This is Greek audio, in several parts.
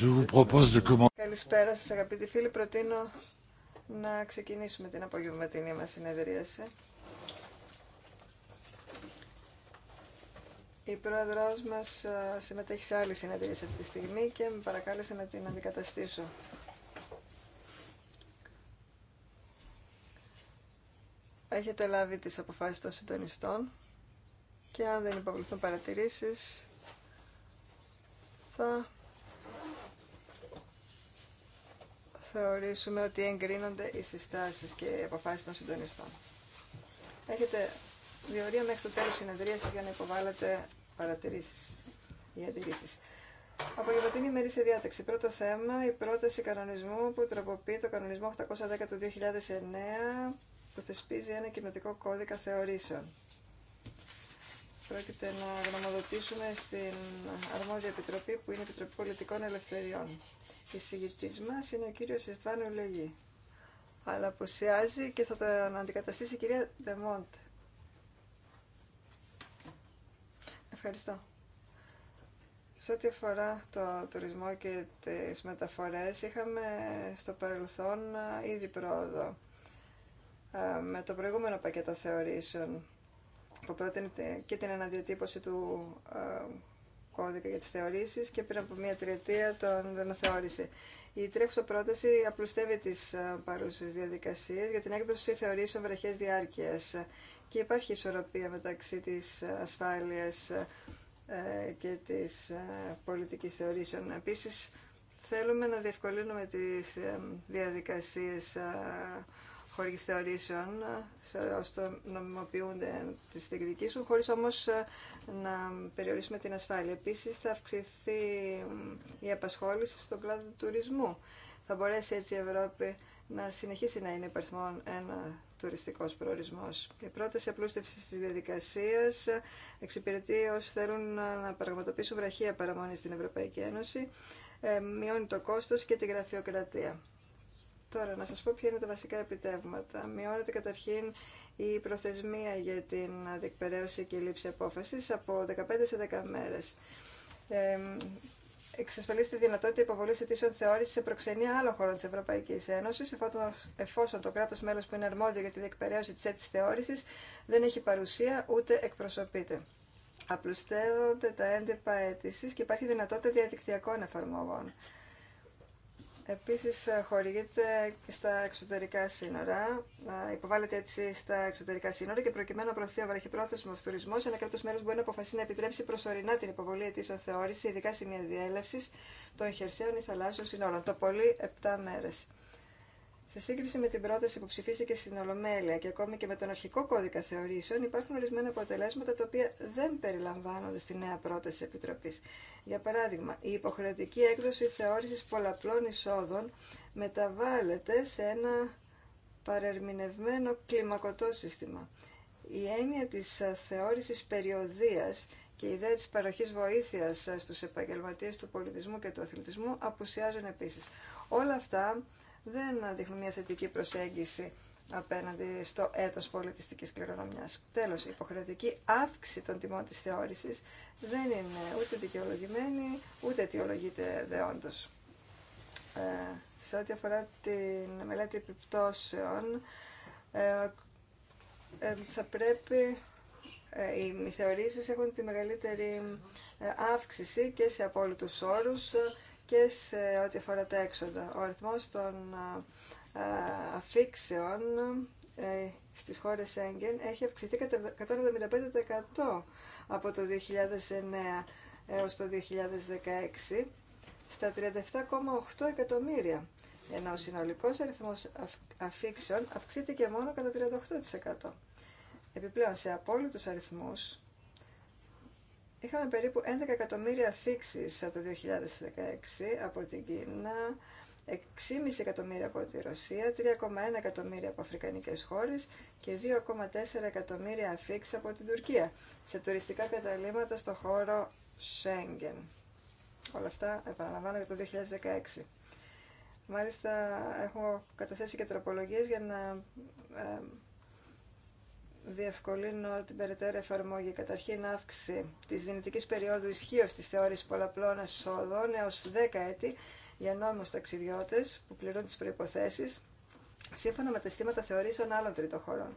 Je vous propose de commencer. Καλησπέρα σας αγαπητοί φίλοι. Προτείνω να ξεκινήσουμε την απογευματινή μας συνεδρίαση. Η πρόεδρός μας ε, συμμετέχει σε άλλη συνεδρίαση αυτή τη στιγμή και με παρακάλεσε να την αντικαταστήσω. Έχετε λάβει τις αποφάσεις των συντονιστών και αν δεν υποβληθούν παρατηρήσεις θα θεωρήσουμε ότι εγκρίνονται οι συστάσεις και οι αποφάσεις των συντονιστών. Έχετε διορία μέχρι το τέλος συνεδρίασης για να υποβάλλετε παρατηρήσεις ή αντιρρήσεις. Απογευματινή ημερή σε διάταξη. Πρώτο θέμα, η πρόταση κανονισμού που τροποποιεί το κανονισμό 810 του 2009 που θεσπίζει ένα κοινοτικό κώδικα θεωρήσεων. Πρόκειται να γνωμοδοτήσουμε στην αρμόδια επιτροπή που είναι η Επιτροπή Πολιτικών Ελευθεριών. Η μας είναι ο κύριος Ιστβάνου Λεγή, αλλά πουσιάζει και θα τον αντικαταστήσει η κυρία Δεμόντε. Ευχαριστώ. Σε ό,τι αφορά το τουρισμό και τις μεταφορές, είχαμε στο παρελθόν ήδη πρόοδο με το προηγούμενο πακέτο θεωρήσεων που πρότεινε και την αναδιατύπωση του κώδικα για τις θεωρήσεις και πριν από μία τριετία τον θεώρησε. Η τρέχουσα πρόταση απλουστεύει τις ε, παρούσες διαδικασίες για την έκδοση θεωρήσεων βραχές διάρκειας και υπάρχει ισορροπία μεταξύ της ασφάλειας ε, και της ε, πολιτικής θεωρήσεων. Επίσης, θέλουμε να διευκολύνουμε τις διαδικασίες χωρίς θεωρήσεων, ώστε νομιμοποιούνται τις σου, χωρίς όμως ε, να περιορίσουμε την ασφάλεια. Επίσης θα αυξηθεί η απασχόληση στον κλάδο του τουρισμού. Θα μπορέσει έτσι η Ευρώπη να συνεχίσει να είναι υπερθμόν ένα τουριστικός προορισμός. Η πρόταση απλούστευσης της διαδικασίας ε, εξυπηρετεί όσου θέλουν ε, να πραγματοποιήσουν βραχία παραμονή στην Ευρωπαϊκή Ένωση, μειώνει το κόστος και τη γραφειοκρατία. Τώρα, να σας πω ποια είναι τα βασικά επιτεύγματα. Μειώνεται καταρχήν η προθεσμία για την διεκπαιρέωση και λήψη απόφασης από 15 σε 10 μέρες. Ε, εξασφαλίσει τη δυνατότητα υποβολή αιτήσεων θεώρηση σε προξενία άλλων χωρών τη Ευρωπαϊκή Ένωση, εφόσον το κράτο μέλο που είναι αρμόδιο για τη διεκπαιρέωση τη αίτηση θεώρηση δεν έχει παρουσία ούτε εκπροσωπείται. Απλουστεύονται τα έντυπα αίτηση και υπάρχει δυνατότητα διαδικτυακών εφαρμογών. Επίσης ε, χορηγείται στα εξωτερικά σύνορα, ε, υποβάλλεται έτσι στα εξωτερικά σύνορα και προκειμένου να προωθεί ο βραχυπρόθεσμο τουρισμό, ένα κράτο μέρο μπορεί να αποφασίσει να επιτρέψει προσωρινά την υποβολή αιτήσεων θεώρηση, ειδικά σημεία διέλευση των χερσαίων ή θαλάσσιων σύνορων, το πολύ 7 μέρε. Σε σύγκριση με την πρόταση που ψηφίστηκε στην Ολομέλεια και ακόμη και με τον αρχικό κώδικα θεωρήσεων, υπάρχουν ορισμένα αποτελέσματα τα οποία δεν περιλαμβάνονται στη νέα πρόταση Επιτροπή. Για παράδειγμα, η υποχρεωτική έκδοση θεώρηση πολλαπλών εισόδων μεταβάλλεται σε ένα παρερμηνευμένο κλιμακωτό σύστημα. Η έννοια τη θεώρησης περιοδία και η ιδέα τη παροχή βοήθεια στου επαγγελματίε του πολιτισμού και του αθλητισμού απουσιάζουν επίση. Όλα αυτά δεν δείχνουν μια θετική προσέγγιση απέναντι στο έτος πολιτιστικής κληρονομιάς. Τέλος, η υποχρεωτική αύξηση των τιμών της θεώρησης δεν είναι ούτε δικαιολογημένη, ούτε αιτιολογείται δεόντως. Ε, σε ό,τι αφορά τη μελέτη επιπτώσεων, ε, ε, θα πρέπει οι θεωρήσεις έχουν τη μεγαλύτερη αύξηση και σε απόλυτους όρους και σε ό,τι αφορά τα έξοδα. Ο αριθμός των αφήξεων ε, στις χώρες Σέγγεν έχει αυξηθεί κατά 175% από το 2009 έως το 2016 στα 37,8 εκατομμύρια, ενώ ο συνολικός αριθμός αφήξεων αυξήθηκε μόνο κατά 38%. Επιπλέον, σε απόλυτους αριθμούς, Είχαμε περίπου 11 εκατομμύρια αφήξεις από το 2016 από την Κίνα, 6,5 εκατομμύρια από τη Ρωσία, 3,1 εκατομμύρια από αφρικανικές χώρες και 2,4 εκατομμύρια αφήξεις από την Τουρκία σε τουριστικά καταλήμματα στο χώρο Σέγγεν. Όλα αυτά επαναλαμβάνω για το 2016. Μάλιστα έχω καταθέσει και τροπολογίες για να ε, διευκολύνω την περαιτέρω εφαρμόγη. Καταρχήν, αύξηση τη δυνητική περίοδου ισχύω τη θεώρηση πολλαπλών εσόδων έω 10 έτη για νόμιου ταξιδιώτε που πληρούν τι προποθέσει σύμφωνα με τα αισθήματα θεωρήσεων άλλων τρίτων χωρών.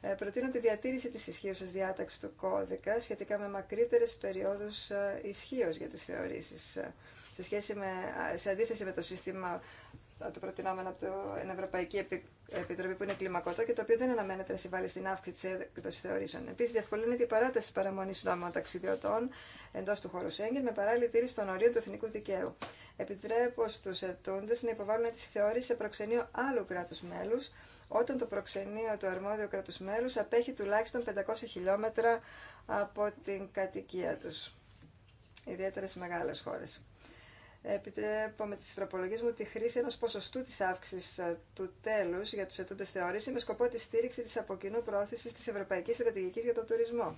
Ε, προτείνω τη διατήρηση τη ισχύουσα διάταξη του κώδικα σχετικά με μακρύτερε περιόδου ε, ισχύω για τι θεωρήσει ε, σε, ε, σε αντίθεση με το σύστημα το προτινόμενο από την Ευρωπαϊκή Επιτροπή που είναι κλιμακωτό και το οποίο δεν αναμένεται να συμβάλλει στην αύξηση τη έκδοση θεωρήσεων. Επίση, διευκολύνεται η παράταση παραμονή νόμων ταξιδιωτών εντό του χώρου Σέγγεν με παράλληλη τήρηση των ορίων του εθνικού δικαίου. Επιτρέπω στου ετούντε να υποβάλουν τη θεώρηση σε προξενείο άλλου κράτου μέλου όταν το προξενείο του αρμόδιου κράτου μέλου απέχει τουλάχιστον 500 χιλιόμετρα από την κατοικία του. ιδιαιτερε μεγάλε χώρε επιτρέπω με τις τροπολογίες μου τη χρήση ενός ποσοστού της αύξησης ε, του τέλους για τους ετούντες θεώρηση με σκοπό τη στήριξη της αποκοινού πρόθεσης της Ευρωπαϊκής Στρατηγικής για τον Τουρισμό.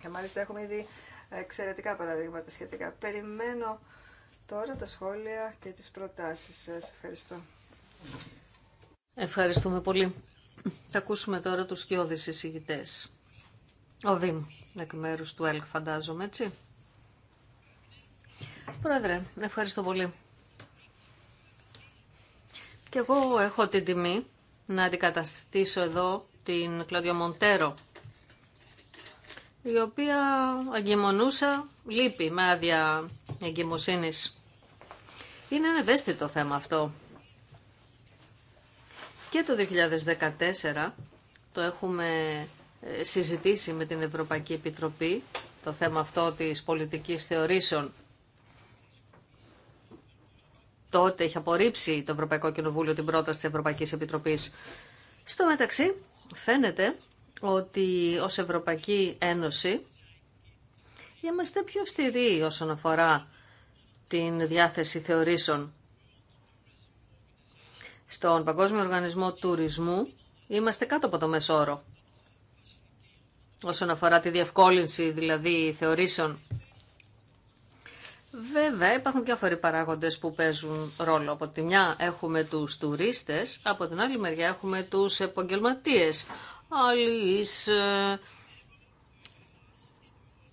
Και μάλιστα έχουμε ήδη εξαιρετικά παραδείγματα σχετικά. Περιμένω τώρα τα σχόλια και τις προτάσεις σας. Ευχαριστώ. Ευχαριστούμε πολύ. Θα ακούσουμε τώρα τους σκιώδεις εισηγητές. Ο Δήμ, εκ μέρους του ΕΛΚ φαντάζομαι, έτσι. Πρόεδρε, ευχαριστώ πολύ. Και εγώ έχω την τιμή να αντικαταστήσω εδώ την Κλαδιο Μοντέρο, η οποία αγκυμονούσα λύπη με άδεια εγκυμοσύνης. Είναι ένα ευαίσθητο θέμα αυτό. Και το 2014 το έχουμε ε, συζητήσει με την Ευρωπαϊκή Επιτροπή, το θέμα αυτό της πολιτικής θεωρήσεων τότε είχε απορρίψει το Ευρωπαϊκό Κοινοβούλιο την πρόταση της Ευρωπαϊκής Επιτροπής. Στο μεταξύ φαίνεται ότι ως Ευρωπαϊκή Ένωση είμαστε πιο αυστηροί όσον αφορά την διάθεση θεωρήσεων. Στον Παγκόσμιο Οργανισμό Τουρισμού είμαστε κάτω από το μέσο όρο. Όσον αφορά τη διευκόλυνση δηλαδή θεωρήσεων Βέβαια υπάρχουν διάφοροι παράγοντες που παίζουν ρόλο. Από τη μια έχουμε τους τουρίστες, από την άλλη μεριά έχουμε τους επαγγελματίες, ε,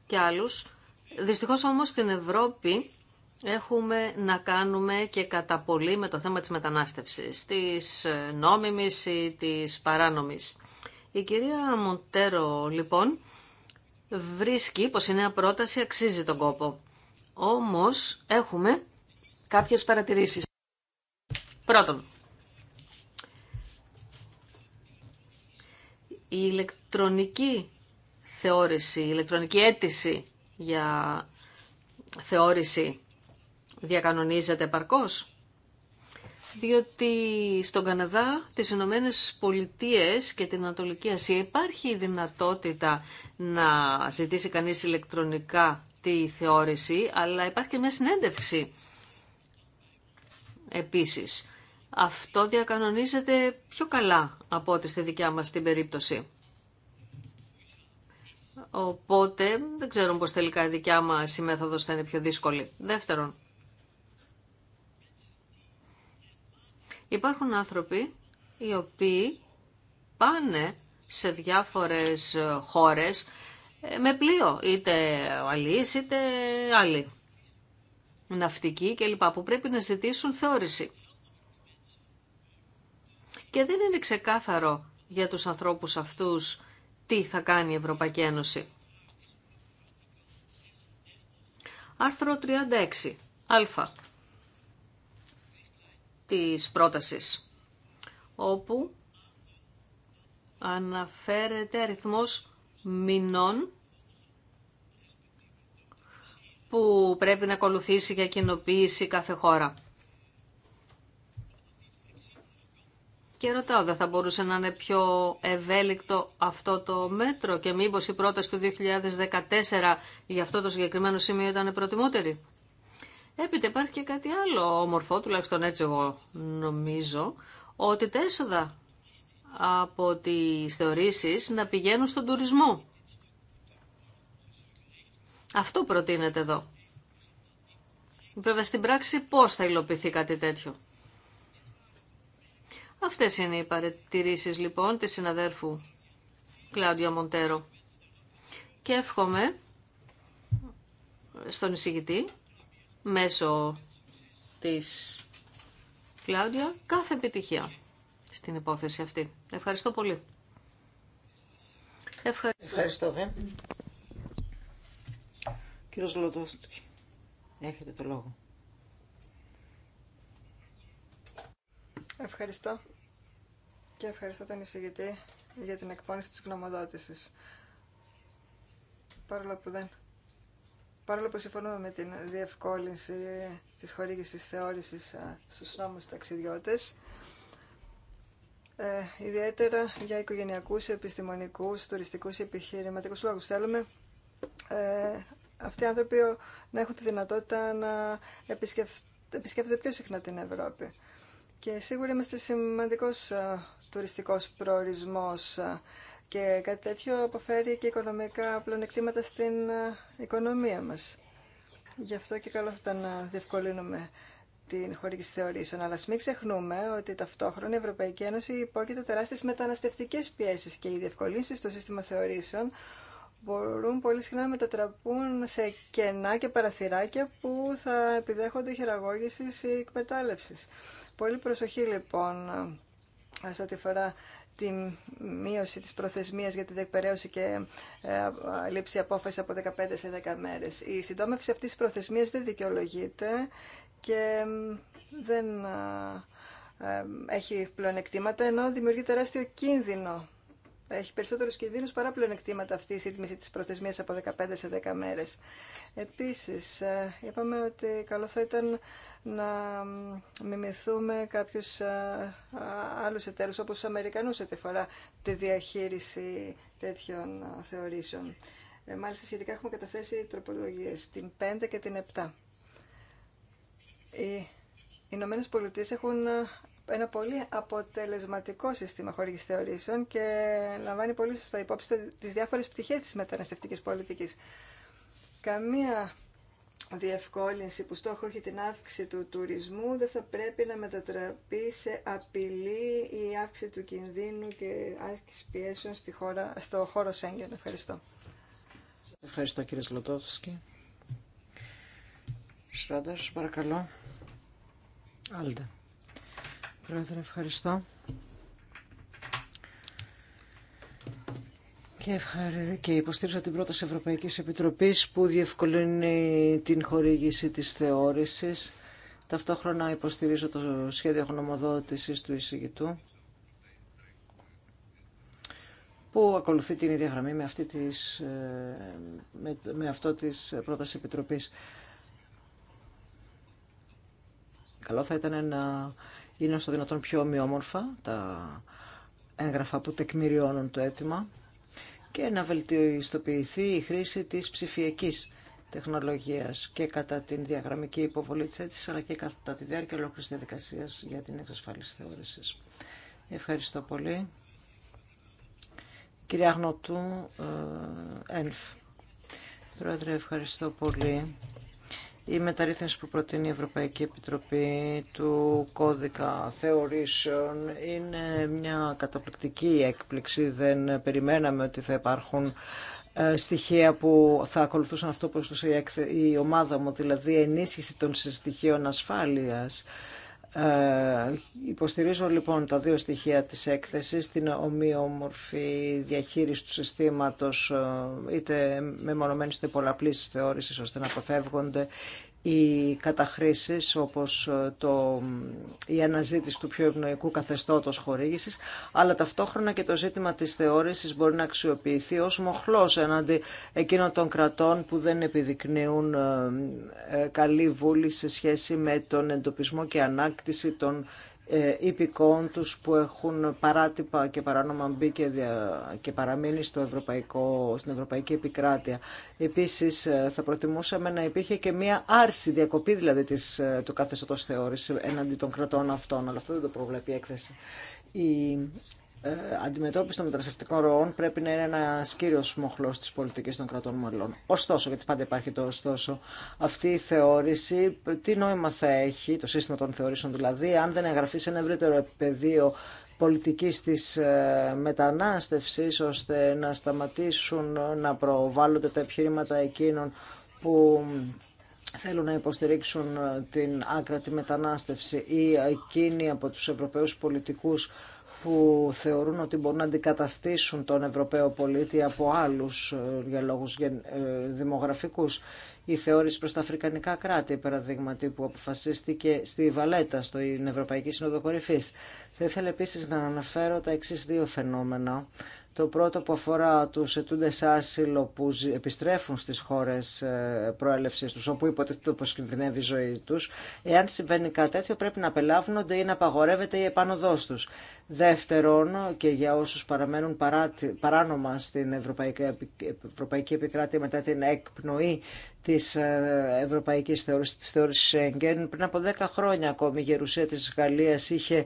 και άλλου. Δυστυχώ όμως στην Ευρώπη έχουμε να κάνουμε και κατά πολύ με το θέμα της μετανάστευσης, της ε, νόμιμης ή της παράνομης. Η κυρία Μοντέρο λοιπόν βρίσκει πως η νέα πρόταση αξίζει τον κόπο. Όμως έχουμε κάποιες παρατηρήσεις. Πρώτον, η ηλεκτρονική θεώρηση, η ηλεκτρονική αίτηση για θεώρηση διακανονίζεται επαρκώς. Διότι στον Καναδά, τις Ηνωμένε Πολιτείε και την Ανατολική Ασία υπάρχει η δυνατότητα να ζητήσει κανείς ηλεκτρονικά τη θεώρηση, αλλά υπάρχει και μια συνέντευξη επίσης. Αυτό διακανονίζεται πιο καλά από ό,τι στη δικιά μας την περίπτωση. Οπότε δεν ξέρουν πως τελικά η δικιά μας η μέθοδος θα είναι πιο δύσκολη. Δεύτερον, υπάρχουν άνθρωποι οι οποίοι πάνε σε διάφορες χώρες ε, με πλοίο, είτε ο είτε άλλοι ναυτικοί κλπ. που πρέπει να ζητήσουν θεώρηση. Και δεν είναι ξεκάθαρο για τους ανθρώπους αυτούς τι θα κάνει η Ευρωπαϊκή Ένωση. Άρθρο 36, α, της πρότασης, όπου αναφέρεται αριθμός μηνών που πρέπει να ακολουθήσει για κοινοποίηση κάθε χώρα. Και ρωτάω, δεν θα μπορούσε να είναι πιο ευέλικτο αυτό το μέτρο και μήπως η πρόταση του 2014 για αυτό το συγκεκριμένο σημείο ήταν προτιμότερη. Έπειτα υπάρχει και κάτι άλλο όμορφο, τουλάχιστον έτσι εγώ νομίζω, ότι τα έσοδα από τις θεωρήσεις να πηγαίνουν στον τουρισμό. Αυτό προτείνεται εδώ. Βέβαια στην πράξη πώς θα υλοποιηθεί κάτι τέτοιο. Αυτές είναι οι παρατηρήσεις λοιπόν της συναδέρφου Κλάουντια Μοντέρο. Και εύχομαι στον εισηγητή μέσω της Κλάουντια κάθε επιτυχία στην υπόθεση αυτή. Ευχαριστώ πολύ. Ευχαριστώ. Ευχαριστώ δε. Κύριος Λοντόστρη, έχετε το λόγο. Ευχαριστώ και ευχαριστώ τον εισηγητή για την εκπόνηση της γνωμοδότησης. Παρόλο που δεν... Παρόλο που συμφωνούμε με την διευκόλυνση της χορήγησης θεώρησης ε, στους νόμους ταξιδιώτες, ε, ιδιαίτερα για οικογενειακούς, επιστημονικούς, τουριστικούς, επιχειρηματικούς λόγους. Θέλουμε ε, αυτοί οι άνθρωποι να έχουν τη δυνατότητα να επισκέφτονται πιο συχνά την Ευρώπη. Και σίγουρα είμαστε σημαντικός α, ε, τουριστικός προορισμός ε, και κάτι τέτοιο αποφέρει και οικονομικά πλονεκτήματα στην οικονομία μας. Γι' αυτό και καλό θα ήταν να διευκολύνουμε την χορήγηση θεωρήσεων. Αλλά μην ξεχνούμε ότι ταυτόχρονα η Ευρωπαϊκή Ένωση υπόκειται τεράστιε μεταναστευτικέ πιέσει και οι διευκολύνσει στο σύστημα θεωρήσεων μπορούν πολύ συχνά να μετατραπούν σε κενά και παραθυράκια που θα επιδέχονται χειραγώγηση ή εκμετάλλευση. Πολύ προσοχή λοιπόν σε ό,τι αφορά τη μείωση της προθεσμίας για τη διεκπαιρέωση και ε, λήψη απόφαση από 15 σε 10 μέρες. Η συντόμευση αυτής της προθεσμίας δεν δικαιολογείται και δεν ε, έχει πλεονεκτήματα, ενώ δημιουργεί τεράστιο κίνδυνο. Έχει περισσότερους κινδύνους παρά πλεονεκτήματα αυτή η σύντμηση της προθεσμίας από 15 σε 10 μέρες. Επίσης, ε, είπαμε ότι καλό θα ήταν να μιμηθούμε κάποιους ε, άλλους εταίρους, όπως τους Αμερικανούς, ό,τι φορά τη διαχείριση τέτοιων θεωρήσεων. Μάλιστα, σχετικά έχουμε καταθέσει τροπολογίες, την 5 και την 7. Οι Ηνωμένε Πολιτείε έχουν ε, ένα πολύ αποτελεσματικό σύστημα χορήγηση θεωρήσεων και λαμβάνει πολύ σωστά υπόψη τις διάφορες πτυχές της μεταναστευτικής πολιτικής. Καμία διευκόλυνση που στόχο έχει την αύξηση του τουρισμού δεν θα πρέπει να μετατραπεί σε απειλή ή αύξηση του κινδύνου και άσκηση πιέσεων στη χώρα, στο χώρο Σέγγεν. Ευχαριστώ. Ευχαριστώ κύριε Σλοτόφσκι. Σράντα, παρακαλώ. Πρόεδρε, ευχαριστώ. Και, ευχαρι... και υποστήριζα την πρόταση Ευρωπαϊκής Επιτροπής που διευκολύνει την χορήγηση της θεώρησης. Ταυτόχρονα υποστηρίζω το σχέδιο γνωμοδότησης του εισηγητού που ακολουθεί την ίδια γραμμή με, αυτή της, ε, με, με αυτό της πρότασης Επιτροπής. Καλό θα ήταν να είναι στο δυνατόν πιο ομοιόμορφα τα έγγραφα που τεκμηριώνουν το αίτημα και να βελτιστοποιηθεί η χρήση της ψηφιακής τεχνολογίας και κατά την διαγραμμική υποβολή της αίτησης αλλά και κατά τη διάρκεια ολόκληρης διαδικασίας για την εξασφάλιση θεώρησης. Ευχαριστώ πολύ. Κυρία Γνωτού, ΕΛΦ. Πρόεδρε, ευχαριστώ πολύ η μεταρρύθμιση που προτείνει η Ευρωπαϊκή Επιτροπή του κώδικα θεωρήσεων είναι μια καταπληκτική έκπληξη. Δεν περιμέναμε ότι θα υπάρχουν ε, στοιχεία που θα ακολουθούσαν αυτό που έστωσε η ομάδα μου, δηλαδή ενίσχυση των στοιχείων ασφάλειας ε, υποστηρίζω λοιπόν τα δύο στοιχεία της έκθεσης, την ομοίωμορφη διαχείριση του συστήματος ε, είτε μεμονωμένης είτε πολλαπλής θεώρησης ώστε να αποφεύγονται οι καταχρήσεις όπως ε, το, η αναζήτηση του πιο ευνοϊκού καθεστώτος χορήγησης αλλά ταυτόχρονα και το ζήτημα της θεώρησης μπορεί να αξιοποιηθεί ως μοχλός εναντί εκείνων των κρατών που δεν επιδεικνύουν ε, ε, καλή βούλη σε σχέση με τον εντοπισμό και ανάκτηση των ε, υπηκόων που έχουν παράτυπα και παράνομα μπει και, και παραμείνει στο ευρωπαϊκό, στην ευρωπαϊκή επικράτεια. Επίσης ε, θα προτιμούσαμε να υπήρχε και μία άρση διακοπή δηλαδή της, ε, του καθεστώτος θεώρηση εναντί των κρατών αυτών, αλλά αυτό δεν το προβλέπει η έκθεση. Η ε, αντιμετώπιση των μεταναστευτικών ροών πρέπει να είναι ένα κύριο μοχλό τη πολιτική των κρατών μελών. Ωστόσο, γιατί πάντα υπάρχει το ωστόσο, αυτή η θεώρηση, τι νόημα θα έχει, το σύστημα των θεωρήσεων δηλαδή, αν δεν εγγραφεί σε ένα ευρύτερο πεδίο πολιτικής της ε, μετανάστευσης ώστε να σταματήσουν να προβάλλονται τα επιχειρήματα εκείνων που θέλουν να υποστηρίξουν ε, την άκρατη μετανάστευση ή εκείνοι από τους Ευρωπαίους πολιτικούς που θεωρούν ότι μπορούν να αντικαταστήσουν τον Ευρωπαίο πολίτη από άλλους ε, για λόγους ε, δημογραφικούς. Η θεώρηση προς τα αφρικανικά κράτη, παραδείγματι, που αποφασίστηκε στη Βαλέτα, στην Ευρωπαϊκή Συνοδοκορυφής. Θα ήθελα επίσης να αναφέρω τα εξής δύο φαινόμενα το πρώτο που αφορά τους ετούντε άσυλο που επιστρέφουν στις χώρες ε, προέλευσης τους, όπου υποτίθεται πως κινδυνεύει η ζωή τους. Εάν συμβαίνει κάτι τέτοιο πρέπει να απελάβνονται ή να απαγορεύεται η επάνωδός τους. Δεύτερον, και για όσους παραμένουν παράνομα στην Ευρωπαϊκή, Ευρωπαϊκή Επικράτεια μετά την εκπνοή της ε, Ευρωπαϊκής θεωρήση της Σέγγεν, πριν από 10 χρόνια ακόμη η γερουσία τη Γαλλία είχε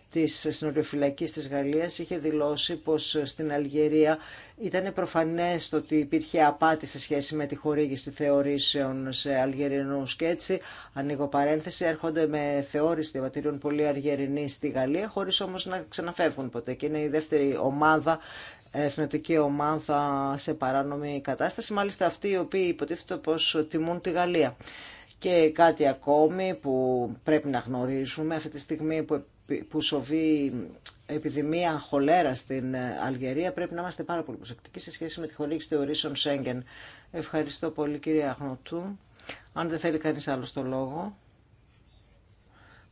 της συνοριοφυλακής της Γαλλίας είχε δηλώσει πως στην Αλγερία ήταν προφανές το ότι υπήρχε απάτη σε σχέση με τη χορήγηση θεωρήσεων σε Αλγερινούς και έτσι ανοίγω παρένθεση έρχονται με θεώρηση διαβατηρίων πολύ Αλγερινοί στη Γαλλία χωρίς όμως να ξαναφεύγουν ποτέ και είναι η δεύτερη ομάδα εθνοτική ομάδα σε παράνομη κατάσταση, μάλιστα αυτοί οι οποίοι υποτίθεται πως τιμούν τη Γαλλία. Και κάτι ακόμη που πρέπει να γνωρίζουμε αυτή τη στιγμή που, που σοβεί επιδημία χολέρα στην Αλγερία πρέπει να είμαστε πάρα πολύ προσεκτικοί σε σχέση με τη χολήξη θεωρήσεων Σέγγεν. Ευχαριστώ πολύ κύριε Αγνωτού. Αν δεν θέλει κανείς άλλο το λόγο.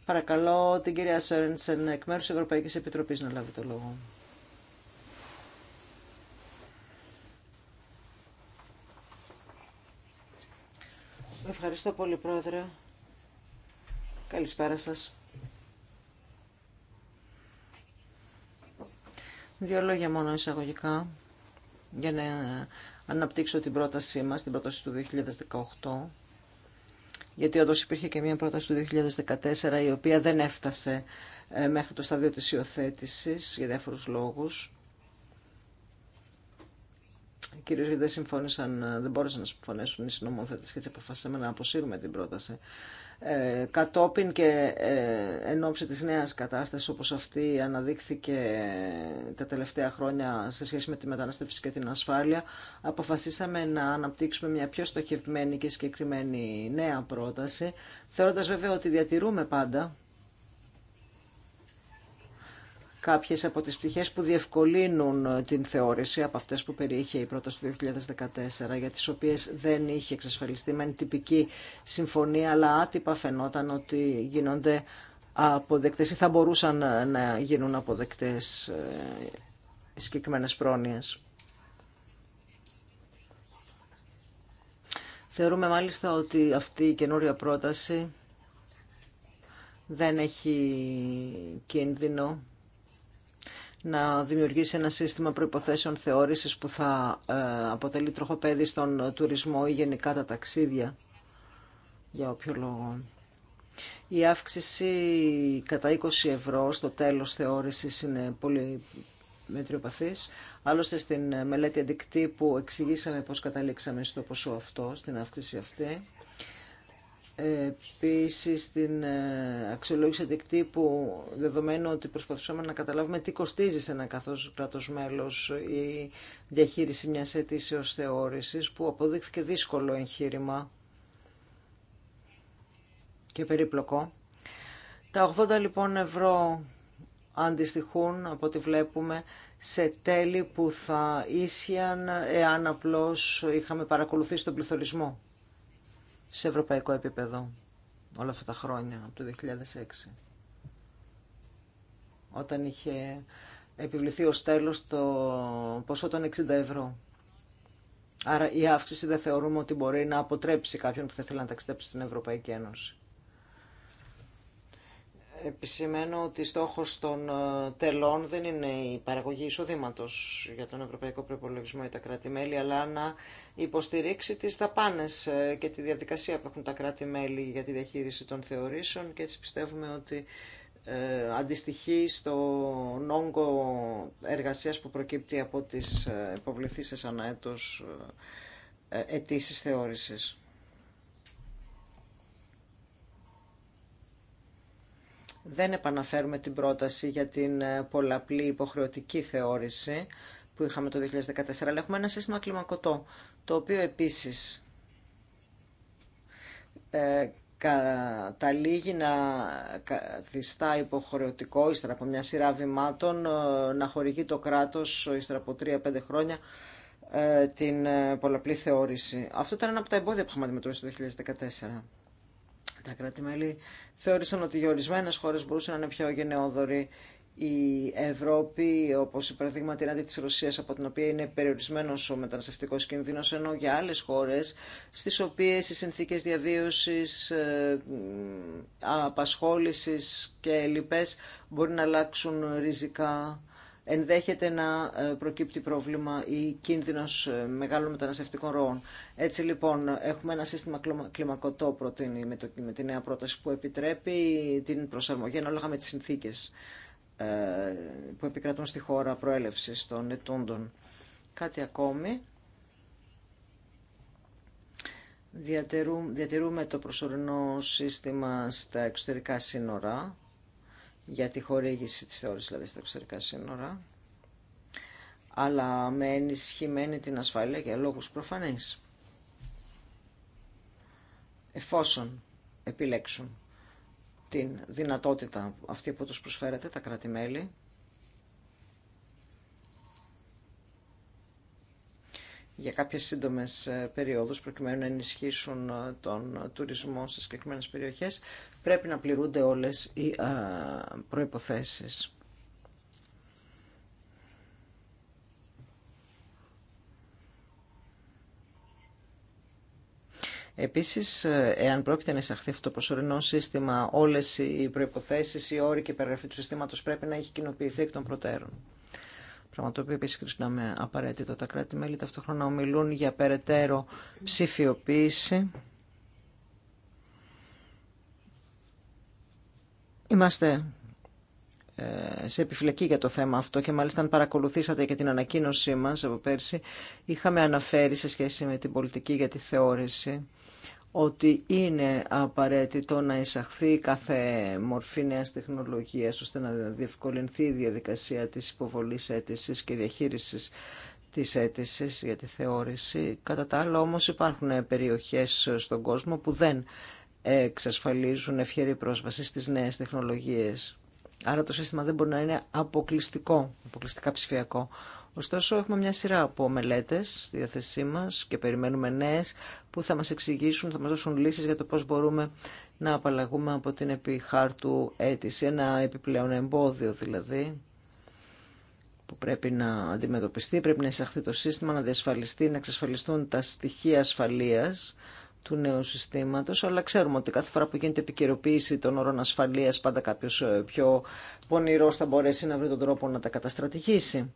Παρακαλώ την κυρία Σέρντσεν εκ μέρους της Ευρωπαϊκής Επιτροπής να λάβει το λόγο. Ευχαριστώ πολύ, Πρόεδρε. Καλησπέρα σας. Δύο λόγια μόνο εισαγωγικά για να αναπτύξω την πρότασή μας, την πρόταση του 2018 γιατί όντως υπήρχε και μια πρόταση του 2014 η οποία δεν έφτασε ε, μέχρι το στάδιο της υιοθέτησης για διάφορους λόγους κυρίω γιατί δεν συμφώνησαν, δεν μπόρεσαν να συμφωνήσουν οι συνομοθέτε και έτσι αποφασίσαμε να αποσύρουμε την πρόταση. Ε, κατόπιν και ε, εν ώψη της νέας κατάστασης όπως αυτή αναδείχθηκε τα τελευταία χρόνια σε σχέση με τη μεταναστεύση και την ασφάλεια αποφασίσαμε να αναπτύξουμε μια πιο στοχευμένη και συγκεκριμένη νέα πρόταση θεωρώντας βέβαια ότι διατηρούμε πάντα κάποιες από τις πτυχές που διευκολύνουν ε, την θεώρηση από αυτές που περιείχε η πρόταση του 2014 για τις οποίες δεν είχε εξασφαλιστεί με τυπική συμφωνία αλλά άτυπα φαινόταν ότι γίνονται αποδεκτές ή θα μπορούσαν ε, να γίνουν αποδεκτές ε, συγκεκριμένες πρόνοιες. Θεωρούμε μάλιστα ότι αυτή η θα μπορουσαν να γινουν αποδεκτες συγκεκριμενε προνοιες πρόταση δεν έχει κίνδυνο να δημιουργήσει ένα σύστημα προϋποθέσεων θεώρησης που θα ε, αποτελεί τροχοπέδι στον τουρισμό ή γενικά τα ταξίδια. Για όποιο λόγο. Η αύξηση κατά 20 ευρώ στο τέλος θεώρησης είναι πολύ μετριοπαθής. Άλλωστε στην μελέτη αντικτύπου εξηγήσαμε πώς καταλήξαμε στο ποσό αυτό, στην αύξηση αυτή. Επίση, την ε, αξιολόγηση αντικτύπου, δεδομένου ότι προσπαθούσαμε να καταλάβουμε τι κοστίζει σε ένα καθώ κράτο μέλο η διαχείριση μια αιτήσεω θεώρηση, που αποδείχθηκε δύσκολο εγχείρημα και περίπλοκο. Τα 80 λοιπόν ευρώ αντιστοιχούν από ό,τι βλέπουμε σε τέλη που θα ίσιαν εάν απλώς είχαμε παρακολουθήσει τον πληθωρισμό σε ευρωπαϊκό επίπεδο όλα αυτά τα χρόνια, από το 2006. Όταν είχε επιβληθεί ως τέλος το ποσό των 60 ευρώ. Άρα η αύξηση δεν θεωρούμε ότι μπορεί να αποτρέψει κάποιον που θα θέλει να ταξιδέψει στην Ευρωπαϊκή Ένωση. Επισημαίνω ότι στόχος των ε, τελών δεν είναι η παραγωγή εισοδήματο για τον Ευρωπαϊκό Προπολογισμό ή τα κράτη-μέλη, αλλά να υποστηρίξει τι δαπάνε ε, και τη διαδικασία που έχουν τα κράτη-μέλη για τη διαχείριση των θεωρήσεων και έτσι πιστεύουμε ότι ε, αντιστοιχεί στο νόγκο εργασία που προκύπτει από τις υποβληθήσει ανά έτος αιτήσεις θεώρηση. δεν επαναφέρουμε την πρόταση για την ε, πολλαπλή υποχρεωτική θεώρηση που είχαμε το 2014, αλλά έχουμε ένα σύστημα κλιμακωτό, το οποίο επίσης ε, καταλήγει να καθιστά υποχρεωτικό, ύστερα από μια σειρά βημάτων, ε, να χορηγεί το κράτος, ύστερα από 3-5 χρόνια, την πολλαπλή θεώρηση. Αυτό ήταν ένα από τα εμπόδια που είχαμε αντιμετωπίσει το 2014. Τα κράτη-μέλη θεώρησαν ότι για ορισμένε χώρε μπορούσε να είναι πιο γενναιόδορη Η Ευρώπη, όπω η παραδείγματη αντί τη Ρωσία, από την οποία είναι περιορισμένο ο μεταναστευτικό κίνδυνο, ενώ για άλλε χώρε, στι οποίε οι συνθήκε διαβίωση, ε, απασχόληση και λοιπέ μπορεί να αλλάξουν ριζικά ενδέχεται να ε, προκύπτει πρόβλημα ή κίνδυνος ε, μεγάλων μεταναστευτικών ροών. Έτσι λοιπόν έχουμε ένα σύστημα κλιμακωτό προτείνει με, το, με τη νέα πρόταση που επιτρέπει την προσαρμογή ανάλογα με τις συνθήκες ε, που επικρατούν στη χώρα προέλευσης των ετούντων. Κάτι ακόμη. Διατηρούμε το προσωρινό σύστημα στα εξωτερικά σύνορα για τη χορήγηση της θεώρησης δηλαδή στα εξωτερικά σύνορα αλλά με ενισχυμένη την ασφάλεια για λόγους προφανείς. Εφόσον επιλέξουν την δυνατότητα αυτή που τους προσφέρεται τα κράτη-μέλη για κάποιες σύντομες ε, περιόδους προκειμένου να ενισχύσουν ε, τον ε, τουρισμό σε συγκεκριμένε περιοχές πρέπει να πληρούνται όλες οι προϋποθέσεις. Επίσης, εάν πρόκειται να εισαχθεί αυτό το προσωρινό σύστημα, όλες οι προϋποθέσεις, οι όροι και η περιγραφή του συστήματος πρέπει να έχει κοινοποιηθεί εκ των προτέρων. Πράγμα το οποίο επίση απαραίτητο. Τα κράτη-μέλη ταυτόχρονα ομιλούν για περαιτέρω ψηφιοποίηση. Είμαστε ε, σε επιφυλακή για το θέμα αυτό και μάλιστα αν παρακολουθήσατε και την ανακοίνωσή μας από πέρσι είχαμε αναφέρει σε σχέση με την πολιτική για τη θεώρηση ότι είναι απαραίτητο να εισαχθεί κάθε μορφή νέας τεχνολογίας ώστε να διευκολυνθεί η διαδικασία της υποβολής αίτησης και διαχείρισης της αίτηση για τη θεώρηση. Κατά τα άλλα όμως υπάρχουν περιοχές στον κόσμο που δεν εξασφαλίζουν ευχερή πρόσβαση στις νέες τεχνολογίες. Άρα το σύστημα δεν μπορεί να είναι αποκλειστικό, αποκλειστικά ψηφιακό. Ωστόσο, έχουμε μια σειρά από μελέτε στη διάθεσή μα και περιμένουμε νέε που θα μα εξηγήσουν, θα μα δώσουν λύσει για το πώ μπορούμε να απαλλαγούμε από την επιχάρτου αίτηση. Ένα επιπλέον εμπόδιο δηλαδή που πρέπει να αντιμετωπιστεί, πρέπει να εισαχθεί το σύστημα, να διασφαλιστεί, να εξασφαλιστούν τα στοιχεία ασφαλείας του νέου συστήματο, αλλά ξέρουμε ότι κάθε φορά που γίνεται επικαιροποίηση των όρων ασφαλεία, πάντα κάποιο ε, πιο πονηρό θα μπορέσει να βρει τον τρόπο να τα καταστρατηγήσει.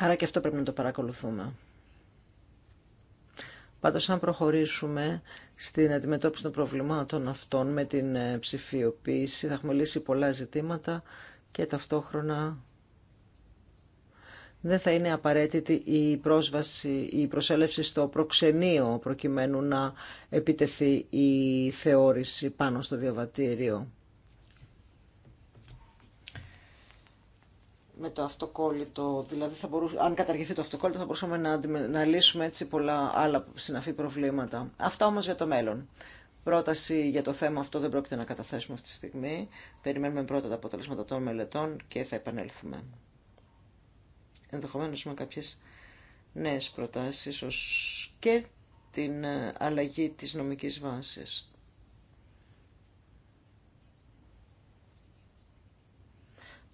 Άρα και αυτό πρέπει να το παρακολουθούμε. Πάντως αν προχωρήσουμε στην αντιμετώπιση των προβλημάτων αυτών με την ε, ψηφιοποίηση θα έχουμε λύσει πολλά ζητήματα και ταυτόχρονα δεν θα είναι απαραίτητη η πρόσβαση, η προσέλευση στο προξενείο προκειμένου να επιτεθεί η θεώρηση πάνω στο διαβατήριο. με το αυτοκόλλητο, δηλαδή θα μπορούσε, αν καταργηθεί το αυτοκόλλητο θα μπορούσαμε να, να λύσουμε έτσι πολλά άλλα συναφή προβλήματα. Αυτά όμως για το μέλλον. Πρόταση για το θέμα αυτό δεν πρόκειται να καταθέσουμε αυτή τη στιγμή. Περιμένουμε πρώτα τα αποτελέσματα των μελετών και θα επανέλθουμε. Ενδεχομένως με κάποιες νέες προτάσεις ως και την ε, αλλαγή της νομικής βάσης.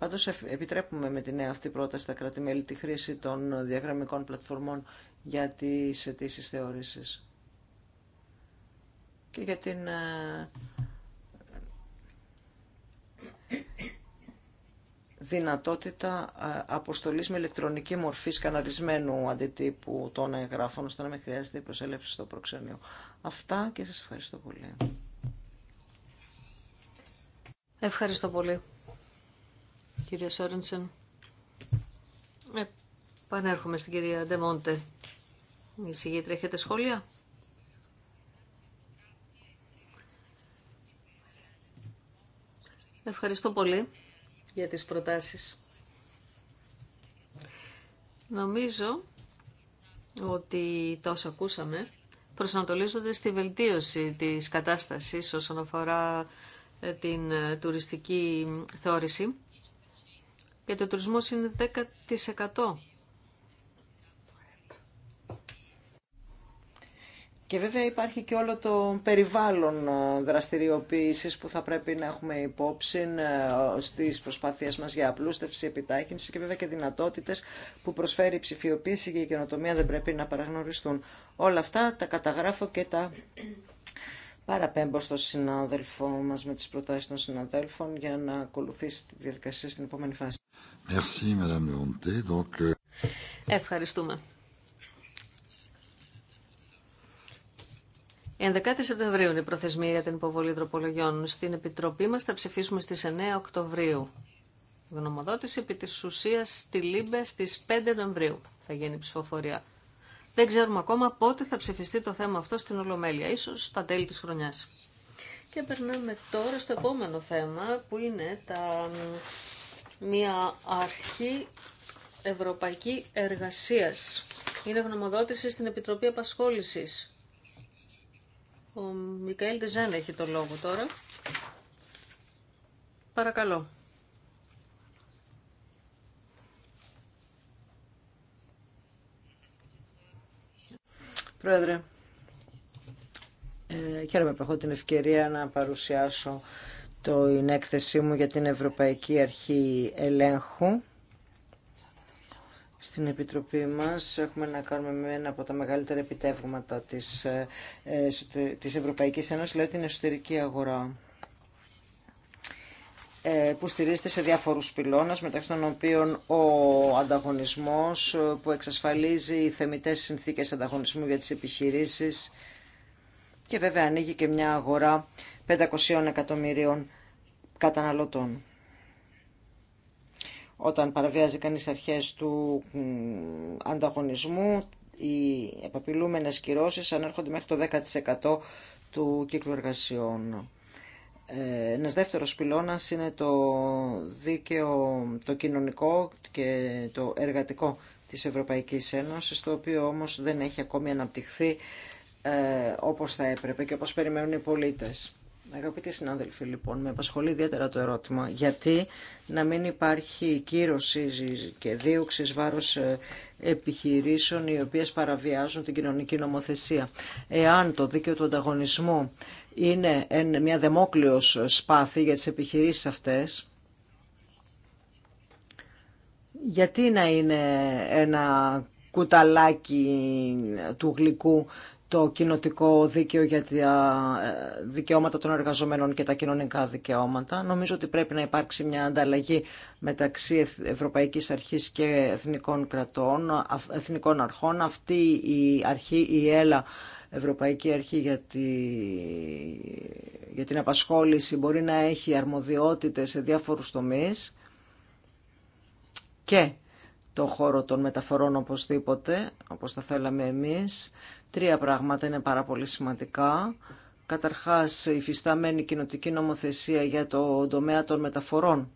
Πάντως επιτρέπουμε με την νέα αυτή πρόταση στα κράτη-μέλη τη χρήση των διαγραμμικών πλατφορμών για τις αιτήσει θεώρηση. και για την ε, δυνατότητα ε, αποστολής με ηλεκτρονική μορφή σκαναρισμένου αντιτύπου των εγγράφων, ώστε να μην χρειάζεται η προσέλευση στο προξενείο. Αυτά και σας ευχαριστώ πολύ. Ευχαριστώ πολύ κυρία Σόρενσεν. Επανέρχομαι στην κυρία Ντεμόντε. Η συγγήτρια έχετε σχόλια. Ευχαριστώ πολύ για τις προτάσεις. Νομίζω ότι τα όσα ακούσαμε προσανατολίζονται στη βελτίωση της κατάστασης όσον αφορά την τουριστική θεώρηση για το τουρισμό είναι 10%. Και βέβαια υπάρχει και όλο το περιβάλλον ε, δραστηριοποίησης που θα πρέπει να έχουμε υπόψη ε, στις προσπάθειές μας για απλούστευση, επιτάχυνση και βέβαια και δυνατότητες που προσφέρει η ψηφιοποίηση και η καινοτομία δεν πρέπει να παραγνωριστούν. Όλα αυτά τα καταγράφω και τα παραπέμπω στο συνάδελφό μας με τις προτάσεις των συναδέλφων για να ακολουθήσει τη διαδικασία στην επόμενη φάση. Merci, Madame Leonté. Donc... Euh, Ευχαριστούμε. 11 Σεπτεμβρίου είναι η προθεσμία για την υποβολή τροπολογιών. Στην Επιτροπή μας θα ψηφίσουμε στις 9 Οκτωβρίου. Γνωμοδότηση επί της ουσίας στη Λίμπε στις 5 Νοεμβρίου θα γίνει η ψηφοφορία. Δεν ξέρουμε ακόμα πότε θα ψηφιστεί το θέμα αυτό στην Ολομέλεια, ίσως στα τέλη της χρονιάς. Και περνάμε τώρα στο επόμενο θέμα που είναι τα μία αρχή ευρωπαϊκή εργασίας. Είναι γνωμοδότηση στην Επιτροπή Απασχόλησης. Ο Μικαήλ Τεζάν έχει το λόγο τώρα. Παρακαλώ. Πρόεδρε, ε, χαίρομαι που έχω την ευκαιρία να παρουσιάσω είναι έκθεσή μου για την Ευρωπαϊκή Αρχή Ελέγχου στην Επιτροπή μας. Έχουμε να κάνουμε με ένα από τα μεγαλύτερα επιτεύγματα της, ε, της Ευρωπαϊκής Ένωσης, δηλαδή την εσωτερική αγορά ε, που στηρίζεται σε διάφορους πυλώνες, μεταξύ των οποίων ο ανταγωνισμός ε, που εξασφαλίζει οι θεμητές συνθήκες ανταγωνισμού για τις επιχειρήσεις, και βέβαια ανοίγει και μια αγορά 500 εκατομμυρίων καταναλωτών. Όταν παραβιάζει κανείς αρχές του ανταγωνισμού, οι επαπειλούμενες κυρώσεις ανέρχονται μέχρι το 10% του κύκλου εργασιών. Ε, Ένα δεύτερο πυλώνα είναι το δίκαιο, το κοινωνικό και το εργατικό της Ευρωπαϊκής Ένωσης, το οποίο όμως δεν έχει ακόμη αναπτυχθεί ε, όπως θα έπρεπε και όπως περιμένουν οι πολίτες. Αγαπητοί συνάδελφοι, λοιπόν, με απασχολεί ιδιαίτερα το ερώτημα γιατί να μην υπάρχει κύρωση και δίωξη βάρος ε, επιχειρήσεων οι οποίες παραβιάζουν την κοινωνική νομοθεσία. Εάν το δίκαιο του ανταγωνισμού είναι μια δεμόκλειος σπάθη για τις επιχειρήσεις αυτές, γιατί να είναι ένα κουταλάκι του γλυκού το κοινοτικό δίκαιο για τα ε, δικαιώματα των εργαζομένων και τα κοινωνικά δικαιώματα. Νομίζω ότι πρέπει να υπάρξει μια ανταλλαγή μεταξύ Ευρωπαϊκής Αρχής και Εθνικών Κρατών, Εθνικών Αρχών. Αυτή η αρχή, η ΕΛΑ, Ευρωπαϊκή Αρχή για, για την απασχόληση, μπορεί να έχει αρμοδιότητες σε διάφορους τομείς και το χώρο των μεταφορών οπωσδήποτε, όπως θα θέλαμε εμείς, Τρία πράγματα είναι πάρα πολύ σημαντικά. Καταρχάς, η φυσταμένη κοινοτική νομοθεσία για το τομέα των μεταφορών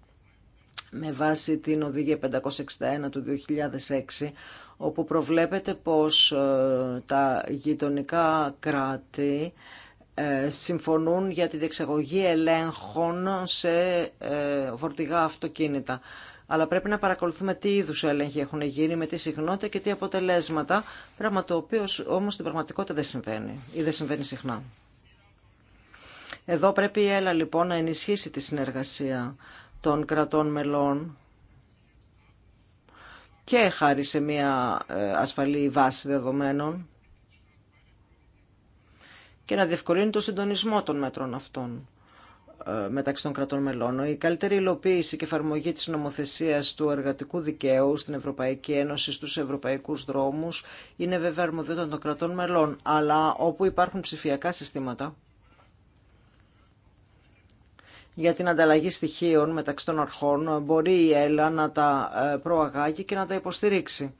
με βάση την Οδηγία 561 του 2006, όπου προβλέπεται πως ε, τα γειτονικά κράτη ε, συμφωνούν για τη διεξαγωγή ελέγχων σε ε, φορτηγά αυτοκίνητα αλλά πρέπει να παρακολουθούμε τι είδους έλεγχοι έχουν γίνει, με τι συχνότητα και τι αποτελέσματα, πράγμα το οποίο όμως στην πραγματικότητα δεν συμβαίνει ή δεν συμβαίνει συχνά. Εδώ πρέπει η ΕΛΑ λοιπόν να ενισχύσει τη συνεργασία των κρατών μελών και χάρη σε μια ε, ασφαλή βάση δεδομένων και να διευκολύνει το συντονισμό των μέτρων αυτών. Ε, μεταξύ των κρατών μελών. Η καλύτερη υλοποίηση και εφαρμογή της νομοθεσίας του εργατικού δικαίου στην Ευρωπαϊκή Ένωση, στους ευρωπαϊκούς δρόμους, είναι βέβαια αρμοδιότητα των κρατών μελών, αλλά όπου υπάρχουν ψηφιακά συστήματα για την ανταλλαγή στοιχείων μεταξύ των αρχών, μπορεί η ΕΛΑ να τα ε, προαγάγει και να τα υποστηρίξει.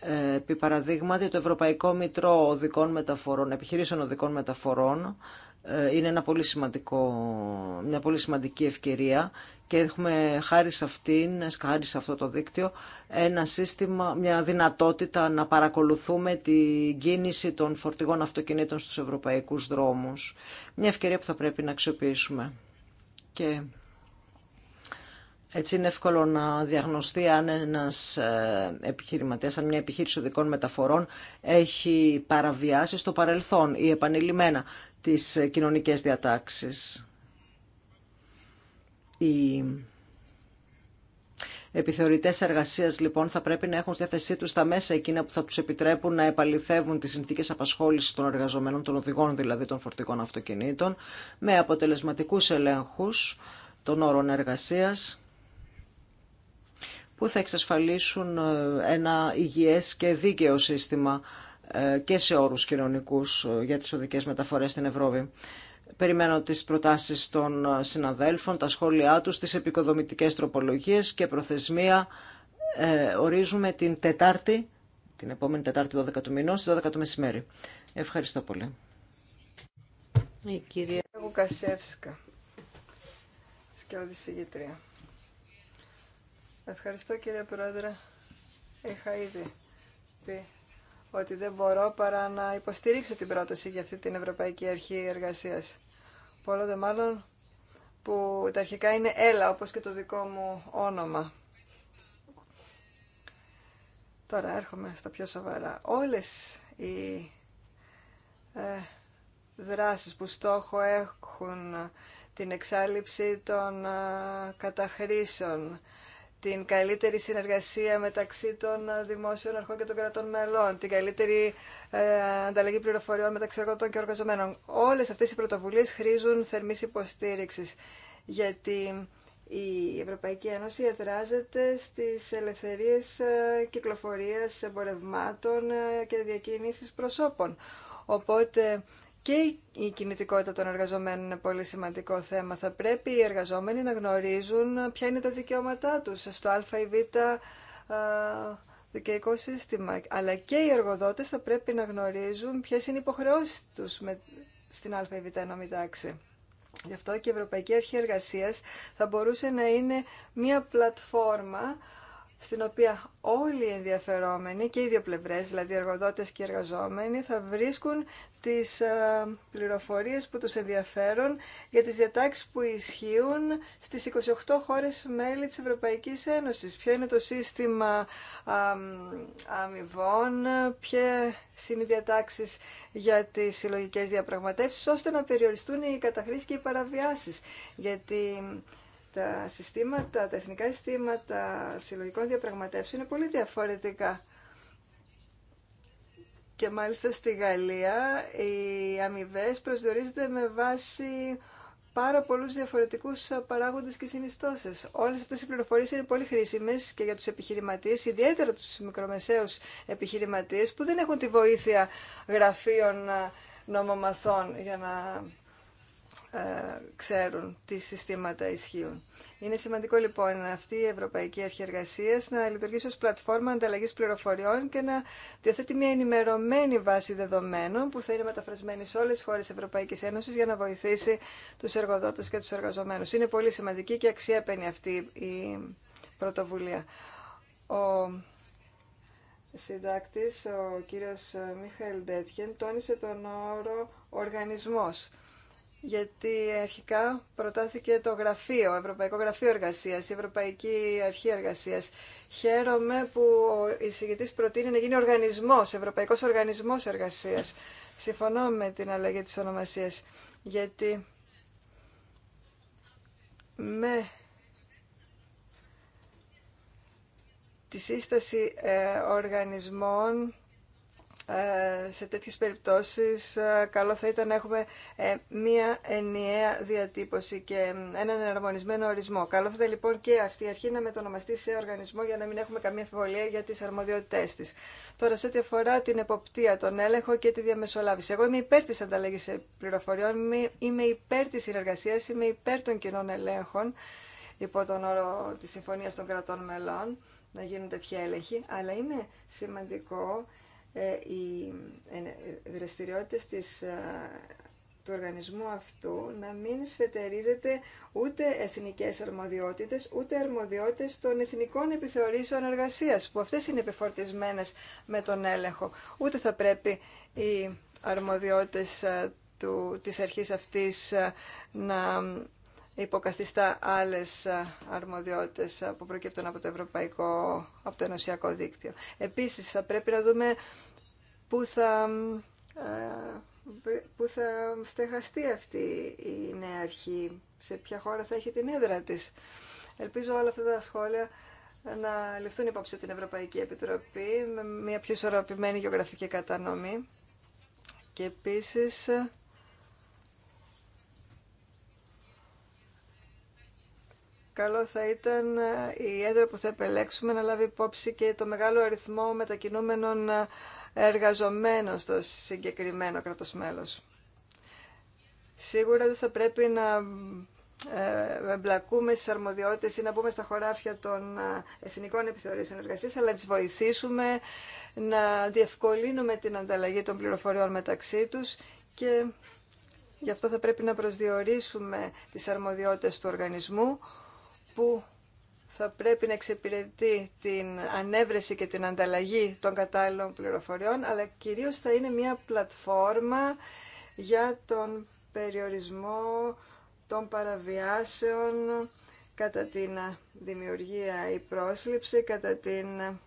Ε, επί παραδείγματι, το Ευρωπαϊκό Μητρό Οδικών Μεταφορών, Επιχειρήσεων Οδικών Μεταφορών, ε, είναι ένα πολύ σημαντικό, μια πολύ σημαντική ευκαιρία και έχουμε χάρη σε αυτήν, χάρη σε αυτό το δίκτυο, ένα σύστημα, μια δυνατότητα να παρακολουθούμε την κίνηση των φορτηγών αυτοκινήτων στους ευρωπαϊκούς δρόμους. Μια ευκαιρία που θα πρέπει να αξιοποιήσουμε. Και έτσι είναι εύκολο να διαγνωστεί αν ένας ε, επιχειρηματίας, αν μια επιχείρηση οδικών μεταφορών έχει παραβιάσει στο παρελθόν ή επανειλημμένα τις κοινωνικές διατάξεις. Οι επιθεωρητές εργασίας λοιπόν θα πρέπει να έχουν στη θέση τους τα μέσα εκείνα που θα τους επιτρέπουν να επαληθεύουν τις συνθήκες απασχόλησης των εργαζομένων, των οδηγών δηλαδή των φορτικών αυτοκινήτων, με αποτελεσματικούς ελέγχους των όρων εργασίας που θα εξασφαλίσουν ε, ένα υγιές και δίκαιο σύστημα ε, και σε όρους κοινωνικούς ε, για τις οδικές μεταφορές στην Ευρώπη. Περιμένω τις προτάσεις των συναδέλφων, τα σχόλιά τους, τις επικοδομητικές τροπολογίες και προθεσμία ε, ορίζουμε την Τετάρτη, την επόμενη Τετάρτη 12 του μηνός, στις 12 το μεσημέρι. Ευχαριστώ πολύ. Η κυρία σκιώδη συγγετρία. Ευχαριστώ κύριε Πρόεδρε. Είχα ήδη πει ότι δεν μπορώ παρά να υποστηρίξω την πρόταση για αυτή την Ευρωπαϊκή Αρχή Εργασίας. Πολλό δε μάλλον που τα αρχικά είναι «έλα», όπως και το δικό μου όνομα. Τώρα έρχομαι στα πιο σοβαρά. Όλες οι ε, δράσεις που στόχο έχουν την εξάλληψη των ε, καταχρήσεων, την καλύτερη συνεργασία μεταξύ των δημόσιων αρχών και των κρατών μελών, την καλύτερη ε, ανταλλαγή πληροφοριών μεταξύ εργατών και εργαζομένων. Όλες αυτές οι πρωτοβουλίες χρήζουν θερμής υποστήριξης, γιατί η Ευρωπαϊκή Ένωση εδράζεται στις ελευθερίες ε, κυκλοφορίας εμπορευμάτων ε, και διακίνησης προσώπων. Οπότε και η κινητικότητα των εργαζομένων είναι πολύ σημαντικό θέμα. Θα πρέπει οι εργαζόμενοι να γνωρίζουν ποια είναι τα δικαιώματά τους στο α ή β σύστημα. Αλλά και οι εργοδότες θα πρέπει να γνωρίζουν ποιε είναι οι υποχρεώσεις τους με, στην α ή β ενόμη τάξη. Γι' αυτό και η Ευρωπαϊκή Αρχή Εργασίας θα μπορούσε να είναι μια πλατφόρμα στην οποία όλοι οι ενδιαφερόμενοι και οι δύο πλευρές, δηλαδή εργοδότες και εργαζόμενοι, θα βρίσκουν τις ε, πληροφορίες που τους ενδιαφέρουν για τις διατάξεις που ισχύουν στις 28 χώρες μέλη της Ευρωπαϊκής Ένωσης. Ποιο είναι το σύστημα αμοιβών, ποιες είναι οι διατάξεις για τις συλλογικές διαπραγματεύσεις, ώστε να περιοριστούν οι καταχρήσεις και οι παραβιάσεις. Γιατί τα συστήματα, τα εθνικά συστήματα συλλογικών διαπραγματεύσεων είναι πολύ διαφορετικά. Και μάλιστα στη Γαλλία οι αμοιβέ προσδιορίζονται με βάση πάρα πολλούς διαφορετικούς παράγοντες και συνιστώσεις. Όλες αυτές οι πληροφορίες είναι πολύ χρήσιμες και για τους επιχειρηματίες, ιδιαίτερα τους μικρομεσαίους επιχειρηματίες που δεν έχουν τη βοήθεια γραφείων ε, νομομαθών για να ε, ξέρουν τι συστήματα ισχύουν. Είναι σημαντικό λοιπόν αυτή η Ευρωπαϊκή Αρχή να λειτουργήσει ω πλατφόρμα ανταλλαγή πληροφοριών και να διαθέτει μια ενημερωμένη βάση δεδομένων που θα είναι μεταφρασμένη σε όλε τι χώρε Ευρωπαϊκή Ένωση για να βοηθήσει του εργοδότε και του εργαζομένου. Είναι πολύ σημαντική και αξιέπαινη αυτή η πρωτοβουλία. Ο συντάκτη, ο κύριος Μιχαήλ Ντέτχεν, τόνισε τον όρο οργανισμό γιατί αρχικά προτάθηκε το γραφείο, Ευρωπαϊκό Γραφείο Εργασίας, η Ευρωπαϊκή Αρχή Εργασίας. Χαίρομαι που ο εισηγητής προτείνει να γίνει οργανισμός, Ευρωπαϊκός Οργανισμός Εργασίας. Συμφωνώ με την αλλαγή της ονομασίας, γιατί με τη σύσταση ε, οργανισμών ε, σε τέτοιες περιπτώσεις ε, καλό θα ήταν να έχουμε ε, μία ενιαία διατύπωση και έναν εναρμονισμένο ορισμό. Καλό θα ήταν λοιπόν και αυτή η αρχή να μετονομαστεί σε οργανισμό για να μην έχουμε καμία αμφιβολία για τις αρμοδιότητές της. Τώρα σε ό,τι αφορά την εποπτεία, τον έλεγχο και τη διαμεσολάβηση. Εγώ είμαι υπέρ της ανταλλαγής πληροφοριών, είμαι υπέρ της συνεργασίας, είμαι υπέρ των κοινών ελέγχων υπό τον όρο της Συμφωνίας των Κρατών Μελών να γίνουν τέτοια έλεγχη, αλλά είναι σημαντικό ε, οι ε, ε, δραστηριότητες της, του οργανισμού αυτού να μην σφετερίζεται ούτε εθνικές αρμοδιότητες, ούτε αρμοδιότητες των εθνικών επιθεωρήσεων εργασίας, που αυτές είναι επιφορτισμένες με τον έλεγχο. Ούτε θα πρέπει οι αρμοδιότητες του, της αρχής αυτής να υποκαθιστά άλλες αρμοδιότητες που προκύπτουν από το Ευρωπαϊκό, από το Ενωσιακό Δίκτυο. Επίσης, θα πρέπει να δούμε που θα, ε, που θα στεγαστεί αυτή η νέα αρχή, σε ποια χώρα θα έχει την έδρα της. Ελπίζω όλα αυτά τα σχόλια να ληφθούν υπόψη από την Ευρωπαϊκή Επιτροπή με μια πιο ισορροπημένη γεωγραφική κατανομή και επίσης καλό θα ήταν ε, η έδρα που θα επελέξουμε να λάβει υπόψη και το μεγάλο αριθμό μετακινούμενων ε, εργαζομένος στο συγκεκριμένο κράτος μέλος. Σίγουρα δεν θα πρέπει να ε, εμπλακούμε στις αρμοδιότητες ή να μπούμε στα χωράφια των ε, εθνικών επιθεωρήσεων εργασία, αλλά να τι βοηθήσουμε να διευκολύνουμε την ανταλλαγή των πληροφοριών μεταξύ τους και γι' αυτό θα πρέπει να προσδιορίσουμε τις αρμοδιότητες του οργανισμού που θα πρέπει να εξυπηρετεί την ανέβρεση και την ανταλλαγή των κατάλληλων πληροφοριών, αλλά κυρίως θα είναι μια πλατφόρμα για τον περιορισμό των παραβιάσεων κατά την δημιουργία ή πρόσληψη, κατά την ε,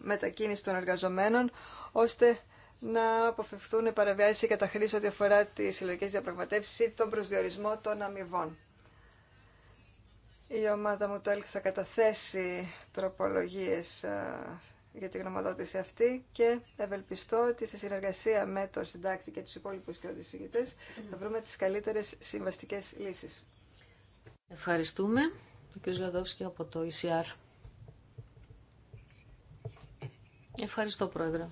μετακίνηση των εργαζομένων, ώστε να αποφευθούν παραβιάσεις ή χρήση ό,τι αφορά τις συλλογικές διαπραγματεύσεις ή τον προσδιορισμό των αμοιβών. Η ομάδα μου το ΕΛΚ θα καταθέσει τροπολογίες ε, για τη γνωμοδότηση αυτή και ευελπιστώ ότι σε συνεργασία με τον συντάκτη και τους υπόλοιπους και θα βρούμε τις καλύτερες συμβαστικές λύσεις. Ευχαριστούμε. Ο κ. Λαδόφσκι από το ECR. Ευχαριστώ, Πρόεδρε.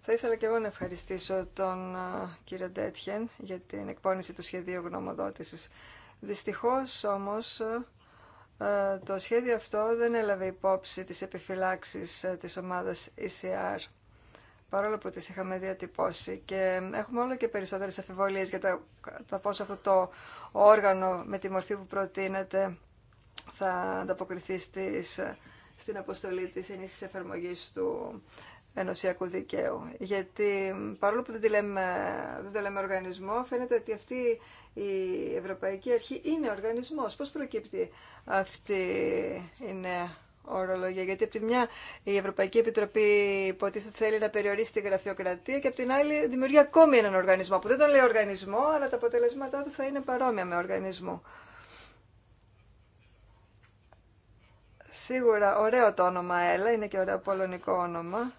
Θα ήθελα και εγώ να ευχαριστήσω τον ε, κύριο Ντέτχεν για την εκπόνηση του σχεδίου γνωμοδότησης. Δυστυχώς όμως ε, το σχέδιο αυτό δεν έλαβε υπόψη της επιφυλάξεις ε, της ομάδας ECR παρόλο που τις είχαμε διατυπώσει και έχουμε όλο και περισσότερες αφιβολίες για το αυτό το όργανο με τη μορφή που προτείνεται θα ανταποκριθεί ε, στην αποστολή της ενίσχυσης εφαρμογής του ενωσιακού δικαίου. Γιατί παρόλο που δεν, το λέμε, δεν το λέμε οργανισμό, φαίνεται ότι αυτή η Ευρωπαϊκή Αρχή είναι οργανισμός. Πώς προκύπτει αυτή η νέα ορολογία. Γιατί από τη μια η Ευρωπαϊκή Επιτροπή υποτίθεται θέλει να περιορίσει τη γραφειοκρατία και από την άλλη δημιουργεί ακόμη έναν οργανισμό που δεν τον λέει οργανισμό, αλλά τα αποτελέσματά του θα είναι παρόμοια με οργανισμό. Σίγουρα ωραίο το όνομα Έλα, είναι και ωραίο πολωνικό όνομα.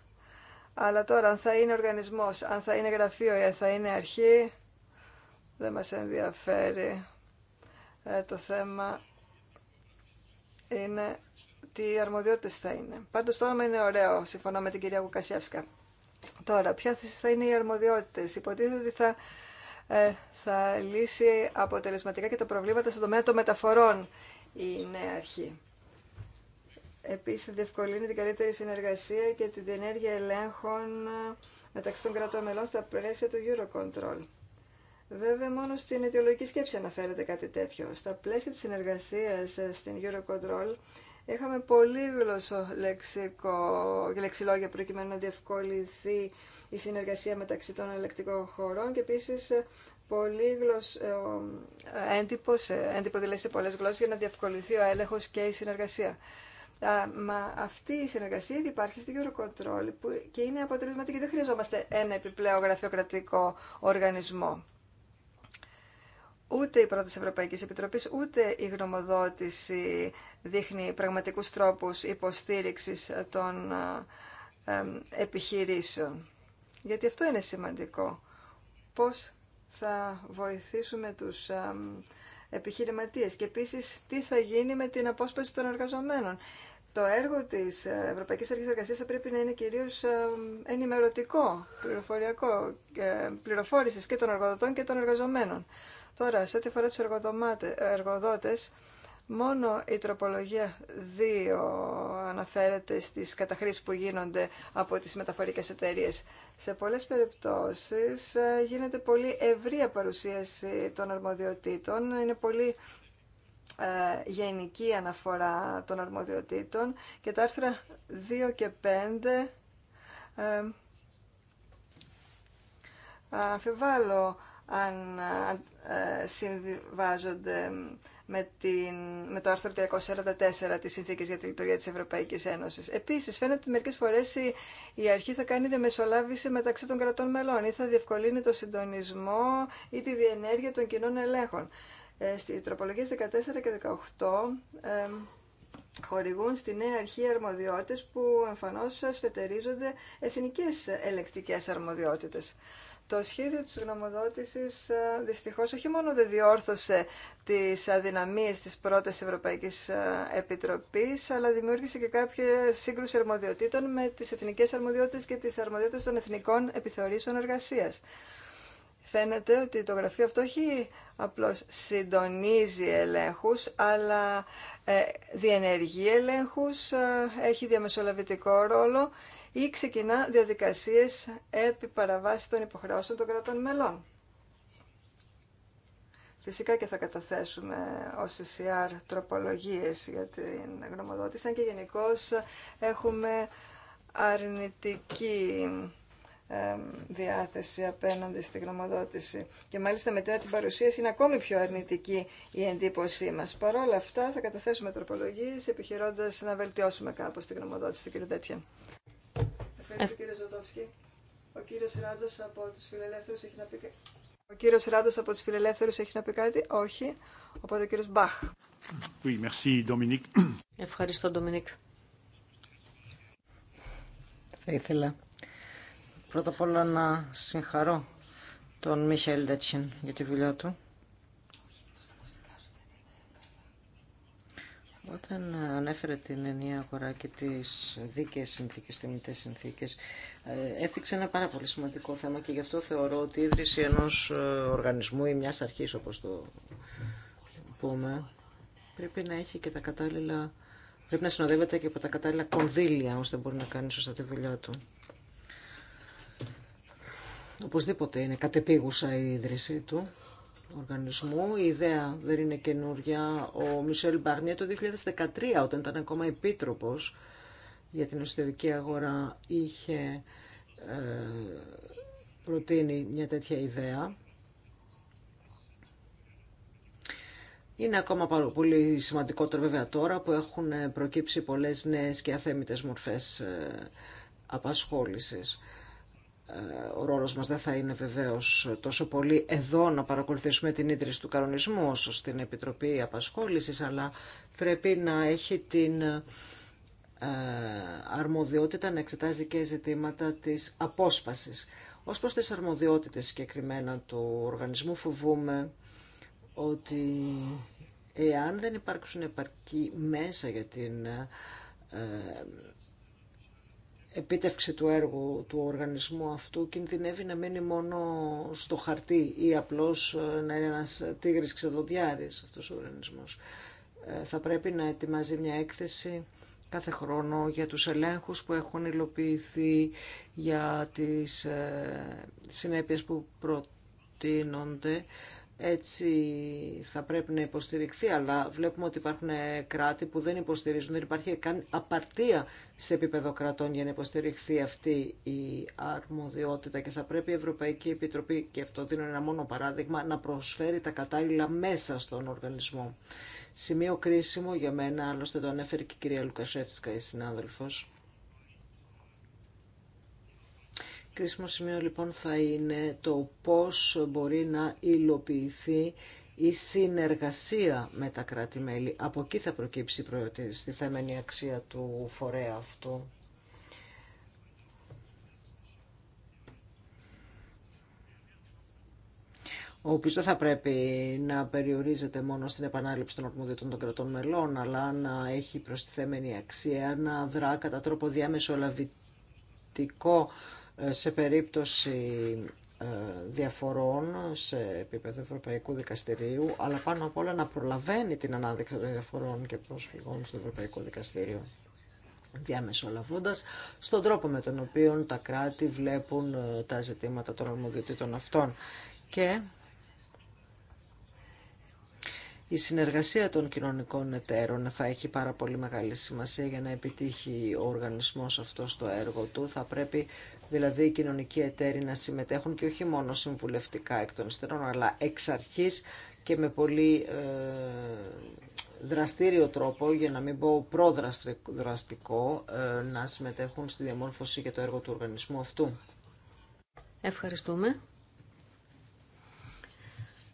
Αλλά τώρα αν θα είναι οργανισμός, αν θα είναι γραφείο ή αν θα είναι αρχή, δεν μας ενδιαφέρει ε, το θέμα. Είναι τι αρμοδιότητες θα είναι. Πάντως το όνομα είναι ωραίο, συμφωνώ με την κυρία Κουκασιεύσκα. Τώρα, ποια θα είναι οι αρμοδιότητες. Υποτίθεται ότι θα, ε, θα λύσει αποτελεσματικά και τα προβλήματα στον τομέα των μεταφορών η νέα αρχή. Επίσης θα διευκολύνει την καλύτερη συνεργασία και την ενέργεια ελέγχων ε, μεταξύ των κρατών μελών στα πλαίσια του Eurocontrol. Βέβαια, μόνο στην αιτιολογική σκέψη αναφέρεται κάτι τέτοιο. Στα πλαίσια της συνεργασίας ε, στην Eurocontrol είχαμε πολύ γλωσσο λεξικό, λεξιλόγια προκειμένου να διευκολυνθεί η συνεργασία μεταξύ των ελεκτικών χωρών και επίσης ε, πολύ γλωσ... έντυπο, έντυπο δηλαδή σε πολλές γλώσσες για να διευκολυνθεί ο έλεγχος και η συνεργασία μα αυτή η συνεργασία ήδη υπάρχει στην Eurocontrol και είναι αποτελεσματική. Δεν χρειαζόμαστε ένα επιπλέον γραφειοκρατικό οργανισμό. Ούτε η πρώτη Ευρωπαϊκή Επιτροπή, ούτε η γνωμοδότηση δείχνει πραγματικού τρόπου υποστήριξη των επιχειρήσεων. Γιατί αυτό είναι σημαντικό. Πώς θα βοηθήσουμε τους επιχειρηματίες και επίσης τι θα γίνει με την απόσπαση των εργαζομένων. Το έργο της Ευρωπαϊκής Αρχής Εργασίας θα πρέπει να είναι κυρίως ε, ενημερωτικό, πληροφοριακό, ε, πληροφόρησης και των εργοδοτών και των εργαζομένων. Τώρα, σε ό,τι αφορά τους εργοδότες, Μόνο η τροπολογία 2 αναφέρεται στις καταχρήσεις που γίνονται από τις μεταφορικές εταιρείες. Σε πολλές περιπτώσεις ε, γίνεται πολύ ευρία παρουσίαση των αρμοδιοτήτων, είναι πολύ ε, γενική αναφορά των αρμοδιοτήτων και τα άρθρα 2 και 5 ε, αμφιβάλλω αν ε, ε συμβιβάζονται με, την, με το άρθρο 344 της Συνθήκης για τη Λειτουργία της Ευρωπαϊκής Ένωσης. Επίσης, φαίνεται ότι μερικές φορές η, αρχή θα κάνει διαμεσολάβηση μεταξύ των κρατών μελών ή θα διευκολύνει το συντονισμό ή τη διενέργεια των κοινών ελέγχων. Ε, Στι τροπολογίες 14 και 18... Ε, χορηγούν στη νέα αρχή αρμοδιότητες που εμφανώς σφετερίζονται εθνικές ελεκτικές αρμοδιότητες το σχέδιο της γνωμοδότησης ε, δυστυχώς όχι μόνο δεν διόρθωσε τις αδυναμίες της πρώτης Ευρωπαϊκής ε, Επιτροπής, αλλά δημιούργησε και κάποια σύγκρουση αρμοδιοτήτων με τις εθνικές αρμοδιότητες και τις αρμοδιότητες των εθνικών επιθεωρήσεων εργασίας. Φαίνεται ότι το γραφείο αυτό όχι απλώς συντονίζει ελέγχους, αλλά ε, διενεργεί ελέγχους, έχει διαμεσολαβητικό ρόλο ή ξεκινά διαδικασίες επί παραβάση των υποχρεώσεων των κρατών μελών. Φυσικά και θα καταθέσουμε ως ECR τροπολογίες για την γνωμοδότηση, αν και γενικώ έχουμε αρνητική διάθεση απέναντι στη γνωμοδότηση. Και μάλιστα μετά την παρουσίαση είναι ακόμη πιο αρνητική η εντύπωσή μας. Παρ' όλα αυτά θα καταθέσουμε τροπολογίες επιχειρώντας να βελτιώσουμε κάπως τη γνωμοδότηση του κ. Ευχαριστώ ε, κύριε Ζωτόφσκι. Ο κύριος Ράντος από τους φιλελεύθερους έχει να πει κάτι. Ο κύριος Ράντος από τους φιλελεύθερους έχει να πει κάτι. Όχι. Οπότε ο κύριος Μπαχ. Oui, merci, Ευχαριστώ, Ντομινίκ. Θα ήθελα πρώτα απ' όλα να συγχαρώ τον Μίχαελ Ντέτσιν για τη δουλειά του. Όταν ανέφερε την ενιαία αγορά και τις δίκαιες συνθήκες, θεμητές συνθήκες, ε, έθιξε ένα πάρα πολύ σημαντικό θέμα και γι' αυτό θεωρώ ότι η ίδρυση ενό ε, οργανισμού ή μια αρχής, όπως το πούμε, πρέπει να έχει και τα κατάλληλα... Πρέπει να συνοδεύεται και από τα κατάλληλα κονδύλια, ώστε μπορεί να κάνει σωστά τη δουλειά του. Οπωσδήποτε είναι κατεπίγουσα η ίδρυσή του οργανισμού. Η ιδέα δεν είναι καινούρια. Ο Μισελ Μπαρνιέ το 2013, όταν ήταν ακόμα επίτροπος για την εσωτερική αγορά, είχε ε, προτείνει μια τέτοια ιδέα. Είναι ακόμα πολύ σημαντικότερο βέβαια τώρα που έχουν προκύψει πολλές νέες και αθέμητες μορφές ε, απασχόλησης ο ρόλος μας δεν θα είναι βεβαίως τόσο πολύ εδώ να παρακολουθήσουμε την ίδρυση του κανονισμού όσο στην Επιτροπή Απασχόλησης, αλλά πρέπει να έχει την ε, αρμοδιότητα να εξετάζει και ζητήματα της απόσπασης. Ως προς τις αρμοδιότητες συγκεκριμένα του οργανισμού φοβούμε ότι εάν δεν υπάρξουν επαρκή μέσα για την ε, επίτευξη του έργου του οργανισμού αυτού κινδυνεύει να μείνει μόνο στο χαρτί ή απλώς ε, να είναι ένας τίγρης ξεδοντιάρης αυτός ο οργανισμός. Ε, θα πρέπει να ετοιμάζει μια έκθεση κάθε χρόνο για τους ελέγχους που έχουν υλοποιηθεί, για τις ε, συνέπειες που προτείνονται έτσι θα πρέπει να υποστηριχθεί, αλλά βλέπουμε ότι υπάρχουν κράτη που δεν υποστηρίζουν, δεν υπάρχει καν απαρτία σε επίπεδο κρατών για να υποστηριχθεί αυτή η αρμοδιότητα και θα πρέπει η Ευρωπαϊκή Επιτροπή, και αυτό δίνω ένα μόνο παράδειγμα, να προσφέρει τα κατάλληλα μέσα στον οργανισμό. Σημείο κρίσιμο για μένα, άλλωστε το ανέφερε και η κυρία Λουκασέφτσκα, η συνάδελφος, Κρίσιμο σημείο λοιπόν θα είναι το πώς μπορεί να υλοποιηθεί η συνεργασία με τα κράτη-μέλη. Από εκεί θα προκύψει η στη θέμενη αξία του φορέα αυτού. ο οποίος θα πρέπει να περιορίζεται μόνο στην επανάληψη των αρμοδιοτήτων των κρατών μελών, αλλά να έχει προστιθέμενη αξία, να δρά κατά τρόπο διαμεσολαβητικό ε, σε περίπτωση ε, διαφορών σε επίπεδο Ευρωπαϊκού Δικαστηρίου, αλλά πάνω απ' όλα να προλαβαίνει την ανάδειξη των διαφορών και προσφυγών στο Ευρωπαϊκό Δικαστήριο διαμεσολαβώντας στον τρόπο με τον οποίο τα κράτη βλέπουν ε, τα ζητήματα των αρμοδιοτήτων αυτών. Και η συνεργασία των κοινωνικών εταίρων θα έχει πάρα πολύ μεγάλη σημασία για να επιτύχει ο οργανισμός αυτό στο έργο του. Θα πρέπει δηλαδή οι κοινωνικοί εταίροι να συμμετέχουν και όχι μόνο συμβουλευτικά εκ των υστέρων, αλλά εξ αρχής και με πολύ ε, δραστήριο τρόπο, για να μην πω προδραστικό, ε, να συμμετέχουν στη διαμόρφωση και το έργο του οργανισμού αυτού. Ευχαριστούμε.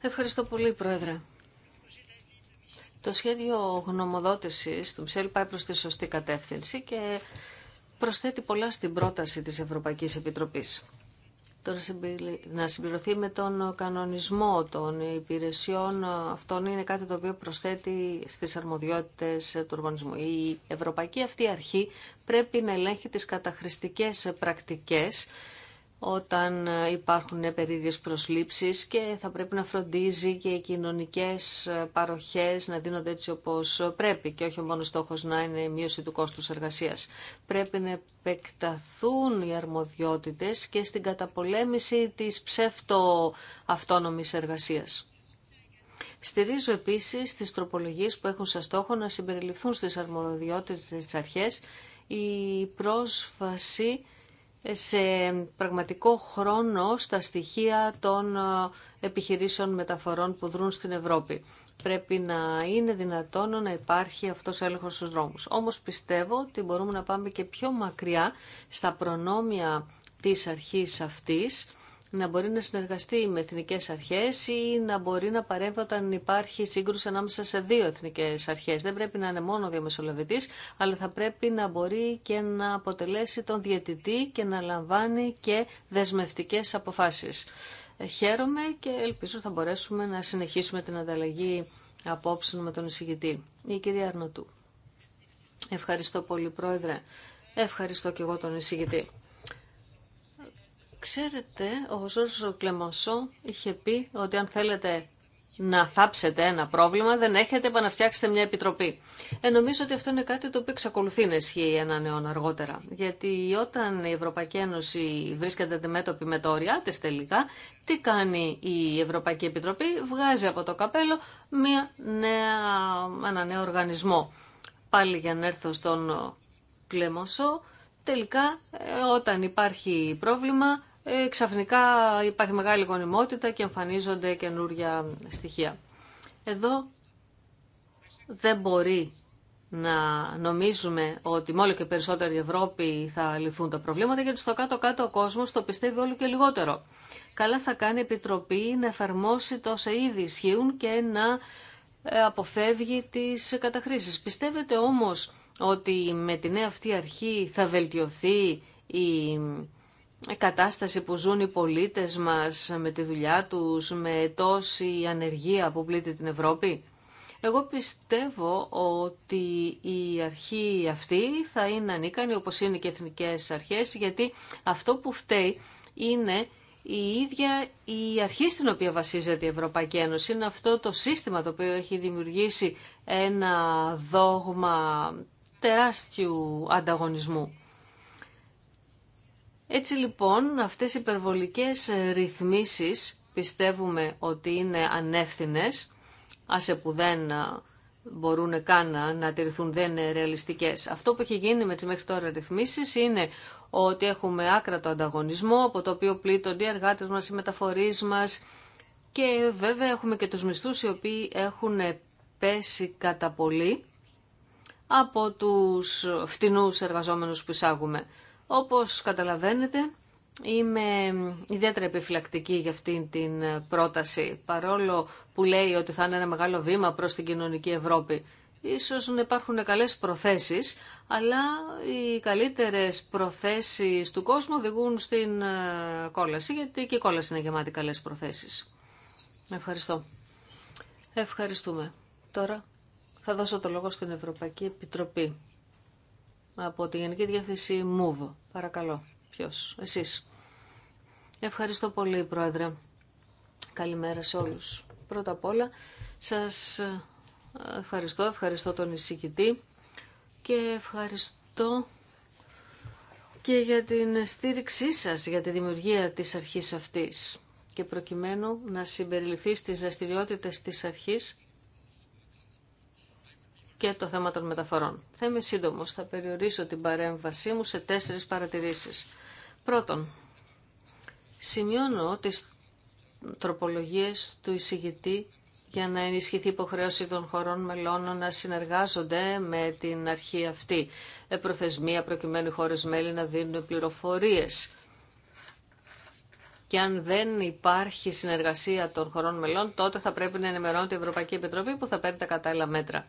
Ευχαριστώ πολύ, Πρόεδρε. Το σχέδιο γνωμοδότησης του Μισελ πάει προς τη σωστή κατεύθυνση και προσθέτει πολλά στην πρόταση της Ευρωπαϊκής Επιτροπής. Τώρα να συμπληρωθεί με τον κανονισμό των υπηρεσιών αυτών είναι κάτι το οποίο προσθέτει στις αρμοδιότητες του οργανισμού. Η ευρωπαϊκή αυτή αρχή πρέπει να ελέγχει τις καταχρηστικές πρακτικές όταν ε, υπάρχουν περίδιες προσλήψεις και θα πρέπει να φροντίζει και οι κοινωνικές ε, παροχές να δίνονται έτσι όπως πρέπει και όχι μόνο μόνος στόχος να είναι η μείωση του κόστους εργασίας. Πρέπει να επεκταθούν οι αρμοδιότητες και στην καταπολέμηση της ψεύτο αυτόνομης εργασίας. Στηρίζω επίσης τις τροπολογίες που έχουν σαν στόχο να συμπεριληφθούν στις αρμοδιότητες της αρχές η πρόσφαση σε πραγματικό χρόνο στα στοιχεία των ε, επιχειρήσεων μεταφορών που δρούν στην Ευρώπη. Πρέπει να είναι δυνατόν να υπάρχει αυτός ο έλεγχος στους δρόμους. Όμως πιστεύω ότι μπορούμε να πάμε και πιο μακριά στα προνόμια της αρχής αυτής να μπορεί να συνεργαστεί με εθνικέ αρχέ ή να μπορεί να παρέμβει όταν υπάρχει σύγκρουση ανάμεσα σε δύο εθνικέ αρχέ. Δεν πρέπει να είναι μόνο διαμεσολαβητή, αλλά θα πρέπει να μπορεί και να αποτελέσει τον διαιτητή και να λαμβάνει και δεσμευτικέ αποφάσει. Ε, χαίρομαι και ελπίζω θα μπορέσουμε να συνεχίσουμε την ανταλλαγή απόψεων με τον εισηγητή. Η κυρία Αρνοτού. Ευχαριστώ πολύ, Πρόεδρε. Ευχαριστώ και εγώ τον εισηγητή. Ξέρετε, ο Ζώσο Κλεμονσό είχε πει ότι αν θέλετε να θάψετε ένα πρόβλημα, δεν έχετε παρά μια επιτροπή. Ε, νομίζω ότι αυτό είναι κάτι το οποίο εξακολουθεί να ισχύει έναν αιώνα αργότερα. Γιατί όταν η Ευρωπαϊκή Ένωση βρίσκεται αντιμέτωπη με τα όρια τη τελικά, τι κάνει η Ευρωπαϊκή Επιτροπή, βγάζει από το καπέλο μια νέα, ένα νέο οργανισμό. Πάλι για να έρθω στον Κλεμοσό, τελικά ε, όταν υπάρχει πρόβλημα ε, ξαφνικά υπάρχει μεγάλη γονιμότητα και εμφανίζονται καινούρια στοιχεία. Εδώ δεν μπορεί να νομίζουμε ότι μόνο και περισσότεροι Ευρώπη θα λυθούν τα προβλήματα, γιατί στο κάτω-κάτω ο κόσμος το πιστεύει όλο και λιγότερο. Καλά θα κάνει η Επιτροπή να εφαρμόσει το είδη ήδη ισχύουν και να ε, αποφεύγει τις καταχρήσεις. Πιστεύετε όμως ότι με την νέα αυτή αρχή θα βελτιωθεί η κατάσταση που ζουν οι πολίτες μας με τη δουλειά τους, με τόση ανεργία που πλήττει την Ευρώπη. Εγώ πιστεύω ότι η αρχή αυτή θα είναι ανίκανη όπως είναι και οι εθνικές αρχές γιατί αυτό που φταίει είναι η ίδια η αρχή στην οποία βασίζεται η Ευρωπαϊκή Ένωση. Είναι αυτό το σύστημα το οποίο έχει δημιουργήσει ένα δόγμα τεράστιου ανταγωνισμού. Έτσι λοιπόν αυτές οι υπερβολικές ε, ρυθμίσεις πιστεύουμε ότι είναι ανεύθυνες, άσε που δεν ε, μπορούν καν ε, να τηρηθούν, δεν είναι ρεαλιστικές. Αυτό που έχει γίνει με τις μέχρι τώρα ρυθμίσεις είναι ότι έχουμε άκρατο ανταγωνισμό, από το οποίο πλήττονται οι εργάτες μας, οι μεταφορείς μας και βέβαια έχουμε και τους μισθούς οι οποίοι έχουν πέσει κατά πολύ από τους φτηνούς εργαζόμενους που εισάγουμε. Όπως καταλαβαίνετε, είμαι ιδιαίτερα επιφυλακτική για αυτήν την πρόταση, παρόλο που λέει ότι θα είναι ένα μεγάλο βήμα προς την κοινωνική Ευρώπη. Ίσως να υπάρχουν καλές προθέσεις, αλλά οι καλύτερες προθέσεις του κόσμου οδηγούν στην ε, κόλαση, γιατί και η κόλαση είναι γεμάτη καλές προθέσεις. Ευχαριστώ. Ευχαριστούμε. Τώρα θα δώσω το λόγο στην Ευρωπαϊκή Επιτροπή από τη Γενική Διαθέση MOVE. Παρακαλώ. ποιο, Εσείς. Ευχαριστώ πολύ, Πρόεδρε. Καλημέρα σε όλους. Πρώτα απ' όλα, σας ε, ευχαριστώ. Ευχαριστώ τον εισηγητή και ευχαριστώ και για την στήριξή σας για τη δημιουργία της αρχής αυτής και προκειμένου να συμπεριληφθεί στις δραστηριότητε της αρχής και το θέμα των μεταφορών. Θα είμαι σύντομος, θα περιορίσω την παρέμβασή μου σε τέσσερις παρατηρήσεις. Πρώτον, σημειώνω τις τροπολογίες του εισηγητή για να ενισχυθεί η υποχρέωση των χωρών μελών να συνεργάζονται με την αρχή αυτή. Ε, προθεσμία προκειμένου οι χώρες μέλη να δίνουν πληροφορίες. Και αν δεν υπάρχει συνεργασία των χωρών μελών, τότε θα πρέπει να ενημερώνεται η Ευρωπαϊκή Επιτροπή που θα παίρνει τα κατάλληλα μέτρα.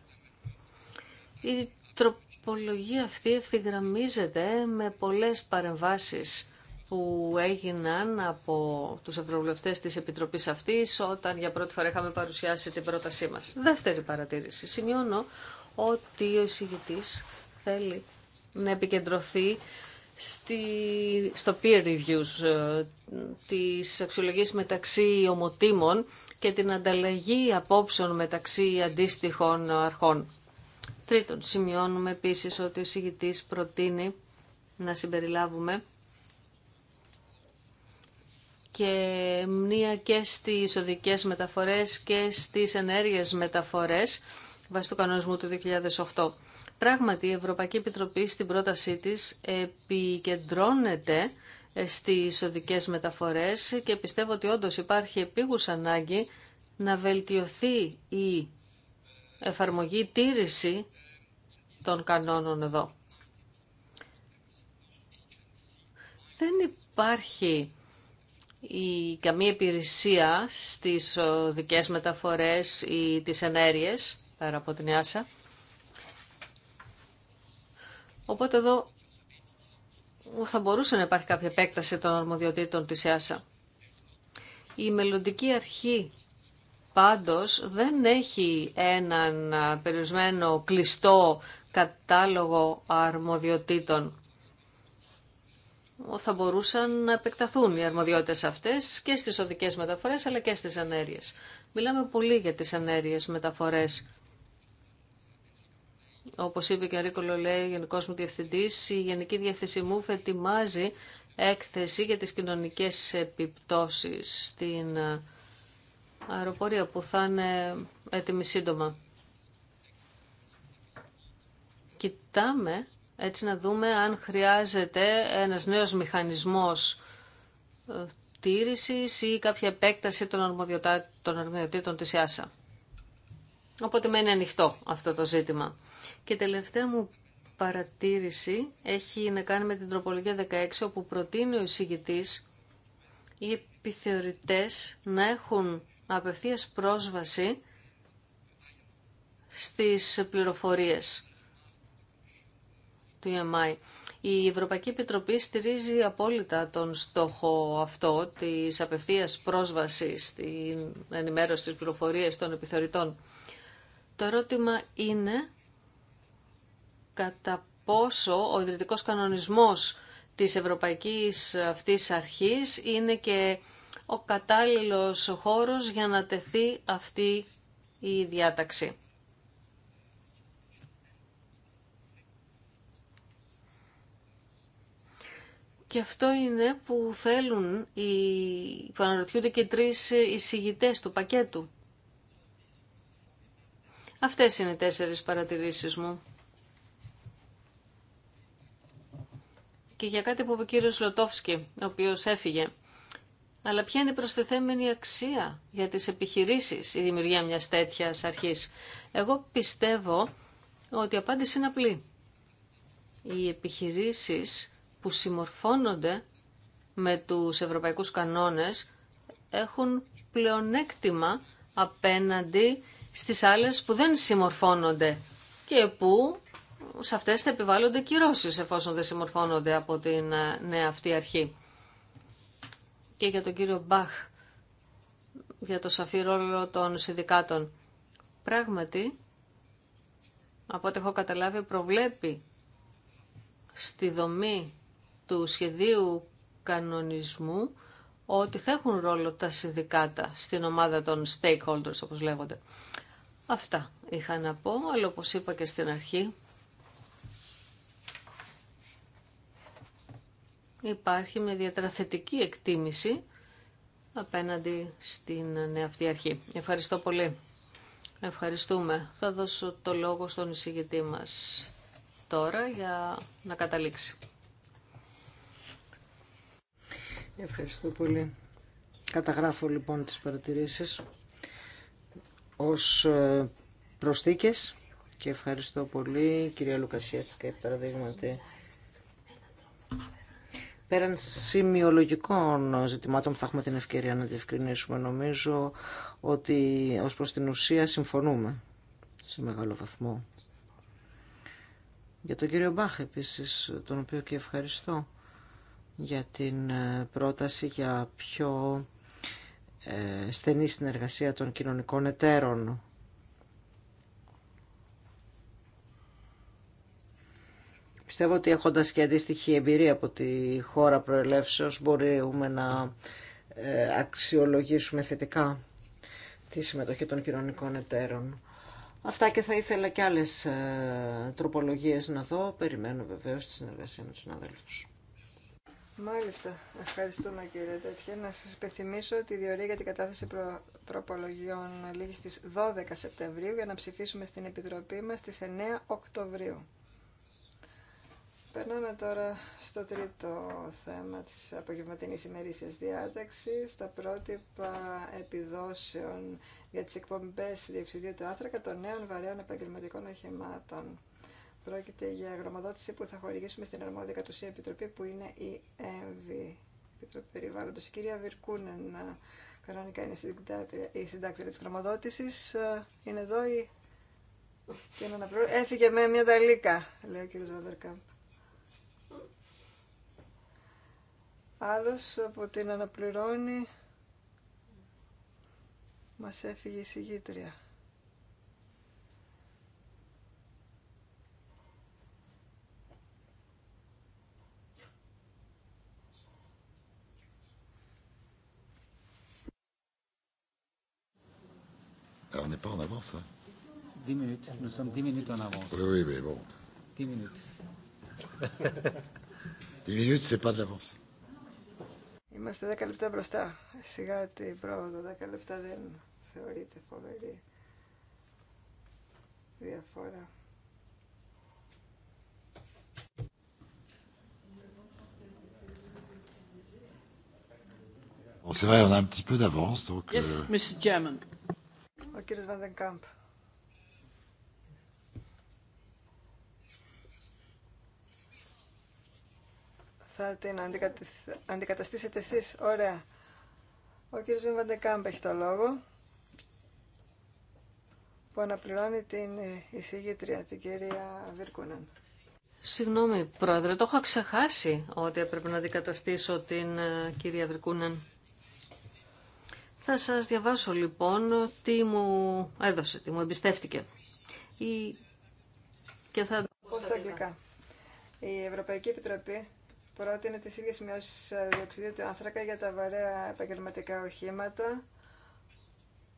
Η τροπολογία αυτή ευθυγραμμίζεται με πολλές παρεμβάσεις που έγιναν από τους ευρωβουλευτές της Επιτροπής αυτής όταν για πρώτη φορά είχαμε παρουσιάσει την πρότασή μας. Δεύτερη παρατήρηση. Σημειώνω ότι ο εισηγητής θέλει να επικεντρωθεί στη, στο peer reviews, ε, τις αξιολογίες μεταξύ ομοτήμων και την ανταλλαγή απόψεων μεταξύ αντίστοιχων αρχών. Τρίτον, σημειώνουμε επίσης ότι ο συγητής προτείνει να συμπεριλάβουμε και μνήα και στις οδικές μεταφορές και στις ενέργειες μεταφορές βάσει του κανονισμού του 2008. Πράγματι, η Ευρωπαϊκή Επιτροπή στην πρότασή της επικεντρώνεται στις οδικές μεταφορές και πιστεύω ότι όντως υπάρχει επίγουσα ανάγκη να βελτιωθεί η εφαρμογή, η τήρηση των κανόνων εδώ. Δεν υπάρχει η καμία υπηρεσία στις οδικές ε, μεταφορές ή τις ενέργειες, πέρα από την Ιάσα. Οπότε εδώ θα μπορούσε να υπάρχει κάποια επέκταση των αρμοδιοτήτων της ΕΑΣΑ. Η μελλοντική αρχή πάντως δεν έχει έναν ε, περιορισμένο κλειστό κατάλογο αρμοδιοτήτων. Θα μπορούσαν να επεκταθούν οι αρμοδιότητες αυτές και στις οδικές μεταφορές αλλά και στις ενέργειες. Μιλάμε πολύ για τις ενέργειες μεταφορές. Όπως είπε και ο Ρίκολο, λέει ο Γενικός μου Διευθυντής, η Γενική Διευθυνσή μου ετοιμάζει έκθεση για τις κοινωνικές επιπτώσεις στην ε, αεροπορία που θα είναι έτοιμη σύντομα. κοιτάμε έτσι να δούμε αν χρειάζεται ένας νέος μηχανισμός ε, τήρησης ή κάποια επέκταση των, αρμοδιοτήτων της ΙΑΣΑ. Οπότε μένει ανοιχτό αυτό το ζήτημα. Και η τελευταία μου παρατήρηση έχει να κάνει με την τροπολογία 16 όπου προτείνει ο εισηγητής οι επιθεωρητές να έχουν απευθείας πρόσβαση στις πληροφορίες του EMI. Η Ευρωπαϊκή Επιτροπή στηρίζει απόλυτα τον στόχο αυτό της απευθείας πρόσβασης στην ενημέρωση της πληροφορίας των επιθεωρητών. Το ερώτημα είναι κατά πόσο ο ιδρυτικός κανονισμός της ευρωπαϊκής αυτής αρχής είναι και ο κατάλληλος χώρος για να τεθεί αυτή η διάταξη. Και αυτό είναι που θέλουν, οι, που αναρωτιούνται και τρεις εισηγητές του πακέτου. Αυτές είναι οι τέσσερις παρατηρήσεις μου. Και για κάτι που είπε ο κύριος Λοτόφσκι, ο οποίος έφυγε. Αλλά ποια είναι η αξία για τις επιχειρήσεις η δημιουργία μιας τέτοιας αρχής. Εγώ πιστεύω ότι η απάντηση είναι απλή. Οι επιχειρήσεις που συμμορφώνονται με τους ευρωπαϊκούς κανόνες έχουν πλεονέκτημα απέναντι στις άλλες που δεν συμμορφώνονται και που σε αυτές θα επιβάλλονται κυρώσεις εφόσον δεν συμμορφώνονται από την ε, νέα αυτή αρχή. Και για τον κύριο Μπαχ, για το σαφή ρόλο των συνδικάτων. Πράγματι, από ό,τι έχω καταλάβει, προβλέπει στη δομή του σχεδίου κανονισμού ότι θα έχουν ρόλο τα συνδικάτα στην ομάδα των stakeholders, όπως λέγονται. Αυτά είχα να πω, αλλά όπως είπα και στην αρχή, υπάρχει μια διατραθετική εκτίμηση απέναντι στην νέα αυτή αρχή. Ευχαριστώ πολύ. Ευχαριστούμε. Θα δώσω το λόγο στον εισηγητή μας τώρα για να καταλήξει. Ευχαριστώ πολύ. Καταγράφω λοιπόν τις παρατηρήσεις ως ε, προσθήκες και ευχαριστώ πολύ κυρία Λουκασιέτσκα παραδείγματι πέραν σημειολογικών ζητημάτων που θα έχουμε την ευκαιρία να διευκρινίσουμε νομίζω ότι ως προς την ουσία συμφωνούμε σε μεγάλο βαθμό. Για τον κύριο Μπάχ επίσης, τον οποίο και ευχαριστώ για την ε, πρόταση για πιο ε, στενή συνεργασία των κοινωνικών εταίρων. Πιστεύω ότι έχοντας και αντίστοιχη εμπειρία από τη χώρα προελεύσεως μπορούμε να ε, αξιολογήσουμε θετικά τη συμμετοχή των κοινωνικών εταίρων. Αυτά και θα ήθελα και άλλες τροπολογίες να δω. Περιμένω βεβαίως τη συνεργασία με τους συναδέλφους. Μάλιστα. Ευχαριστούμε κύριε Τέτια. Να σας υπενθυμίσω ότι η για την κατάθεση προτροπολογιών λίγη στις 12 Σεπτεμβρίου για να ψηφίσουμε στην Επιτροπή μας στις 9 Οκτωβρίου. Περνάμε τώρα στο τρίτο θέμα της απογευματινής ημερήσιας διάταξης, στα πρότυπα επιδόσεων για τις εκπομπές διοξιδίου του άνθρακα των νέων βαρέων επαγγελματικών οχημάτων. Πρόκειται για γνωμοδότηση που θα χορηγήσουμε στην αρμόδια κατουσία επιτροπή που είναι η ΕΜΒΗ, Επιτροπή Περιβάλλοντο. Η κυρία Βιρκούνεν, ε, κανονικά είναι η συντάκτρια τη γνωμοδότηση. Ε, είναι εδώ η. Και να προ... Έφυγε με μια ταλίκα, λέει ο κύριο Βαντερκάμπ. Άλλο από την αναπληρώνει. Μας έφυγε η συγγήτρια. Alors, on n'est pas en avance. Hein. 10 minutes. Nous sommes 10 minutes en avance. Oui, oui, mais bon. 10 minutes. 10 minutes, c'est pas de l'avance. Είμαστε 10 λεπτά μπροστά. Σιγά την πρόοδο, 10 λεπτά δεν θεωρείται φοβερή διαφορά. Bon, c'est vrai, on a un petit peu d'avance, donc. Yes, euh... Mr. Chairman. Ο κύριος Βαντενκάμπ. Θα την αντικαταστήσετε εσείς. Ωραία. Ο κύριος Βαντενκάμπ έχει το λόγο που αναπληρώνει την ε, εισηγήτρια, την κυρία Βίρκουναν. Συγγνώμη, πρόεδρε, το έχω ξεχάσει ότι έπρεπε να αντικαταστήσω την ε, κυρία Βίρκουναν. Θα σας διαβάσω λοιπόν τι μου έδωσε, τι μου εμπιστεύτηκε. Η... Και θα... Πώς στα αγγλικά. Η Ευρωπαϊκή Επιτροπή πρότεινε τις ίδιες μειώσεις ε, διοξιδίου του άνθρακα για τα βαρέα επαγγελματικά οχήματα,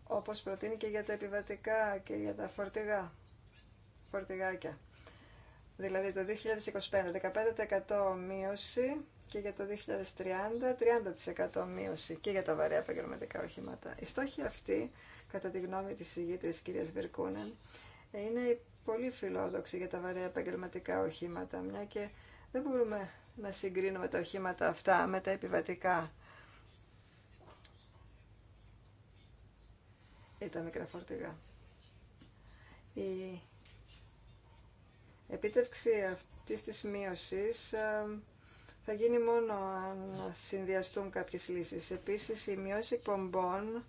όπως προτείνει και για τα επιβατικά και για τα φορτηγά, φορτηγάκια. Δηλαδή το 2025, 15% μείωση και για το 2030 30% μείωση και για τα βαρέα επαγγελματικά οχήματα. Η στόχη αυτή, κατά τη γνώμη της ηγήτρης κυρίας Βερκούνεν, είναι πολύ φιλόδοξη για τα βαρέα επαγγελματικά οχήματα, μια και δεν μπορούμε να συγκρίνουμε τα οχήματα αυτά με τα επιβατικά ή τα μικρά φορτηγά. Η επίτευξη αυτής της μείωσης ε, θα γίνει μόνο αν συνδυαστούν κάποιες λύσεις. Επίσης, οι μειώσεις εκπομπών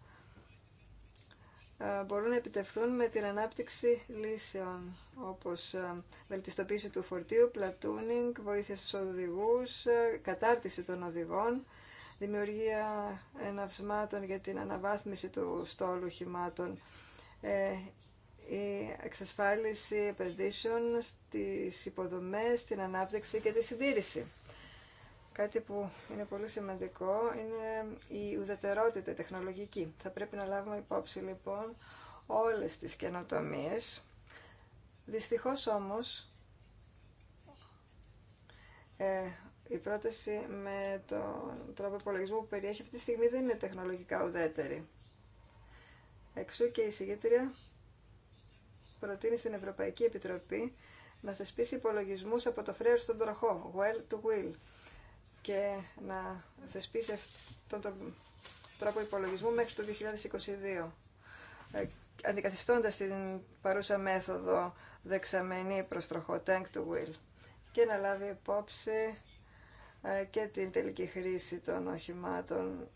ε, μπορούν να επιτευχθούν με την ανάπτυξη λύσεων, όπως ε, βελτιστοποίηση του φορτίου, πλατούνινγκ, βοήθεια στους οδηγούς, ε, κατάρτιση των οδηγών, δημιουργία εναυσμάτων για την αναβάθμιση του στόλου χυμάτων, η εξασφάλιση επενδύσεων στις υποδομές, την ανάπτυξη και τη συντήρηση. Κάτι που είναι πολύ σημαντικό είναι η ουδετερότητα τεχνολογική. Θα πρέπει να λάβουμε υπόψη λοιπόν όλες τις καινοτομίες. Δυστυχώς όμως ε, η πρόταση με τον τρόπο υπολογισμού που περιέχει αυτή τη στιγμή δεν είναι τεχνολογικά ουδέτερη. Εξού και η συγγετρία προτείνει στην Ευρωπαϊκή Επιτροπή να θεσπίσει υπολογισμούς από το φρέος στον τροχό, well to will και να θεσπίσει αυτόν τον τρόπο υπολογισμού μέχρι το 2022 ε, αντικαθιστώντας την παρούσα μέθοδο δεξαμενή προς τροχό, tank to wheel, και να λάβει υπόψη ε, και την τελική χρήση των οχημάτων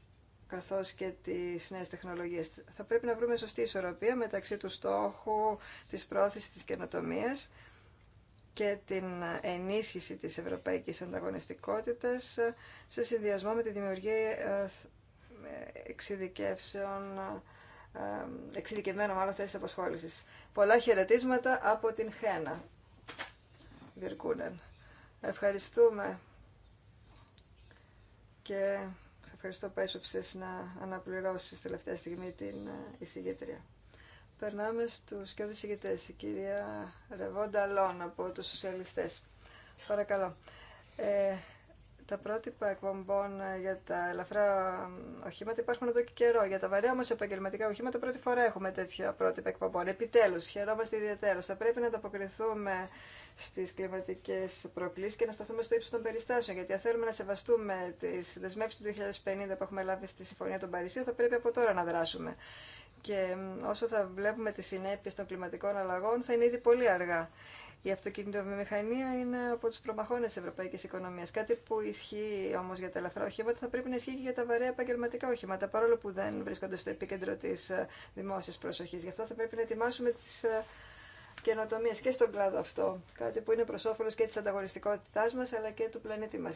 καθώς και τις νέες τεχνολογίες. Θα πρέπει να βρούμε σωστή ισορροπία μεταξύ του στόχου, της πρόθεση της καινοτομίας και την ενίσχυση της ευρωπαϊκής ανταγωνιστικότητας σε συνδυασμό με τη δημιουργία ε, εξειδικεύσεων ε, θέσεων μάλλον θέσεις απασχόλησης. Πολλά χαιρετίσματα από την Χένα. Βιρκούνεν. Ευχαριστούμε και ευχαριστώ που έσωψες να αναπληρώσεις τελευταία στιγμή την ε, εισηγήτρια. Περνάμε στους και ηγητέ. Η κυρία Ρεβόντα Λόν από τους σοσιαλιστές. Παρακαλώ. Ε, τα πρότυπα εκπομπών για τα ελαφρά ε, οχήματα υπάρχουν εδώ και καιρό. Για τα βαρέα όμω επαγγελματικά οχήματα πρώτη φορά έχουμε τέτοια πρότυπα εκπομπών. Επιτέλου, χαιρόμαστε ιδιαίτερω. Θα πρέπει να ανταποκριθούμε στι κλιματικέ προκλήσει και να σταθούμε στο ύψο των περιστάσεων. Γιατί αν θέλουμε να σεβαστούμε τι δεσμεύσει του 2050 που έχουμε λάβει στη Συμφωνία των Παρισίων, θα πρέπει από τώρα να δράσουμε και όσο θα βλέπουμε τις συνέπειες των κλιματικών αλλαγών θα είναι ήδη πολύ αργά. Η αυτοκινητοβιομηχανία είναι από του προμαχώνες της ευρωπαϊκή οικονομίας. Κάτι που ισχύει όμως για τα ελαφρά οχήματα θα πρέπει να ισχύει και για τα βαρέα επαγγελματικά οχήματα, παρόλο που δεν βρίσκονται στο επίκεντρο της ε, δημόσιας προσοχής. Γι' αυτό θα πρέπει να ετοιμάσουμε τις ε, καινοτομίε και στον κλάδο αυτό. Κάτι που είναι προ και της ανταγωνιστικότητάς μα αλλά και του πλανήτη μα.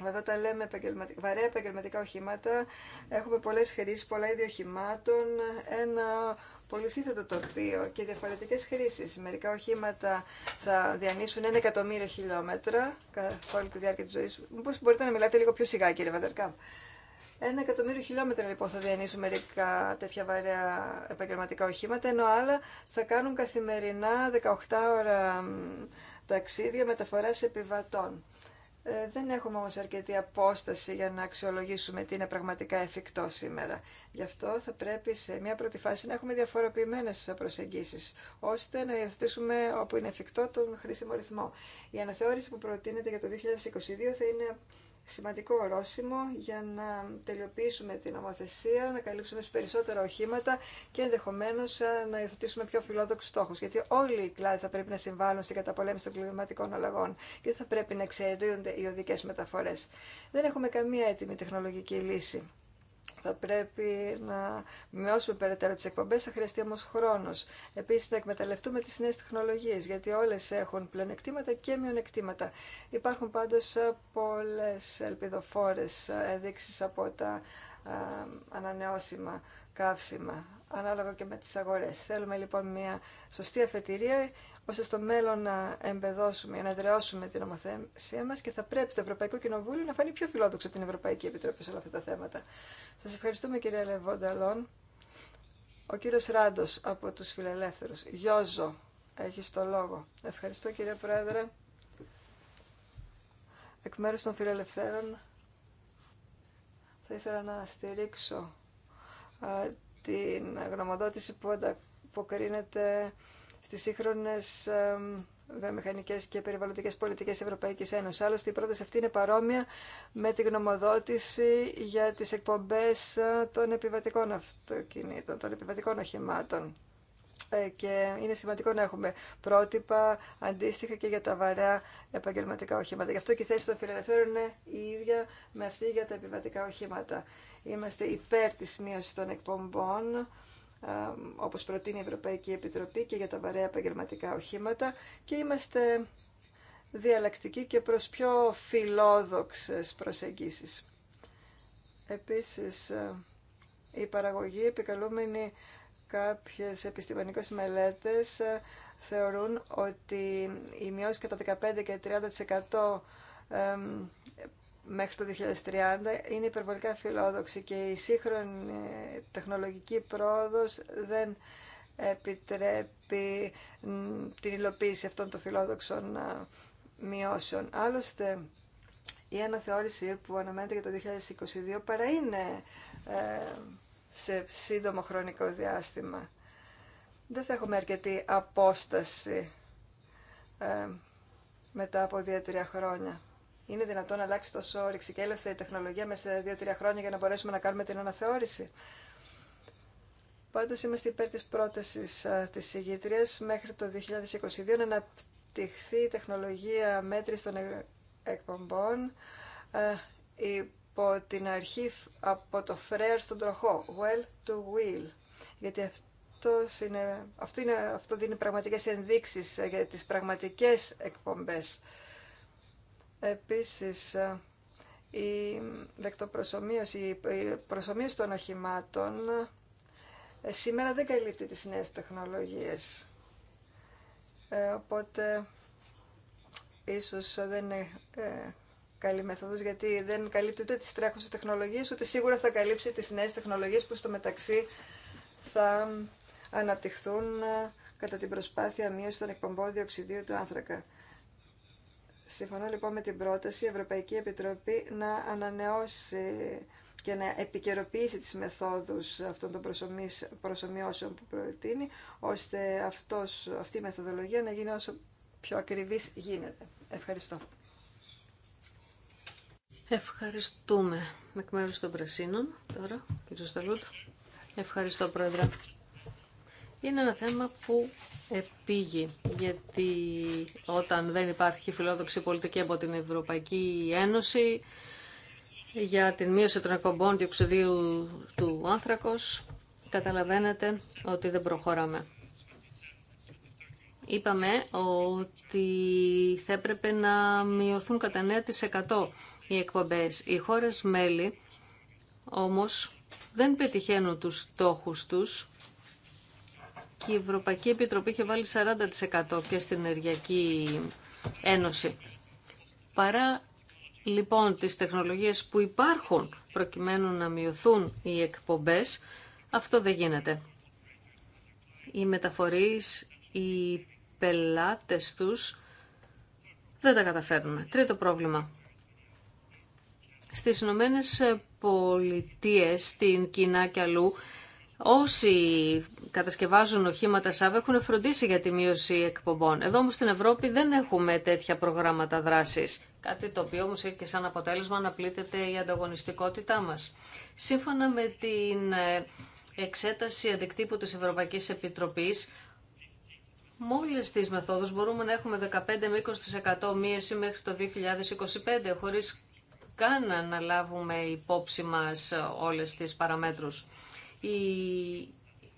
Βέβαια, όταν λέμε επαγγελματικά, βαρέα επαγγελματικά οχήματα, έχουμε πολλέ χρήσει, πολλά είδη οχημάτων, ένα πολυσύνθετο τοπίο και διαφορετικέ χρήσει. Μερικά οχήματα θα διανύσουν ένα εκατομμύριο χιλιόμετρα καθ' όλη τη διάρκεια τη ζωή. Μήπω μπορείτε να μιλάτε λίγο πιο σιγά, κύριε Βαντερκάμπ. Ένα εκατομμύριο χιλιόμετρα λοιπόν θα διανύσουν μερικά τέτοια βαρέα επαγγελματικά οχήματα, ενώ άλλα θα κάνουν καθημερινά 18 ώρα ταξίδια μεταφορά επιβατών. Ε, δεν έχουμε όμως αρκετή απόσταση για να αξιολογήσουμε τι είναι πραγματικά εφικτό σήμερα. Γι' αυτό θα πρέπει σε μια πρώτη φάση να έχουμε διαφοροποιημένες προσεγγίσεις, ώστε να υιοθετήσουμε όπου είναι εφικτό τον χρήσιμο ρυθμό. Η αναθεώρηση που προτείνεται για το 2022 θα είναι σημαντικό ορόσημο για να τελειοποιήσουμε την νομοθεσία, να καλύψουμε περισσότερα οχήματα και ενδεχομένω ε, να υιοθετήσουμε πιο φιλόδοξου στόχου. Γιατί όλοι οι κλάδοι θα πρέπει να συμβάλλουν στην καταπολέμηση των κλιματικών αλλαγών και θα πρέπει να εξαιρούνται οι οδικέ μεταφορέ. Δεν έχουμε καμία έτοιμη τεχνολογική λύση θα πρέπει να μειώσουμε περαιτέρω τι εκπομπέ, θα χρειαστεί όμω χρόνο. Επίση, να εκμεταλλευτούμε τι νέε τεχνολογίε, γιατί όλε έχουν πλεονεκτήματα και μειονεκτήματα. Υπάρχουν πάντω πολλέ ελπιδοφόρε ενδείξει από τα ανανεώσιμα καύσιμα ανάλογα και με τις αγορές. Θέλουμε λοιπόν μια σωστή αφετηρία ώστε στο μέλλον να εμπεδώσουμε, να εδραιώσουμε την ομοθεσία μας και θα πρέπει το Ευρωπαϊκό Κοινοβούλιο να φανεί πιο φιλόδοξο την Ευρωπαϊκή Επιτροπή σε όλα αυτά τα θέματα. Σας ευχαριστούμε κυρία Λεβόνταλόν. Ο κύριος Ράντος από τους Φιλελεύθερους. Γιώζο, έχει το λόγο. Ευχαριστώ κυρία Πρόεδρε. Εκ μέρους των Φιλελευθέρων θα ήθελα να στηρίξω την γνωμοδότηση που αποκρίνεται στις σύγχρονες βιομηχανικές και περιβαλλοντικές πολιτικές Ευρωπαϊκής Ένωσης. Άλλωστε η πρόταση αυτή είναι παρόμοια με τη γνωμοδότηση για τις εκπομπές ε, των επιβατικών αυτοκινήτων, των επιβατικών οχημάτων. Ε, και είναι σημαντικό να έχουμε πρότυπα αντίστοιχα και για τα βαρέα επαγγελματικά οχήματα. Γι' αυτό και η θέση των φιλελευθέρων είναι η ίδια με αυτή για τα επιβατικά οχήματα. Είμαστε υπέρ της μείωσης των εκπομπών, ε, όπως προτείνει η Ευρωπαϊκή Επιτροπή και για τα βαρέα επαγγελματικά οχήματα και είμαστε διαλλακτικοί και προς πιο φιλόδοξες προσεγγίσεις. Επίσης, ε, η παραγωγή επικαλούμενη Κάποιες επιστημονικές μελέτες ε, θεωρούν ότι η μειώση κατά 15 και 30% μέχρι το 2030 είναι υπερβολικά φιλόδοξη και η σύγχρονη τεχνολογική πρόοδος δεν επιτρέπει την υλοποίηση αυτών των φιλόδοξων ε, μειώσεων. Άλλωστε, η αναθεώρηση που αναμένεται για το 2022 παρά είναι ε, σε σύντομο χρονικό διάστημα. Δεν θα έχουμε αρκετή απόσταση ε, μετά από δύο-τρία χρόνια. Είναι δυνατόν να αλλάξει τόσο όρεξη και έλευθε η τεχνολογία μέσα σε δύο-τρία χρόνια για να μπορέσουμε να κάνουμε την αναθεώρηση. Πάντως είμαστε υπέρ της πρότασης ε, της ηγήτριας μέχρι το 2022 να αναπτυχθεί η τεχνολογία μέτρηση των εκπομπών, ε, η από την αρχή, από το φρέαρ στον τροχό, well to wheel, γιατί αυτό είναι, αυτό, είναι, αυτό δίνει πραγματικές ενδείξεις ε, για τις πραγματικές εκπομπές. Επίσης, ε, η δεκτοπροσωμείωση, η των οχημάτων ε, σήμερα δεν καλύπτει τις νέες τεχνολογίες. Ε, οπότε, ίσως δεν είναι καλή μέθοδος γιατί δεν καλύπτει ούτε τις τρέχουσες τεχνολογίες ούτε σίγουρα θα καλύψει τις νέες τεχνολογίες που στο μεταξύ θα αναπτυχθούν ε, κατά την προσπάθεια μείωση των εκπομπών διοξιδίου του άνθρακα. Συμφωνώ λοιπόν με την πρόταση η Ευρωπαϊκή Επιτροπή να ανανεώσει και να επικαιροποιήσει τις μεθόδους αυτών των προσωμιώσεων που προτείνει, ώστε αυτός, αυτή η μεθοδολογία να γίνει όσο πιο ακριβής γίνεται. Ευχαριστώ. Ευχαριστούμε. Εκ μέρους των Πρασίνων, τώρα, κύριο Σταλούτ. Ευχαριστώ, Πρόεδρε. Είναι ένα θέμα που επήγει, γιατί όταν δεν υπάρχει φιλόδοξη πολιτική από την Ευρωπαϊκή Ένωση για την μείωση των εκπομπών διοξιδίου του άνθρακος, καταλαβαίνετε ότι δεν προχωράμε. Είπαμε ότι θα έπρεπε να μειωθούν κατά 9% οι εκπομπές. Οι χώρες μέλη όμως δεν πετυχαίνουν τους στόχους τους και η Ευρωπαϊκή Επιτροπή είχε βάλει 40% και στην Ενεργειακή Ένωση. Παρά λοιπόν τις τεχνολογίες που υπάρχουν προκειμένου να μειωθούν οι εκπομπές, αυτό δεν γίνεται. Οι μεταφορείς, οι πελάτες τους δεν τα καταφέρνουν. Τρίτο πρόβλημα. Στις Ηνωμένε Πολιτείε, στην Κίνα και αλλού, όσοι κατασκευάζουν οχήματα ΣΑΒ έχουν φροντίσει για τη μείωση εκπομπών. Εδώ όμως στην Ευρώπη δεν έχουμε τέτοια προγράμματα δράσης, κάτι το οποίο όμως έχει και σαν αποτέλεσμα να πλήττεται η ανταγωνιστικότητά μας. Σύμφωνα με την ε, εξέταση αντικτύπου της Ευρωπαϊκής Επιτροπής, Μόλι τι μεθόδου μπορούμε να έχουμε 15 με 20% μείωση μέχρι το 2025, χωρί καν να λάβουμε υπόψη μας όλες τις παραμέτρους. Η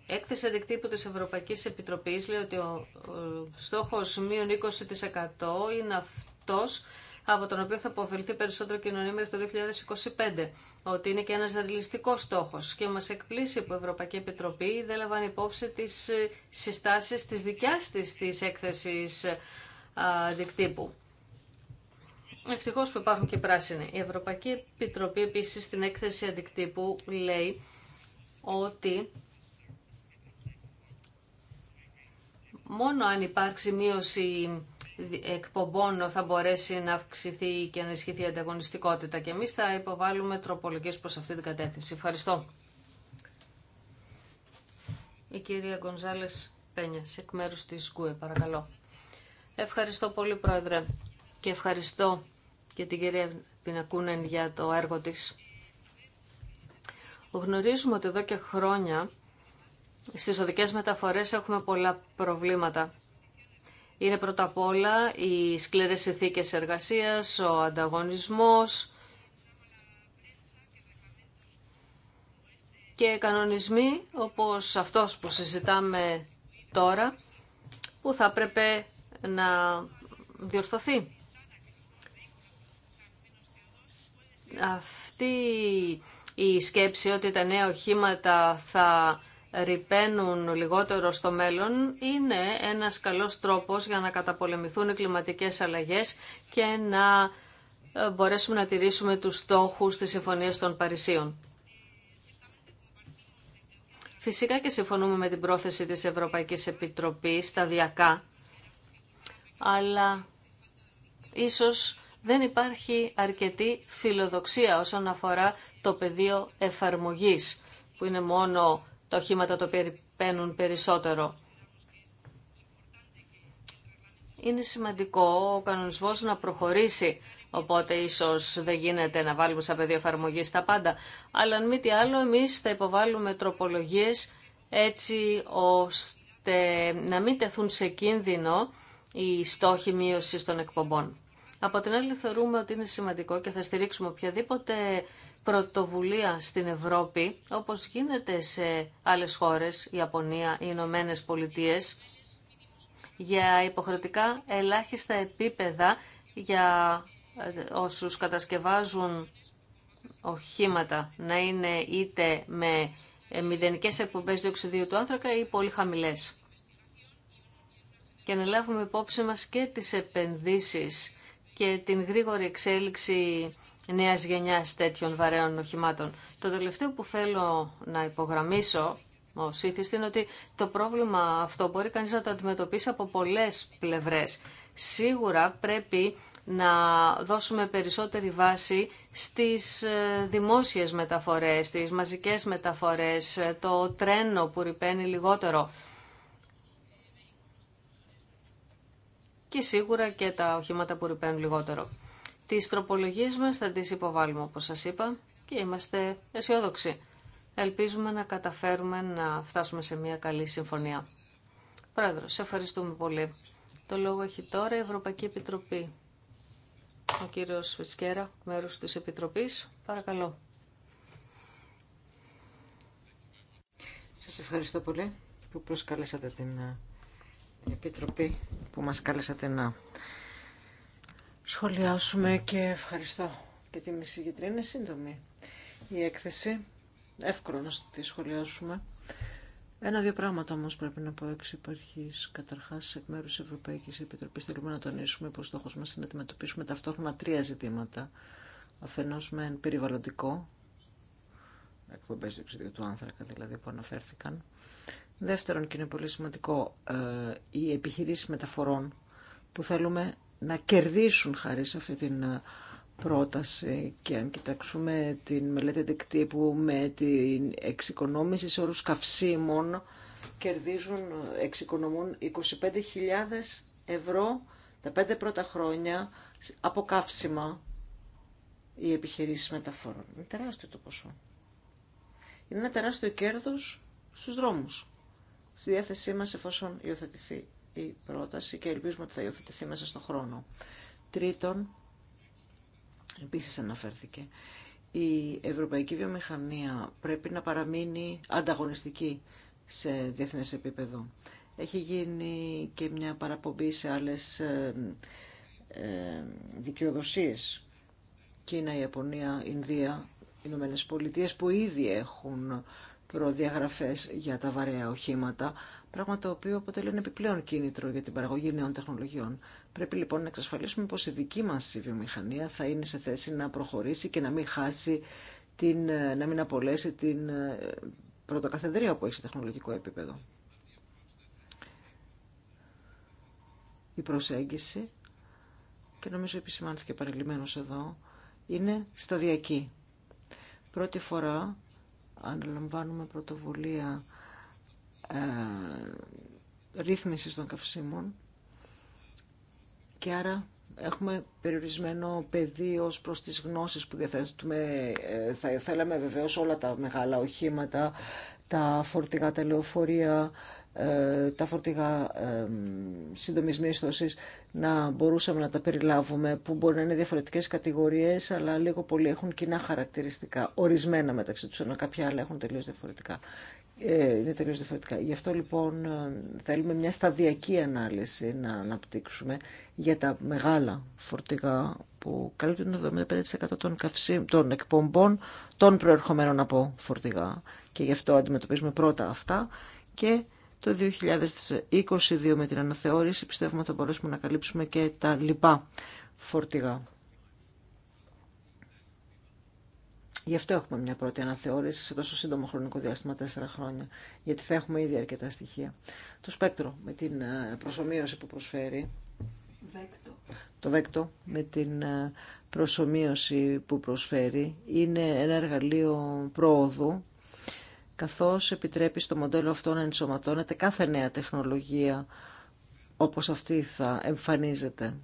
έκθεση αντικτύπου της Ευρωπαϊκής Επιτροπής λέει ότι ο στόχος μείον 20% είναι αυτός από τον οποίο θα αποφελθεί περισσότερο κοινωνία μέχρι το 2025, ότι είναι και ένας ρεαλιστικός στόχος και μας εκπλήσει που η Ευρωπαϊκή Επιτροπή δεν λαμβάνει υπόψη τις συστάσεις της δικιάς της της έκθεσης δικτύπου. Ε, Ευτυχώ που υπάρχουν και πράσινοι. Η Ευρωπαϊκή Επιτροπή επίση στην έκθεση αντικτύπου λέει ότι μόνο αν υπάρξει μείωση εκπομπών θα μπορέσει να αυξηθεί και να ισχυθεί η ανταγωνιστικότητα και εμείς θα υποβάλουμε τροπολογίες προς αυτή την κατεύθυνση. Ευχαριστώ. Η κυρία Γκονζάλες Πένιας, εκ μέρους της ΚΟΕ, παρακαλώ. Ευχαριστώ πολύ, Πρόεδρε, και ευχαριστώ και την κυρία Πινακούνεν για το έργο της. Γνωρίζουμε ότι εδώ και χρόνια στις οδικές μεταφορές έχουμε πολλά προβλήματα. Είναι πρώτα απ' όλα οι σκληρές συνθήκε εργασίας, ο ανταγωνισμός και κανονισμοί όπως αυτός που συζητάμε τώρα που θα έπρεπε να διορθωθεί. Αυτή η σκέψη ότι τα νέα οχήματα θα ρηπαίνουν λιγότερο στο μέλλον είναι ένας καλός τρόπος για να καταπολεμηθούν οι κλιματικές αλλαγές και να ε, μπορέσουμε να τηρήσουμε τους στόχους της Συμφωνίας των Παρισίων. Φυσικά και συμφωνούμε με την πρόθεση της Ευρωπαϊκής Επιτροπής σταδιακά, αλλά ίσως δεν υπάρχει αρκετή φιλοδοξία όσον αφορά το πεδίο εφαρμογής, που είναι μόνο τα οχήματα τα οποία παίρνουν περισσότερο. Είναι σημαντικό ο κανονισμός να προχωρήσει, οπότε ίσως δεν γίνεται να βάλουμε σαν πεδίο εφαρμογή τα πάντα, αλλά αν μη τι άλλο εμείς θα υποβάλουμε τροπολογίες έτσι ώστε να μην τεθούν σε κίνδυνο οι στόχοι μείωσης των εκπομπών. Από την άλλη θεωρούμε ότι είναι σημαντικό και θα στηρίξουμε οποιαδήποτε πρωτοβουλία στην Ευρώπη, όπως γίνεται σε άλλες χώρες, η Ιαπωνία, οι Ηνωμένε Πολιτείε, για υποχρεωτικά ελάχιστα επίπεδα για ε, όσους κατασκευάζουν οχήματα, να είναι είτε με ε, μηδενικές εκπομπές διοξιδίου του άνθρακα ή πολύ χαμηλές. Και να λάβουμε υπόψη μας και τις επενδύσεις και την γρήγορη εξέλιξη νέας γενιάς τέτοιων βαρέων οχημάτων. Το τελευταίο που θέλω να υπογραμμίσω ο ήθιστη είναι ότι το πρόβλημα αυτό μπορεί κανείς να το αντιμετωπίσει από πολλές πλευρές. Σίγουρα πρέπει να δώσουμε περισσότερη βάση στις ε, δημόσιες μεταφορές, στις μαζικές μεταφορές, ε, το τρένο που ρηπαίνει λιγότερο. και σίγουρα και τα οχήματα που ρηπαίνουν λιγότερο. Τις τροπολογίες μας θα τις υποβάλουμε όπως σας είπα και είμαστε αισιόδοξοι. Ελπίζουμε να καταφέρουμε να φτάσουμε σε μια καλή συμφωνία. Πρόεδρο, σε ευχαριστούμε πολύ. Το λόγο έχει τώρα η Ευρωπαϊκή Επιτροπή. Ο κύριος Φιτσκέρα, μέρος της Επιτροπής, παρακαλώ. Σας ευχαριστώ πολύ που προσκαλέσατε την Επιτροπή που μας κάλεσατε να σχολιάσουμε και ευχαριστώ και την εισηγητρή. Είναι σύντομη η έκθεση. Εύκολο να τη σχολιάσουμε. Ένα-δύο πράγματα όμω πρέπει να πω εξ υπαρχή. Καταρχά, εκ μέρου τη Ευρωπαϊκή Επιτροπή θέλουμε να τονίσουμε πω στόχο μα είναι να αντιμετωπίσουμε ταυτόχρονα τρία ζητήματα. Αφενό, με περιβαλλοντικό, εκπομπέ του άνθρακα δηλαδή που αναφέρθηκαν, Δεύτερον, και είναι πολύ σημαντικό, ε, οι επιχειρήσεις μεταφορών που θέλουμε να κερδίσουν χάρη σε αυτή την ε, πρόταση και αν κοιτάξουμε την μελέτη δικτύπου με την εξοικονόμηση σε όρους καυσίμων κερδίζουν, ε, εξοικονομούν 25.000 ευρώ τα πέντε πρώτα χρόνια από καύσιμα οι επιχειρήσεις μεταφορών. Είναι τεράστιο το ποσό. Είναι ένα τεράστιο κέρδος στους δρόμους στη διάθεσή μας εφόσον υιοθετηθεί η πρόταση και ελπίζουμε ότι θα υιοθετηθεί μέσα στον χρόνο. Τρίτον, επίσης αναφέρθηκε, η ευρωπαϊκή βιομηχανία πρέπει να παραμείνει ανταγωνιστική σε διεθνές επίπεδο. Έχει γίνει και μια παραπομπή σε άλλες ε, ε, δικαιοδοσίες. Κίνα, Ιαπωνία, Ινδία, Ηνωμένε Πολιτείε που ήδη έχουν προδιαγραφές για τα βαρέα οχήματα, πράγμα το οποίο αποτελεί ένα επιπλέον κίνητρο για την παραγωγή νέων τεχνολογιών. Πρέπει λοιπόν να εξασφαλίσουμε πως η δική μας η βιομηχανία θα είναι σε θέση να προχωρήσει και να μην χάσει την, ε, να μην απολέσει την ε, πρωτοκαθεδρία που έχει σε τεχνολογικό επίπεδο. Η προσέγγιση, και νομίζω επισημάνθηκε παρελειμμένος εδώ, είναι σταδιακή. Πρώτη φορά αναλαμβάνουμε πρωτοβουλία ε, ρύθμισης των καυσίμων και άρα έχουμε περιορισμένο πεδίο ως προς τις γνώσεις που διαθέτουμε. Ε, θα θέλαμε βεβαίως όλα τα μεγάλα οχήματα, τα φορτηγά, τα λεωφορεία, ε, τα φορτηγά ε, σύντομης μίσθωσης να μπορούσαμε να τα περιλάβουμε, που μπορεί να είναι διαφορετικές κατηγορίες, αλλά λίγο πολύ έχουν κοινά χαρακτηριστικά, ορισμένα μεταξύ τους, ενώ κάποια άλλα έχουν τελείως διαφορετικά. Ε, είναι τελείως διαφορετικά. Γι' αυτό λοιπόν θέλουμε μια σταδιακή ανάλυση να αναπτύξουμε για τα μεγάλα φορτηγά που καλύπτουν το 75% των, καυσί, των εκπομπών των προερχομένων από φορτηγά. Και γι' αυτό αντιμετωπίζουμε πρώτα αυτά και το 2022 με την αναθεώρηση πιστεύουμε θα μπορέσουμε να καλύψουμε και τα λοιπά φορτηγά. Γι' αυτό έχουμε μια πρώτη αναθεώρηση σε τόσο σύντομο χρονικό διάστημα, τέσσερα χρόνια, γιατί θα έχουμε ήδη αρκετά στοιχεία. Το σπέκτρο με την ε, προσωμείωση που προσφέρει. Βέκτο. Το βέκτο με την ε, προσωμείωση που προσφέρει είναι ένα εργαλείο πρόοδου καθώς επιτρέπει στο μοντέλο αυτό να ενσωματώνεται κάθε νέα τεχνολογία όπως αυτή θα εμφανίζεται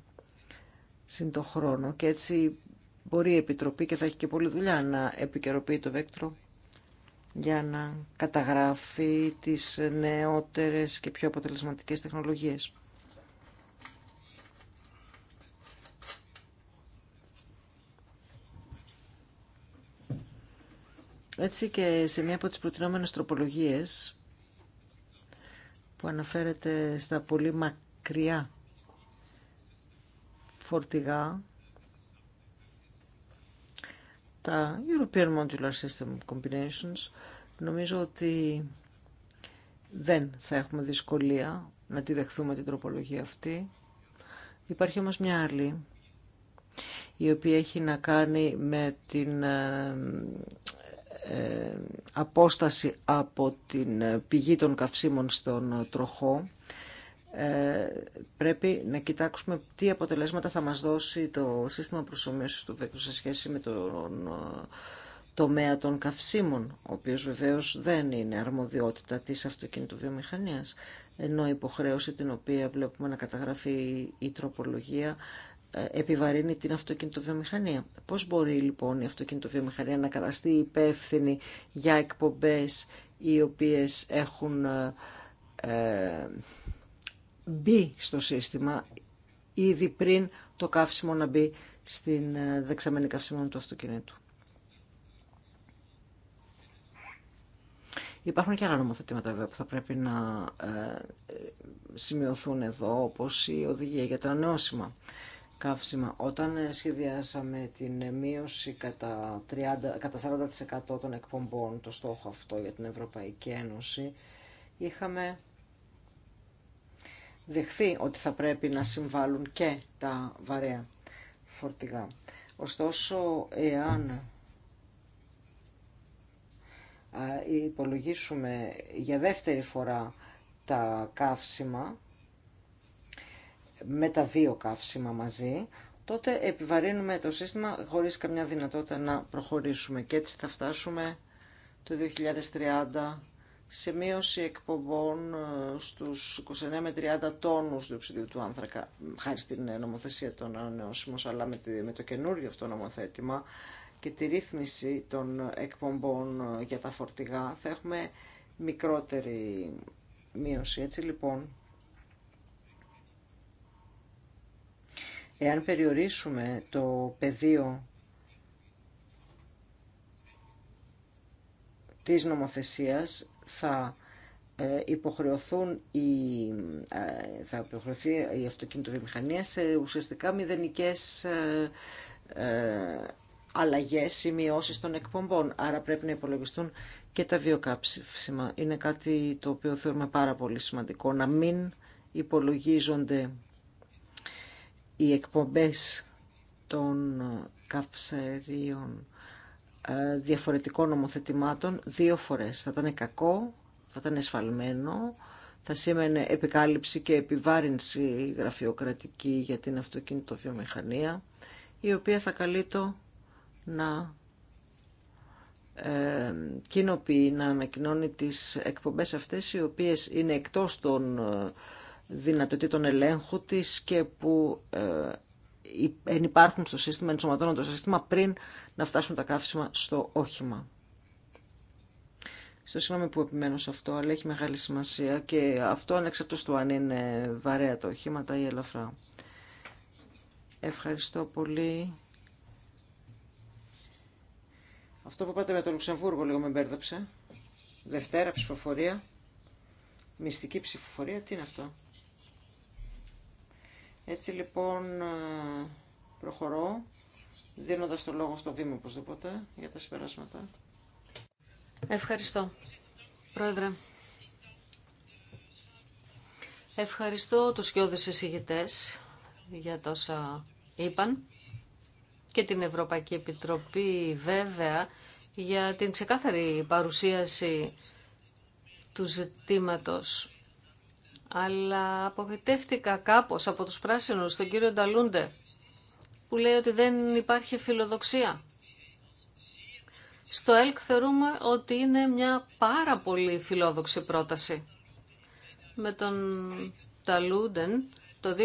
συν το χρόνο και έτσι μπορεί η Επιτροπή και θα έχει και πολλή δουλειά να επικαιροποιεί το βέκτρο για να καταγράφει τις νεότερες και πιο αποτελεσματικές τεχνολογίες. Έτσι και σε μία από τις προτινόμενες τροπολογίες που αναφέρεται στα πολύ μακριά φορτηγά, τα European Modular System Combinations, νομίζω ότι δεν θα έχουμε δυσκολία να τη δεχθούμε την τροπολογία αυτή. Υπάρχει όμως μια άλλη, η οποία έχει να κάνει με την ε, ε, απόσταση από την πηγή των καυσίμων στον τροχό, ε, πρέπει να κοιτάξουμε τι αποτελέσματα θα μας δώσει το σύστημα προσωμείωσης του βέκτου σε σχέση με τον ε, τομέα των καυσίμων, ο οποίος βεβαίως δεν είναι αρμοδιότητα της αυτοκινητοβιομηχανίας, ενώ η υποχρέωση την οποία βλέπουμε να καταγραφεί η τροπολογία επιβαρύνει την αυτοκινητοβιομηχανία. Πώς μπορεί λοιπόν η αυτοκινητοβιομηχανία να καταστεί υπεύθυνη για εκπομπές οι οποίες έχουν ε, ε, μπει στο σύστημα ήδη πριν το καύσιμο να μπει στην ε, δεξαμενή καύσιμο του αυτοκινήτου. Υπάρχουν και άλλα νομοθετήματα που θα πρέπει να σημειωθούν εδώ, όπως η οδηγία για τα νεώσιμα. Όταν ε, σχεδιάσαμε την ε, μείωση κατά, 30, κατά 40% των εκπομπών, το στόχο αυτό για την Ευρωπαϊκή Ένωση, είχαμε δεχθεί ότι θα πρέπει να συμβάλλουν και τα βαρέα φορτηγά. Ωστόσο, εάν υπολογίσουμε για δεύτερη φορά τα καύσιμα, με τα δύο καύσιμα μαζί, τότε επιβαρύνουμε το σύστημα χωρίς καμιά δυνατότητα να προχωρήσουμε. Και έτσι θα φτάσουμε το 2030 σε μείωση εκπομπών ε, στους 29 με 30 τόνους διοξιδίου του άνθρακα, χάρη στην ε, νομοθεσία των ανανεώσιμων, αλλά με το καινούριο αυτό νομοθέτημα και τη ρύθμιση των εκπομπών ε, για τα φορτηγά θα έχουμε μικρότερη μείωση. Έτσι λοιπόν, Εάν περιορίσουμε το πεδίο της νομοθεσίας θα ε, υποχρεωθούν οι, ε, θα υποχρεωθεί η αυτοκινητοβιομηχανία σε ουσιαστικά μηδενικές ε, αλλαγές ή μειώσεις των εκπομπών. Άρα πρέπει να υπολογιστούν και τα βιοκάψιμα. Είναι κάτι το οποίο θεωρούμε πάρα πολύ σημαντικό. Να μην υπολογίζονται οι εκπομπές των καυσαερίων ε, διαφορετικών νομοθετημάτων δύο φορές. Θα ήταν κακό, θα ήταν εσφαλμένο, θα σήμαινε επικάλυψη και επιβάρυνση γραφειοκρατική για την αυτοκινητοβιομηχανία, η οποία θα καλείτο να ε, κοινοποιεί, να ανακοινώνει τις εκπομπές αυτές, οι οποίες είναι εκτός των ε, δυνατοτήτων ελέγχου της και που ε, υπάρχουν στο σύστημα, ενσωματώνουν το σύστημα πριν να φτάσουν τα καύσιμα στο όχημα. Στο συγγνώμη που επιμένω σε αυτό, αλλά έχει μεγάλη σημασία και αυτό ανεξαρτήτως του αν είναι βαρέα τα οχήματα ή ελαφρά. Ευχαριστώ πολύ. Αυτό που είπατε με το Λουξεμβούργο λίγο με μπέρδεψε. Δευτέρα ψηφοφορία. Μυστική ψηφοφορία, τι είναι αυτό. Έτσι λοιπόν προχωρώ, δίνοντας το λόγο στο Δήμο, οπωσδήποτε για τα συμπεράσματα. Ευχαριστώ. Πρόεδρε, ευχαριστώ τους σκιώδες εισηγητές για τόσα είπαν και την Ευρωπαϊκή Επιτροπή βέβαια για την ξεκάθαρη παρουσίαση του ζητήματος αλλά απογοητεύτηκα κάπως από τους πράσινους, τον κύριο Νταλούντε, που λέει ότι δεν υπάρχει φιλοδοξία. Στο ΕΛΚ θεωρούμε ότι είναι μια πάρα πολύ φιλόδοξη πρόταση. Με τον Ταλούντεν το 2030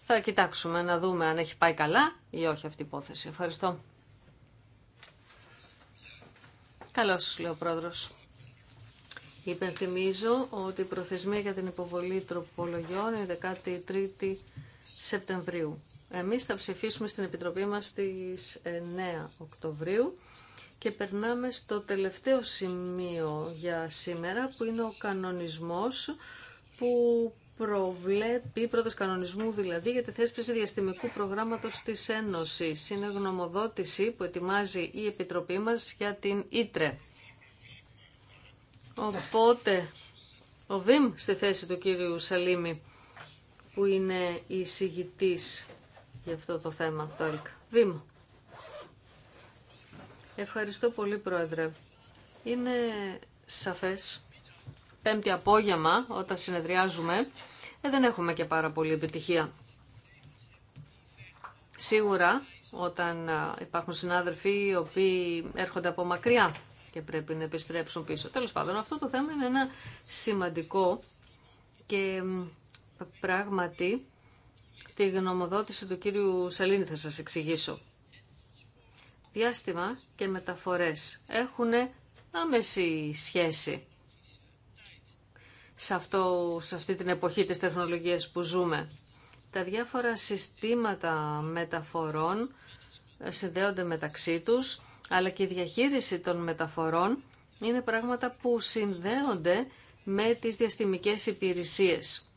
θα κοιτάξουμε να δούμε αν έχει πάει καλά ή όχι αυτή η υπόθεση. Ευχαριστώ. Καλώς, λέει ο πρόεδρος. Υπενθυμίζω ότι η προθεσμία για την υποβολή τροπολογιών είναι 13η Σεπτεμβρίου. Εμείς θα ψηφίσουμε στην Επιτροπή μας στις 9 Οκτωβρίου και περνάμε στο τελευταίο σημείο για σήμερα που είναι ο κανονισμός που προβλέπει πρώτος κανονισμού δηλαδή για τη θέσπιση διαστημικού προγράμματος της Ένωσης. Είναι γνωμοδότηση που ετοιμάζει η Επιτροπή μας για την Ήτρε. Οπότε, ο Βίμ στη θέση του κύριου Σαλίμη, που είναι η συγητής για αυτό το θέμα, το ΕΛΚ. Βίμ. Ευχαριστώ πολύ, Πρόεδρε. Είναι σαφές, πέμπτη απόγευμα, όταν συνεδριάζουμε, ε, δεν έχουμε και πάρα πολύ επιτυχία. Σίγουρα, όταν υπάρχουν συνάδελφοι οι οποίοι έρχονται από μακριά και πρέπει να επιστρέψουν πίσω. Τέλος πάντων, αυτό το θέμα είναι ένα σημαντικό και πράγματι τη γνωμοδότηση του κύριου Σελήνη θα σας εξηγήσω. Διάστημα και μεταφορές έχουν άμεση σχέση σε, αυτό, σε αυτή την εποχή της τεχνολογίας που ζούμε. Τα διάφορα συστήματα μεταφορών συνδέονται μεταξύ τους αλλά και η διαχείριση των μεταφορών είναι πράγματα που συνδέονται με τις διαστημικές υπηρεσίες.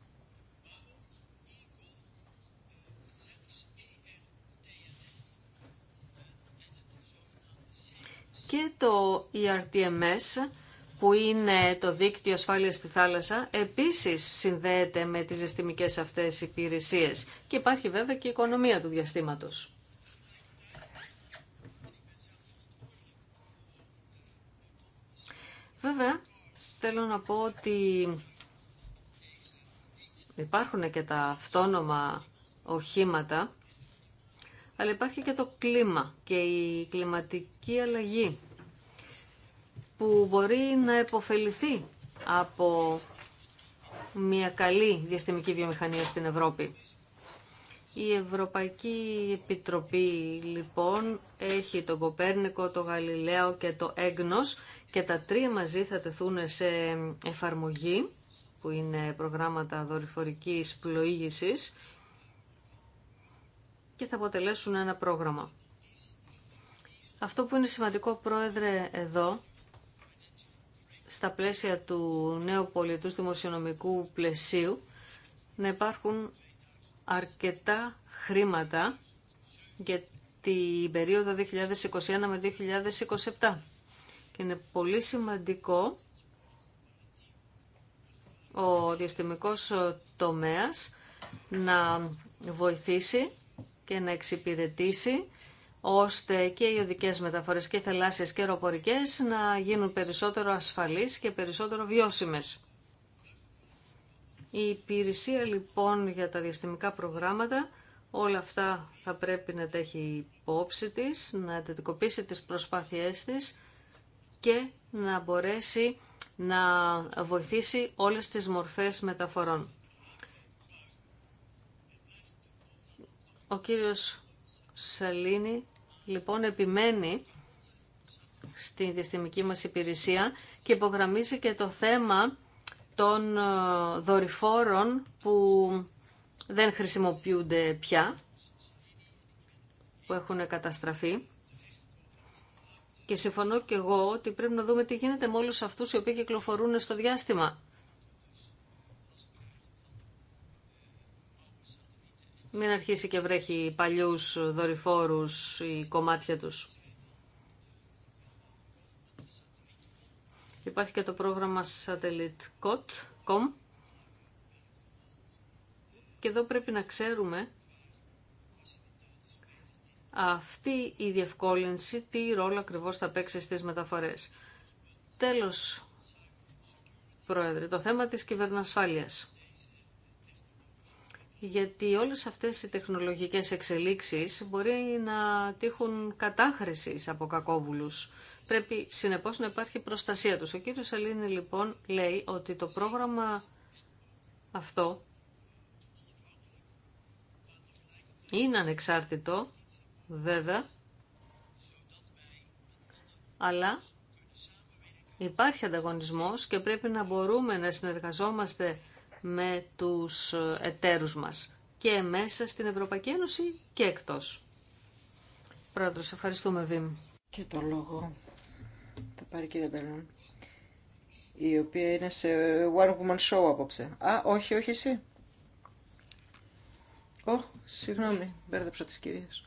Και το ERTMS, που είναι το δίκτυο ασφάλειας στη θάλασσα, επίσης συνδέεται με τις διαστημικές αυτές υπηρεσίες. Και υπάρχει βέβαια και η οικονομία του διαστήματος. Βέβαια, θέλω να πω ότι υπάρχουν και τα αυτόνομα οχήματα, αλλά υπάρχει και το κλίμα και η κλιματική αλλαγή που μπορεί να επωφεληθεί από μια καλή διαστημική βιομηχανία στην Ευρώπη. Η Ευρωπαϊκή Επιτροπή λοιπόν έχει τον Κοπέρνικο, το Γαλιλαίο και το Έγνος και τα τρία μαζί θα τεθούν σε εφαρμογή που είναι προγράμματα δορυφορικής πλοήγησης και θα αποτελέσουν ένα πρόγραμμα. Αυτό που είναι σημαντικό πρόεδρε εδώ στα πλαίσια του νέου πολιτού δημοσιονομικού πλαισίου να υπάρχουν αρκετά χρήματα για την περίοδο 2021 με 2027. Και είναι πολύ σημαντικό ο διαστημικός τομέας να βοηθήσει και να εξυπηρετήσει ώστε και οι οδικές μεταφορές και θελάσσιες και αεροπορικές να γίνουν περισσότερο ασφαλείς και περισσότερο βιώσιμες. Η υπηρεσία λοιπόν για τα διαστημικά προγράμματα όλα αυτά θα πρέπει να τα έχει υπόψη της, να τετικοποιήσει τις προσπάθειές της και να μπορέσει να βοηθήσει όλες τις μορφές μεταφορών. Ο κύριος Σαλίνη λοιπόν επιμένει στη διαστημική μας υπηρεσία και υπογραμμίζει και το θέμα των ε, δορυφόρων που δεν χρησιμοποιούνται πια, που έχουν καταστραφεί. Και συμφωνώ και εγώ ότι πρέπει να δούμε τι γίνεται με όλους αυτούς οι οποίοι κυκλοφορούν στο διάστημα. Μην αρχίσει και βρέχει παλιούς δορυφόρους ή κομμάτια τους. Υπάρχει και το πρόγραμμα satellite.com και εδώ πρέπει να ξέρουμε αυτή η διευκόλυνση τι ρόλο ακριβώς θα παίξει στις μεταφορές. Τέλος, Πρόεδρε, το θέμα της κυβερνοασφάλειας γιατί όλες αυτές οι τεχνολογικές εξελίξεις μπορεί να τύχουν κατάχρηση από κακόβουλους. Πρέπει συνεπώς να υπάρχει προστασία τους. Ο κύριος Αλήνη λοιπόν λέει ότι το πρόγραμμα αυτό είναι ανεξάρτητο βέβαια, αλλά υπάρχει ανταγωνισμός και πρέπει να μπορούμε να συνεργαζόμαστε με τους εταίρους μας και μέσα στην Ευρωπαϊκή Ένωση και εκτός. Πρόεδρος, ευχαριστούμε Δήμ. Και το λόγο θα πάρει κύριε Νταλόν, η οποία είναι σε One Woman Show απόψε. Α, όχι, όχι εσύ. Ω, συγγνώμη, μπέρδεψα τις κυρίες.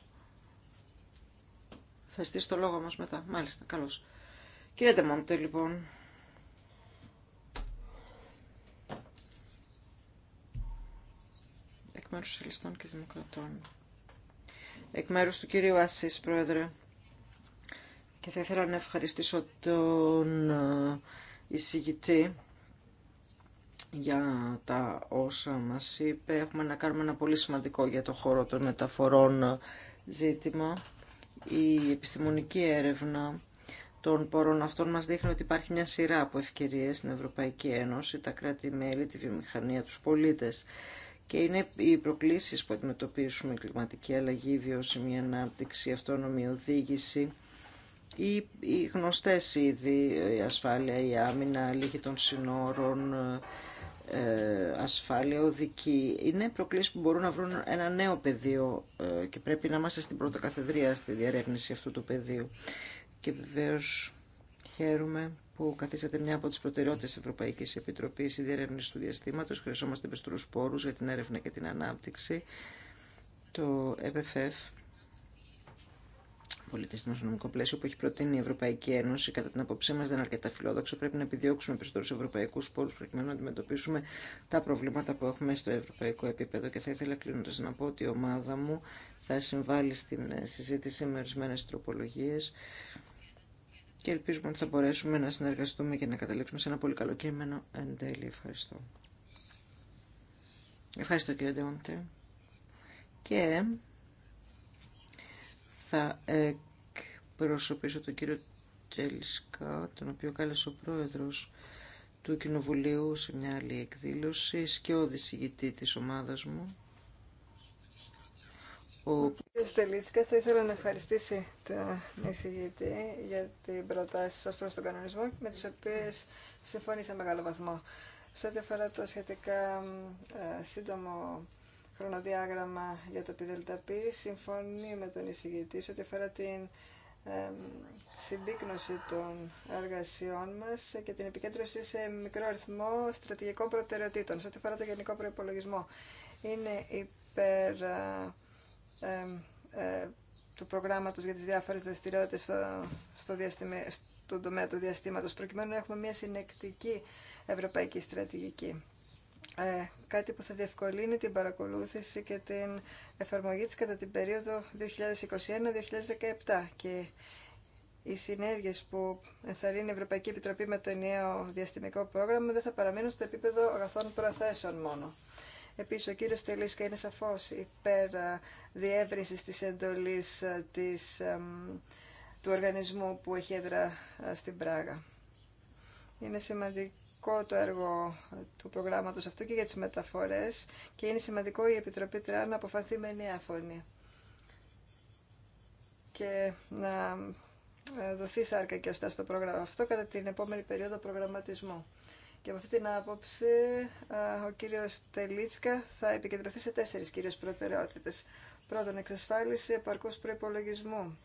Θα στήσει το λόγο μας μετά. Μάλιστα, καλώς. Κύριε το λοιπόν, και Εκ μέρους του κύριου Ασής, Πρόεδρε. Και θα ήθελα να ευχαριστήσω τον ε, εισηγητή για τα όσα μας είπε. Έχουμε να κάνουμε ένα πολύ σημαντικό για το χώρο των μεταφορών ε, ζήτημα. Η επιστημονική έρευνα των πόρων αυτών μας δείχνει ότι υπάρχει μια σειρά από ευκαιρίες στην Ευρωπαϊκή Ένωση, τα κράτη-μέλη, τη βιομηχανία, τους πολίτες και είναι οι προκλήσεις που αντιμετωπίσουμε, η κλιματική αλλαγή, η βιώσιμη ανάπτυξη, η αυτόνομη οδήγηση, οι, οι γνωστές ήδη, η ασφάλεια, η άμυνα, λίγη των συνόρων, ε, ασφάλεια οδική. Είναι προκλήσεις που μπορούν να βρουν ένα νέο πεδίο ε, και πρέπει να είμαστε στην πρώτη καθεδρία στη διερεύνηση αυτού του πεδίου. Και βεβαίως χαίρομαι που καθίσατε μια από τι προτεραιότητε τη Ευρωπαϊκή Επιτροπή, η διερεύνηση του διαστήματο. Χρειαζόμαστε περισσότερους πόρου για την έρευνα και την ανάπτυξη. Το ΕΠΕΦ, πολιτιστικό νομικό πλαίσιο που έχει προτείνει η Ευρωπαϊκή Ένωση, κατά την απόψή μα δεν είναι αρκετά φιλόδοξο. Πρέπει να επιδιώξουμε περισσότερου ευρωπαϊκού πόρου προκειμένου να αντιμετωπίσουμε τα προβλήματα που έχουμε στο ευρωπαϊκό επίπεδο. Και θα ήθελα κλείνοντα να πω ότι η ομάδα μου θα συμβάλλει στην συζήτηση με ορισμένε τροπολογίε και ελπίζουμε ότι θα μπορέσουμε να συνεργαστούμε και να καταλήξουμε σε ένα πολύ καλό κείμενο εν τέλει. Ευχαριστώ. Ευχαριστώ κύριε Ντεόντε. Και θα εκπροσωπήσω τον κύριο Τζέλισκα, τον οποίο κάλεσε ο πρόεδρος του Κοινοβουλίου σε μια άλλη εκδήλωση, σκιώδης ηγητή της ομάδας μου. Ο Στελίτσκα θα ήθελα να ευχαριστήσει τον εισηγητή για την προτάση σας προς τον κανονισμό με τις οποίες συμφωνεί σε μεγάλο βαθμό. Σε ό,τι αφορά το σχετικά ε, σύντομο χρονοδιάγραμμα για το πιδελταπή, συμφωνεί με τον εισηγητή σε ό,τι αφορά την συμπίκνωση των εργασιών μας και την επικέντρωση σε μικρό αριθμό στρατηγικών προτεραιοτήτων σε ό,τι αφορά το γενικό προϋπολογισμό. Είναι υπερ ε, ε, του προγράμματος για τις διάφορες δραστηριότητε στο, στο διαστημα, στον τομέα του διαστήματος, προκειμένου να έχουμε μια συνεκτική ευρωπαϊκή στρατηγική. Ε, κάτι που θα διευκολύνει την παρακολούθηση και την εφαρμογή της κατά την περίοδο 2021-2017 και οι συνέργειες που ενθαρρύνει η Ευρωπαϊκή Επιτροπή με το ενιαίο διαστημικό πρόγραμμα δεν θα παραμείνουν στο επίπεδο αγαθών προθέσεων μόνο. Επίσης, ο κύριος Τελίσκα είναι σαφώς υπέρ ε, διεύρυνσης της εντολής ε, του οργανισμού που έχει έδρα ε, στην Πράγα. Είναι σημαντικό το έργο του προγράμματος αυτού και για τις μεταφορές και είναι σημαντικό η Επιτροπή ΤΡΑ να αποφανθεί με νέα φωνή και να δοθεί σάρκα και ωστά στο πρόγραμμα αυτό κατά την επόμενη περίοδο προγραμματισμού. Και με αυτή την άποψη ο κύριος Τελίτσκα θα επικεντρωθεί σε τέσσερις κυρίως προτεραιότητες. Πρώτον, εξασφάλιση επαρκούς προϋπολογισμού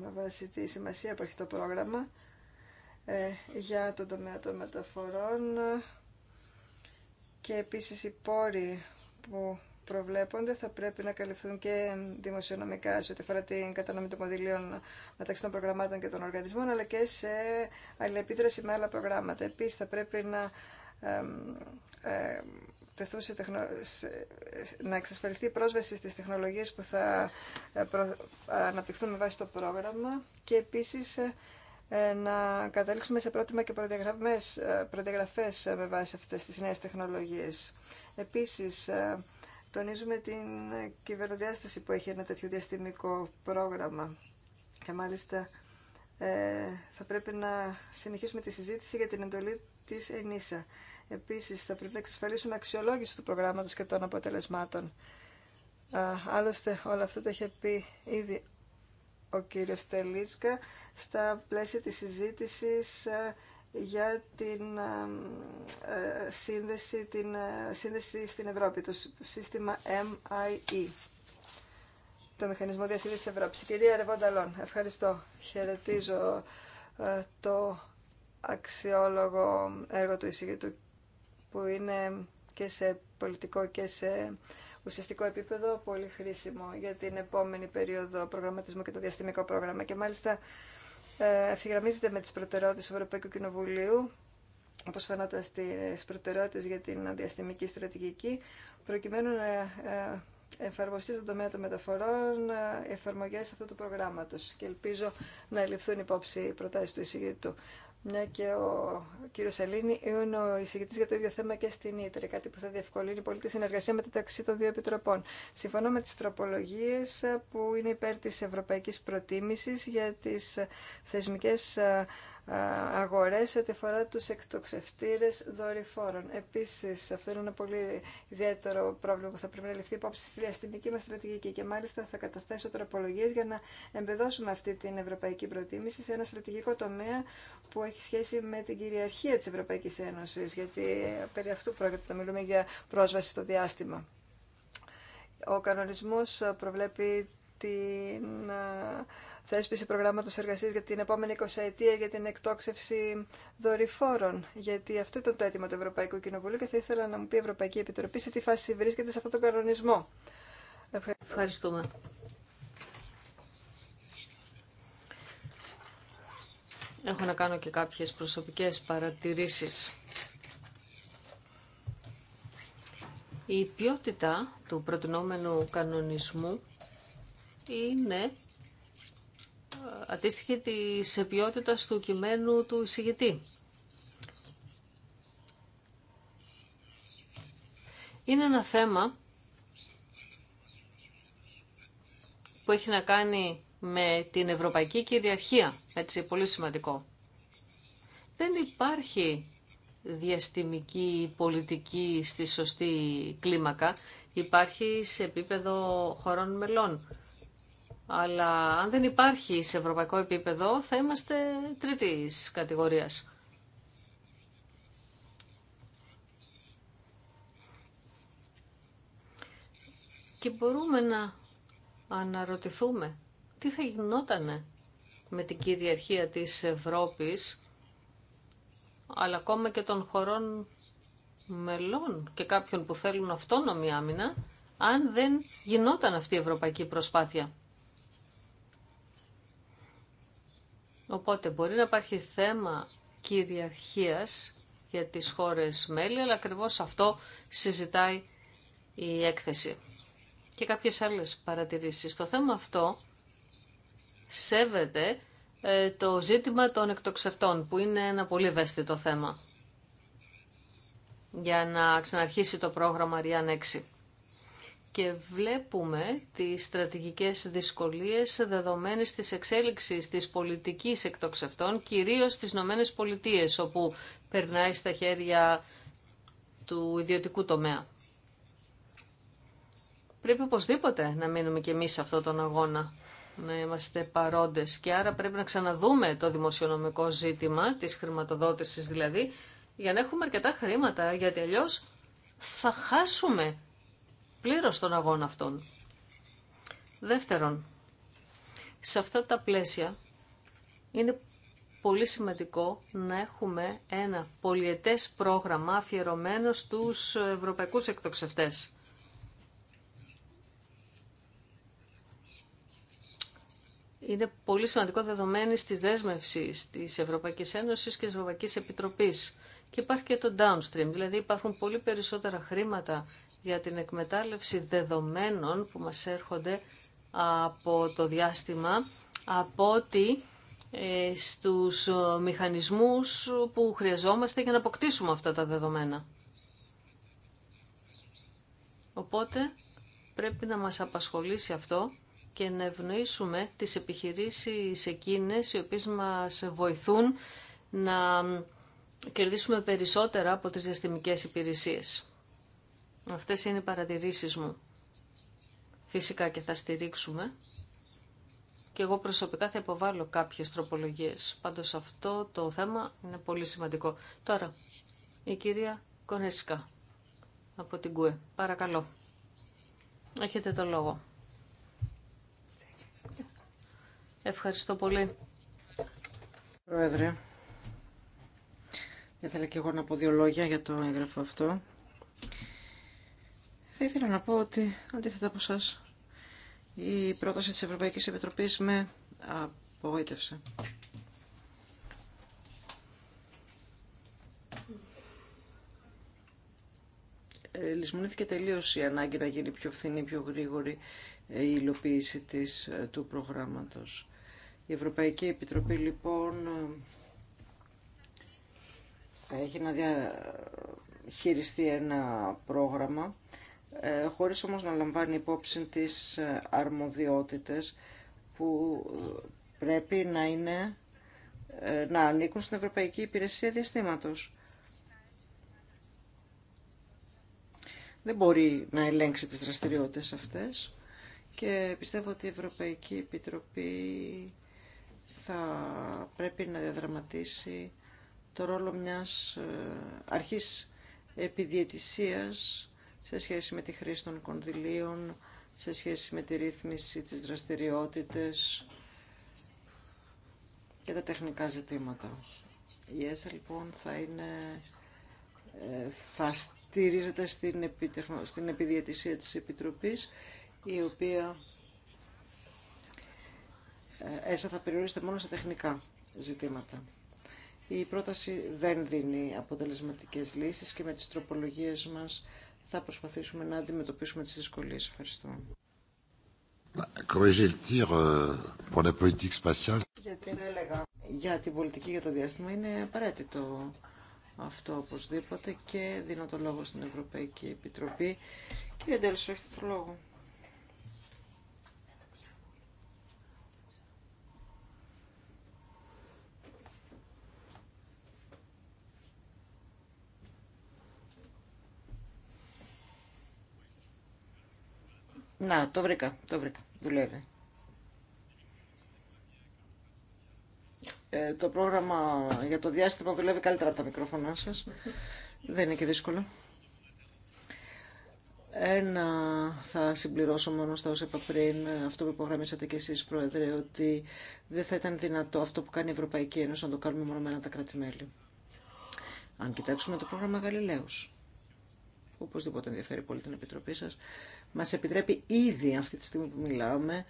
με βάση τη σημασία που έχει το πρόγραμμα ε, για τον τομέα των μεταφορών ε, και επίσης οι πόροι που προβλέπονται θα πρέπει να καλυφθούν και δημοσιονομικά σε ό,τι αφορά την κατανομή των κονδυλίων μεταξύ των προγραμμάτων και των οργανισμών, αλλά και σε αλληλεπίδραση με άλλα προγράμματα. Επίση θα πρέπει να σε τεχνο... να εξασφαλιστεί η πρόσβαση στις τεχνολογίες που θα ε, αναπτυχθούν με βάση το πρόγραμμα και επίσης ε, να καταλήξουμε σε πρότυμα και προδιαγραφές, ε, προδιαγραφές με βάση αυτές τις νέες τεχνολογίες. Επίσης, τονίζουμε την κυβερνοδιάσταση που έχει ένα τέτοιο διαστημικό πρόγραμμα. Και μάλιστα ε, θα πρέπει να συνεχίσουμε τη συζήτηση για την εντολή της ΕΝΗΣΑ. Επίσης, θα πρέπει να εξασφαλίσουμε αξιολόγηση του προγράμματος και των αποτελεσμάτων. άλλωστε, όλα αυτά τα είχε πει ήδη ο κύριος Τελίτσκα στα πλαίσια της συζήτησης ε, για την ε, ε, σύνδεση, την ε, σύνδεση στην Ευρώπη, το σύστημα MIE, το Μηχανισμό Διασύνδεσης Ευρώπης. κυρία Ρεβόνταλόν, ευχαριστώ. Χαιρετίζω το αξιόλογο έργο του εισηγητού που είναι και σε πολιτικό και σε ουσιαστικό επίπεδο πολύ χρήσιμο για την επόμενη περίοδο προγραμματισμού και το διαστημικό πρόγραμμα. Και μάλιστα ε, ευθυγραμμίζεται με τις προτεραιότητες του Ευρωπαϊκού Κοινοβουλίου, όπως φαινόταν στις προτεραιότητες για την διαστημική στρατηγική, προκειμένου να ε, εφαρμοστεί στον τομέα των μεταφορών ε, εφαρμογές αυτού του προγράμματος Και ελπίζω να ληφθούν υπόψη οι προτάσει του εισηγητού μια ναι, και ο κύριο Σελήνη είναι ο εισηγητή για το ίδιο θέμα και στην Ήτρε, κάτι που θα διευκολύνει πολύ τη συνεργασία μεταξύ των δύο επιτροπών. Συμφωνώ με τι τροπολογίε που είναι υπέρ τη ευρωπαϊκή προτίμηση για τι θεσμικέ ε, ε, αγορές ό,τι αφορά τους εκτοξευτήρες δορυφόρων. Επίσης, αυτό είναι ένα πολύ ιδιαίτερο πρόβλημα που θα πρέπει να ληφθεί υπόψη στη διαστημική μας στρατηγική και μάλιστα θα καταθέσω τροπολογίες για να εμπεδώσουμε αυτή την ευρωπαϊκή προτίμηση σε ένα στρατηγικό τομέα που έχει σχέση με την κυριαρχία της Ευρωπαϊκής Ένωσης, γιατί περί αυτού πρόκειται να μιλούμε για πρόσβαση στο διάστημα. Ο κανονισμός προβλέπει την ε, θέσπιση προγράμματος εργασίας για την επόμενη 20 ετία για την εκτόξευση δορυφόρων. Γιατί αυτό ήταν το αίτημα του Ευρωπαϊκού Κοινοβουλίου και θα ήθελα να μου πει η Ευρωπαϊκή Επιτροπή σε τι φάση βρίσκεται σε αυτόν τον κανονισμό. Ευχαριστούμε. Έχω να κάνω και κάποιες προσωπικές παρατηρήσεις. Η ποιότητα του προτινόμενου κανονισμού είναι ε, αντίστοιχη της ποιότητα του κειμένου του εισηγητή. Είναι ένα θέμα που έχει να κάνει με την ευρωπαϊκή κυριαρχία, έτσι, πολύ σημαντικό. Δεν υπάρχει διαστημική πολιτική στη σωστή κλίμακα, υπάρχει σε επίπεδο χωρών μελών. Αλλά αν δεν υπάρχει σε ευρωπαϊκό επίπεδο θα είμαστε τρίτης κατηγορίας. Και μπορούμε να αναρωτηθούμε τι θα γινόταν με την κυριαρχία της Ευρώπης αλλά ακόμα και των χωρών μελών και κάποιων που θέλουν αυτόνομη άμυνα αν δεν γινόταν αυτή η ευρωπαϊκή προσπάθεια. Οπότε μπορεί να υπάρχει θέμα κυριαρχίας για τις χώρες μέλη, αλλά ακριβώ αυτό συζητάει η έκθεση. Και κάποιες άλλες παρατηρήσεις. Το θέμα αυτό σέβεται ε, το ζήτημα των εκτοξευτών, που είναι ένα πολύ ευαίσθητο θέμα για να ξαναρχίσει το πρόγραμμα Ριάν 6 και βλέπουμε τις στρατηγικές δυσκολίες δεδομένες της εξέλιξης της πολιτικής εκτοξευτών, κυρίως στις Ηνωμένες Πολιτείες, όπου περνάει στα χέρια του ιδιωτικού τομέα. Πρέπει οπωσδήποτε να μείνουμε και εμείς σε αυτόν τον αγώνα, να είμαστε παρόντες και άρα πρέπει να ξαναδούμε το δημοσιονομικό ζήτημα της χρηματοδότησης δηλαδή, για να έχουμε αρκετά χρήματα, γιατί αλλιώς θα χάσουμε πλήρως τον αγώνα αυτών. Δεύτερον, σε αυτά τα πλαίσια είναι πολύ σημαντικό να έχουμε ένα πολιετές πρόγραμμα αφιερωμένο στους ευρωπαϊκούς εκτοξευτές. Είναι πολύ σημαντικό δεδομένη της δέσμευσης της Ευρωπαϊκής Ένωσης και της Ευρωπαϊκής Επιτροπής. Και υπάρχει και το downstream, δηλαδή υπάρχουν πολύ περισσότερα χρήματα για την εκμετάλλευση δεδομένων που μας έρχονται από το διάστημα από ότι ε, στους μηχανισμούς που χρειαζόμαστε για να αποκτήσουμε αυτά τα δεδομένα. Οπότε πρέπει να μας απασχολήσει αυτό και να ευνοήσουμε τις επιχειρήσεις εκείνες οι οποίες μας βοηθούν να κερδίσουμε περισσότερα από τις διαστημικές υπηρεσίες. Αυτές είναι οι παρατηρήσεις μου. Φυσικά και θα στηρίξουμε. Και εγώ προσωπικά θα υποβάλω κάποιες τροπολογίες. Πάντως αυτό το θέμα είναι πολύ σημαντικό. Τώρα, η κυρία Κονέσκα από την ΚΟΕ. Παρακαλώ. Έχετε το λόγο. Ευχαριστώ πολύ. Πρόεδρε, ήθελα και εγώ να πω δύο λόγια για το έγγραφο αυτό. Θα ήθελα να πω ότι αντίθετα από σας η πρόταση της Ευρωπαϊκής Επιτροπής με απογοήτευσε. Λυσμονήθηκε τελείως η ανάγκη να γίνει πιο φθηνή, πιο γρήγορη η υλοποίηση της, του προγράμματος. Η Ευρωπαϊκή Επιτροπή λοιπόν θα έχει να διαχειριστεί ένα πρόγραμμα ε, χωρίς όμως να λαμβάνει υπόψη τις ε, αρμοδιότητες που ε, πρέπει να είναι να ανήκουν στην Ευρωπαϊκή Υπηρεσία Διαστήματος. Δεν μπορεί να ελέγξει τις δραστηριότητες αυτές και πιστεύω ότι η Ευρωπαϊκή Επιτροπή θα πρέπει να διαδραματίσει το ρόλο μιας αρχής επιδιαιτησίας σε σχέση με τη χρήση των κονδυλίων, σε σχέση με τη ρύθμιση της δραστηριότητες και τα τεχνικά ζητήματα. Η ΕΣΑ λοιπόν θα είναι, ε, θα στηρίζεται στην, επιτεχνο, στην επιδιατησία της Επιτροπής η οποία ε, ΕΣΑ θα περιορίζεται μόνο σε τεχνικά ζητήματα. Η πρόταση δεν δίνει αποτελεσματικές λύσεις και με τις τροπολογίες μας θα προσπαθήσουμε να αντιμετωπίσουμε τις δυσκολίες. Ευχαριστώ. Euh, για την πολιτική για το διάστημα είναι απαραίτητο αυτό οπωσδήποτε και δίνω το λόγο στην Ευρωπαϊκή Επιτροπή. Κύριε Ντέλσο, έχετε το λόγο. Να, το βρήκα, το βρήκα. Δουλεύει. Ε, το πρόγραμμα για το διάστημα δουλεύει καλύτερα από τα μικρόφωνά σας. Δεν είναι και δύσκολο. Ένα θα συμπληρώσω μόνο στα όσα είπα πριν, αυτό που υπογραμμίσατε και εσείς Πρόεδρε, ότι δεν θα ήταν δυνατό αυτό που κάνει η Ευρωπαϊκή Ένωση να το κάνουμε μόνο με ένα τα κράτη-μέλη. Αν κοιτάξουμε το πρόγραμμα Γαλιλαίους, οπωσδήποτε ενδιαφέρει πολύ την Επιτροπή σας, μας επιτρέπει ήδη αυτή τη στιγμή που μιλάμε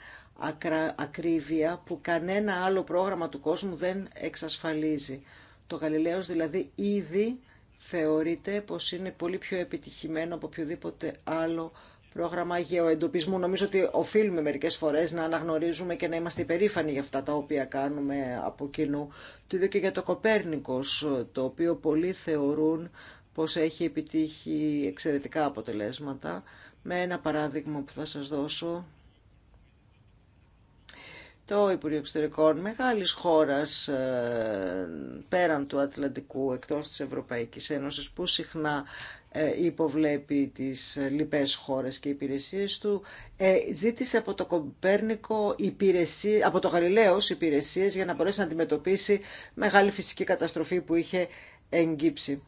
ακρίβεια που κανένα άλλο πρόγραμμα του κόσμου δεν εξασφαλίζει. Το Γαλιλαίος δηλαδή ήδη θεωρείται πως είναι πολύ πιο επιτυχημένο από οποιοδήποτε άλλο πρόγραμμα γεωεντοπισμού. Νομίζω ότι οφείλουμε μερικές φορές να αναγνωρίζουμε και να είμαστε υπερήφανοι για αυτά τα οποία κάνουμε από κοινού. Το ίδιο και για το Κοπέρνικος, το οποίο πολλοί θεωρούν πως έχει επιτύχει εξαιρετικά αποτελέσματα με ένα παράδειγμα που θα σας δώσω. Το Υπουργείο Εξωτερικών μεγάλης χώρας ε, πέραν του Ατλαντικού, εκτός της Ευρωπαϊκής Ένωσης, που συχνά ε, υποβλέπει τις λοιπές χώρες και υπηρεσίες του, ε, ζήτησε από το Κομπέρνικο υπηρεσίες, από το Γαλιλαίος υπηρεσίες για να μπορέσει να αντιμετωπίσει μεγάλη φυσική καταστροφή που είχε εγκύψει.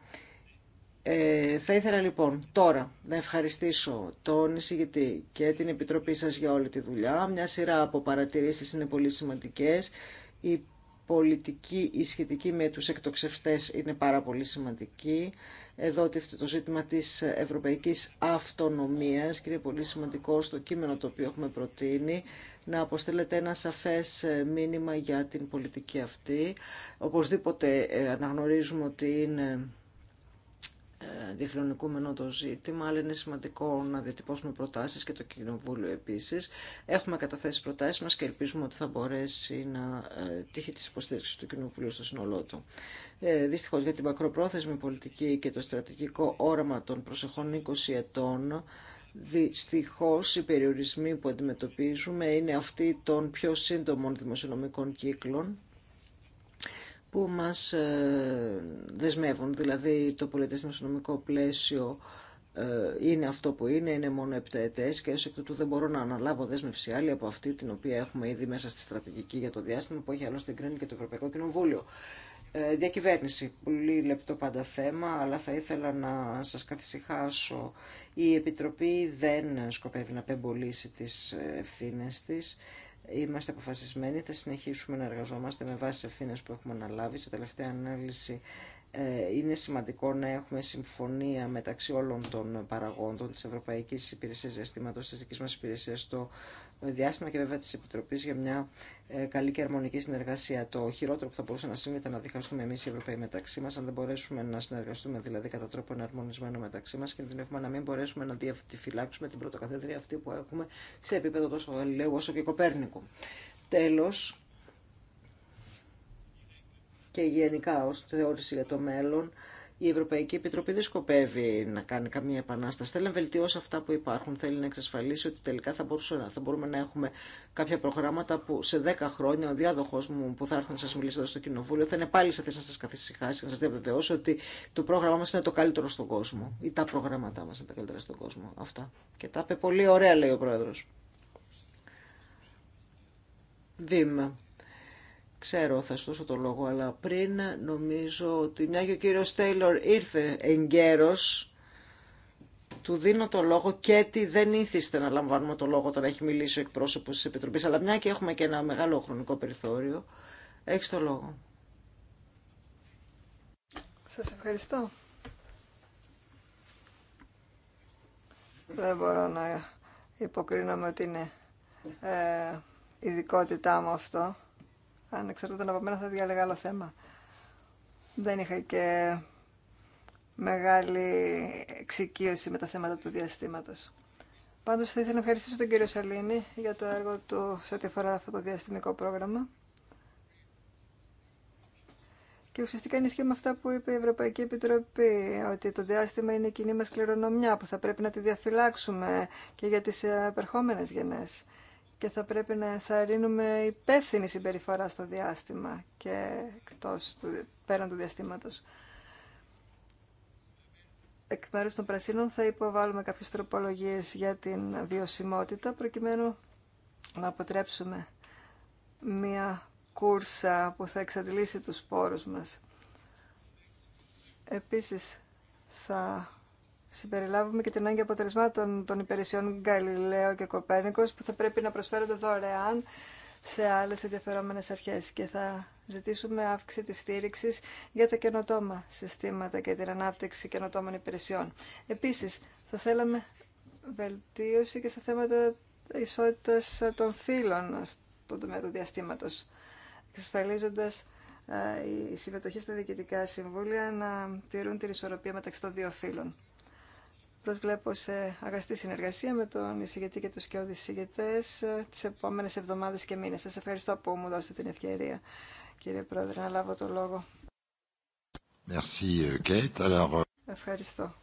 Ε, θα ήθελα λοιπόν τώρα να ευχαριστήσω τον εισηγητή και την Επιτροπή σας για όλη τη δουλειά. Μια σειρά από παρατηρήσεις είναι πολύ σημαντικές. Η πολιτική, η σχετική με τους εκτοξευτές είναι πάρα πολύ σημαντική. Εδώ το ζήτημα της ευρωπαϊκής αυτονομίας και είναι πολύ σημαντικό στο κείμενο το οποίο έχουμε προτείνει να αποστελέτε ένα σαφές μήνυμα για την πολιτική αυτή. Οπωσδήποτε ε, αναγνωρίζουμε ότι είναι διφιλονικούμενο το ζήτημα, αλλά είναι σημαντικό να διατυπώσουμε προτάσεις και το Κοινοβούλιο επίσης. Έχουμε καταθέσει προτάσεις μας και ελπίζουμε ότι θα μπορέσει να ε, τύχει της υποστήριξης του Κοινοβουλίου στο σύνολό του. Ε, δυστυχώς για την μακροπρόθεσμη πολιτική και το στρατηγικό όραμα των προσεχών 20 ετών, Δυστυχώ, οι περιορισμοί που αντιμετωπίζουμε είναι αυτοί των πιο σύντομων δημοσιονομικών κύκλων, που μας ε, δεσμεύουν. Δηλαδή το πολιτισμικό πλαίσιο ε, είναι αυτό που είναι, είναι μόνο επταετές και ως εκ τούτου δεν μπορώ να αναλάβω δέσμευση άλλη από αυτή την οποία έχουμε ήδη μέσα στη στρατηγική για το διάστημα που έχει άλλωστε εγκρίνει και το Ευρωπαϊκό Κοινοβούλιο. Ε, διακυβέρνηση, πολύ λεπτό πάντα θέμα, αλλά θα ήθελα να σας καθησυχάσω. Η Επιτροπή δεν σκοπεύει να πεμπολίσει τις ε, ευθύνε της. Είμαστε αποφασισμένοι, θα συνεχίσουμε να εργαζόμαστε με βάση ευθύνε που έχουμε αναλάβει. Σε τελευταία ανάλυση ε, είναι σημαντικό να έχουμε συμφωνία μεταξύ όλων των παραγόντων της Ευρωπαϊκής Υπηρεσίας Διαστήματος, της δικής μας υπηρεσίας, το διάστημα και βέβαια τη Επιτροπή για μια ε, καλή και αρμονική συνεργασία. Το χειρότερο που θα μπορούσε να συμβεί ήταν να διχαστούμε εμεί οι Ευρωπαίοι μεταξύ μα. Αν δεν μπορέσουμε να συνεργαστούμε δηλαδή κατά τρόπο εναρμονισμένο μεταξύ μα, κινδυνεύουμε να μην μπορέσουμε να διαφυλάξουμε την πρωτοκαθεδρία αυτή που έχουμε σε επίπεδο τόσο Γαλιλαίου όσο και Κοπέρνικου. Τέλο, και γενικά ω θεώρηση για το μέλλον, η Ευρωπαϊκή Επιτροπή δεν σκοπεύει να κάνει καμία επανάσταση. Θέλει να βελτιώσει αυτά που υπάρχουν. Θέλει να εξασφαλίσει ότι τελικά θα, μπορούσε, θα μπορούμε να έχουμε κάποια προγράμματα που σε 10 χρόνια ο διάδοχό μου που θα έρθει να σα μιλήσει εδώ στο Κοινοβούλιο θα είναι πάλι σε θέση να σα καθησυχάσει, να σα διαβεβαιώσει ότι το πρόγραμμά μα είναι το καλύτερο στον κόσμο. Ή τα προγράμματά μα είναι τα καλύτερα στον κόσμο. Αυτά. Και τα είπε πολύ ωραία, λέει ο Πρόεδρο. Βήμα. Ξέρω, θα σου το λόγο, αλλά πριν νομίζω ότι μια και ο κύριος Τέιλορ ήρθε εγκαίρος, του δίνω το λόγο και τι δεν ήθιστε να λαμβάνουμε το λόγο όταν έχει μιλήσει ο εκπρόσωπος της Επιτροπής, αλλά μια και έχουμε και ένα μεγάλο χρονικό περιθώριο, έχει το λόγο. Σας ευχαριστώ. Δεν μπορώ να υποκρίνομαι ότι είναι ε, ειδικότητά μου αυτό αν εξαρτάται από μένα θα διάλεγα άλλο θέμα. Δεν είχα και μεγάλη εξοικείωση με τα θέματα του διαστήματος. Πάντως θα ήθελα να ευχαριστήσω τον κύριο Σαλίνη για το έργο του σε ό,τι αφορά αυτό το διαστημικό πρόγραμμα. Και ουσιαστικά ενισχύω με αυτά που είπε η Ευρωπαϊκή Επιτροπή, ότι το διάστημα είναι η κοινή μας κληρονομιά που θα πρέπει να τη διαφυλάξουμε και για τις επερχόμενες γενές και θα πρέπει να ενθαρρύνουμε υπεύθυνη συμπεριφορά στο διάστημα και εκτός του, πέραν του διαστήματος. Εκ μέρους των Πρασίνων θα υποβάλουμε κάποιες τροπολογίες για την βιωσιμότητα προκειμένου να αποτρέψουμε μία κούρσα που θα εξαντλήσει τους σπόρους μας. Επίσης θα συμπεριλάβουμε και την ανάγκη αποτελεσμάτων των υπηρεσιών Γκαλιλαίο και Κοπέρνικος που θα πρέπει να προσφέρονται δωρεάν σε άλλες ενδιαφερόμενες αρχές και θα ζητήσουμε αύξηση της στήριξη για τα καινοτόμα συστήματα και την ανάπτυξη καινοτόμων υπηρεσιών. Επίσης, θα θέλαμε βελτίωση και στα θέματα ισότητας των φύλων στον τομέα του διαστήματος, εξασφαλίζοντας ε, η συμμετοχή στα διοικητικά συμβούλια να τηρούν την ισορροπία μεταξύ των δύο φύλων. Προσβλέπω σε αγαστή συνεργασία με τον εισηγητή και τους κοιόδης εισηγητές ε, τις επόμενες εβδομάδες και μήνες. Σας ευχαριστώ που μου δώσετε την ευκαιρία, κύριε Πρόεδρε, να λάβω το λόγο. Ε, ε, ευχαριστώ.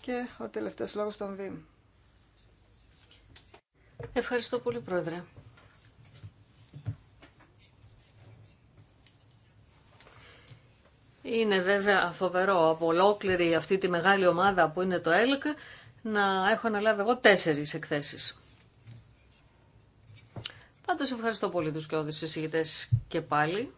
Και ο τελευταίος λόγος των Βίμ. Ευχαριστώ πολύ, Πρόεδρε. Είναι βέβαια φοβερό από ολόκληρη αυτή τη μεγάλη ομάδα που είναι το ΕΛΚ να έχω αναλάβει εγώ τέσσερις εκθέσεις. Πάντως ευχαριστώ πολύ τους και όδους και πάλι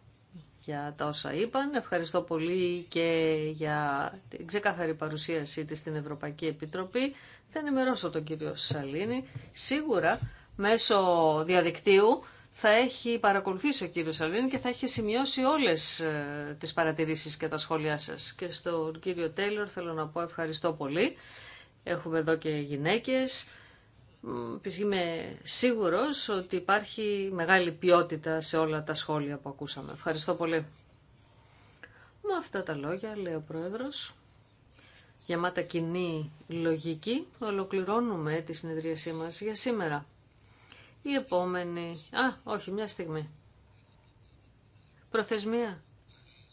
για τα όσα είπαν. Ευχαριστώ πολύ και για την ξεκάθαρη παρουσίασή της στην Ευρωπαϊκή Επιτροπή. Θα ενημερώσω τον κύριο Σαλίνη. Σίγουρα μέσω διαδικτύου θα έχει παρακολουθήσει ο κύριο Σαλβίνη και θα έχει σημειώσει όλες ε, τις παρατηρήσεις και τα σχόλιά σας. Και στον κύριο Τέιλορ θέλω να πω ευχαριστώ πολύ. Έχουμε εδώ και γυναίκες. Είμαι σίγουρος ότι υπάρχει μεγάλη ποιότητα σε όλα τα σχόλια που ακούσαμε. Ευχαριστώ πολύ. Με αυτά τα λόγια, λέει ο Πρόεδρος, γεμάτα κοινή λογική, ολοκληρώνουμε τη συνεδρίασή μας για σήμερα. Η επόμενη... Α, όχι, μια στιγμή. Προθεσμία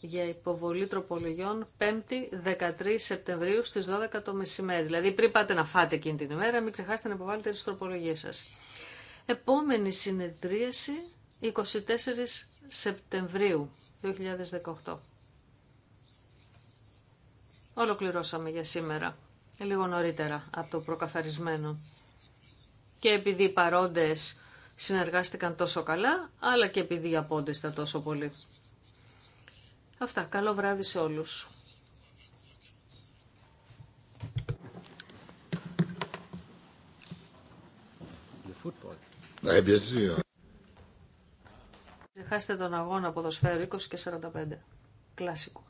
για υποβολή τροπολογιών 5η 13 Σεπτεμβρίου στις 12 το μεσημέρι. Δηλαδή πριν πάτε να φάτε εκείνη την ημέρα, μην ξεχάσετε να υποβάλλετε τις τροπολογίες σας. Επόμενη συνεδρίαση 24 Σεπτεμβρίου 2018. Ολοκληρώσαμε για σήμερα, λίγο νωρίτερα από το προκαθαρισμένο και επειδή οι παρόντες συνεργάστηκαν τόσο καλά, αλλά και επειδή οι απόντες ήταν τόσο πολύ. Αυτά. Καλό βράδυ σε όλους. Ξεχάστε τον αγώνα ποδοσφαίρου 20 και 45. Κλασικό.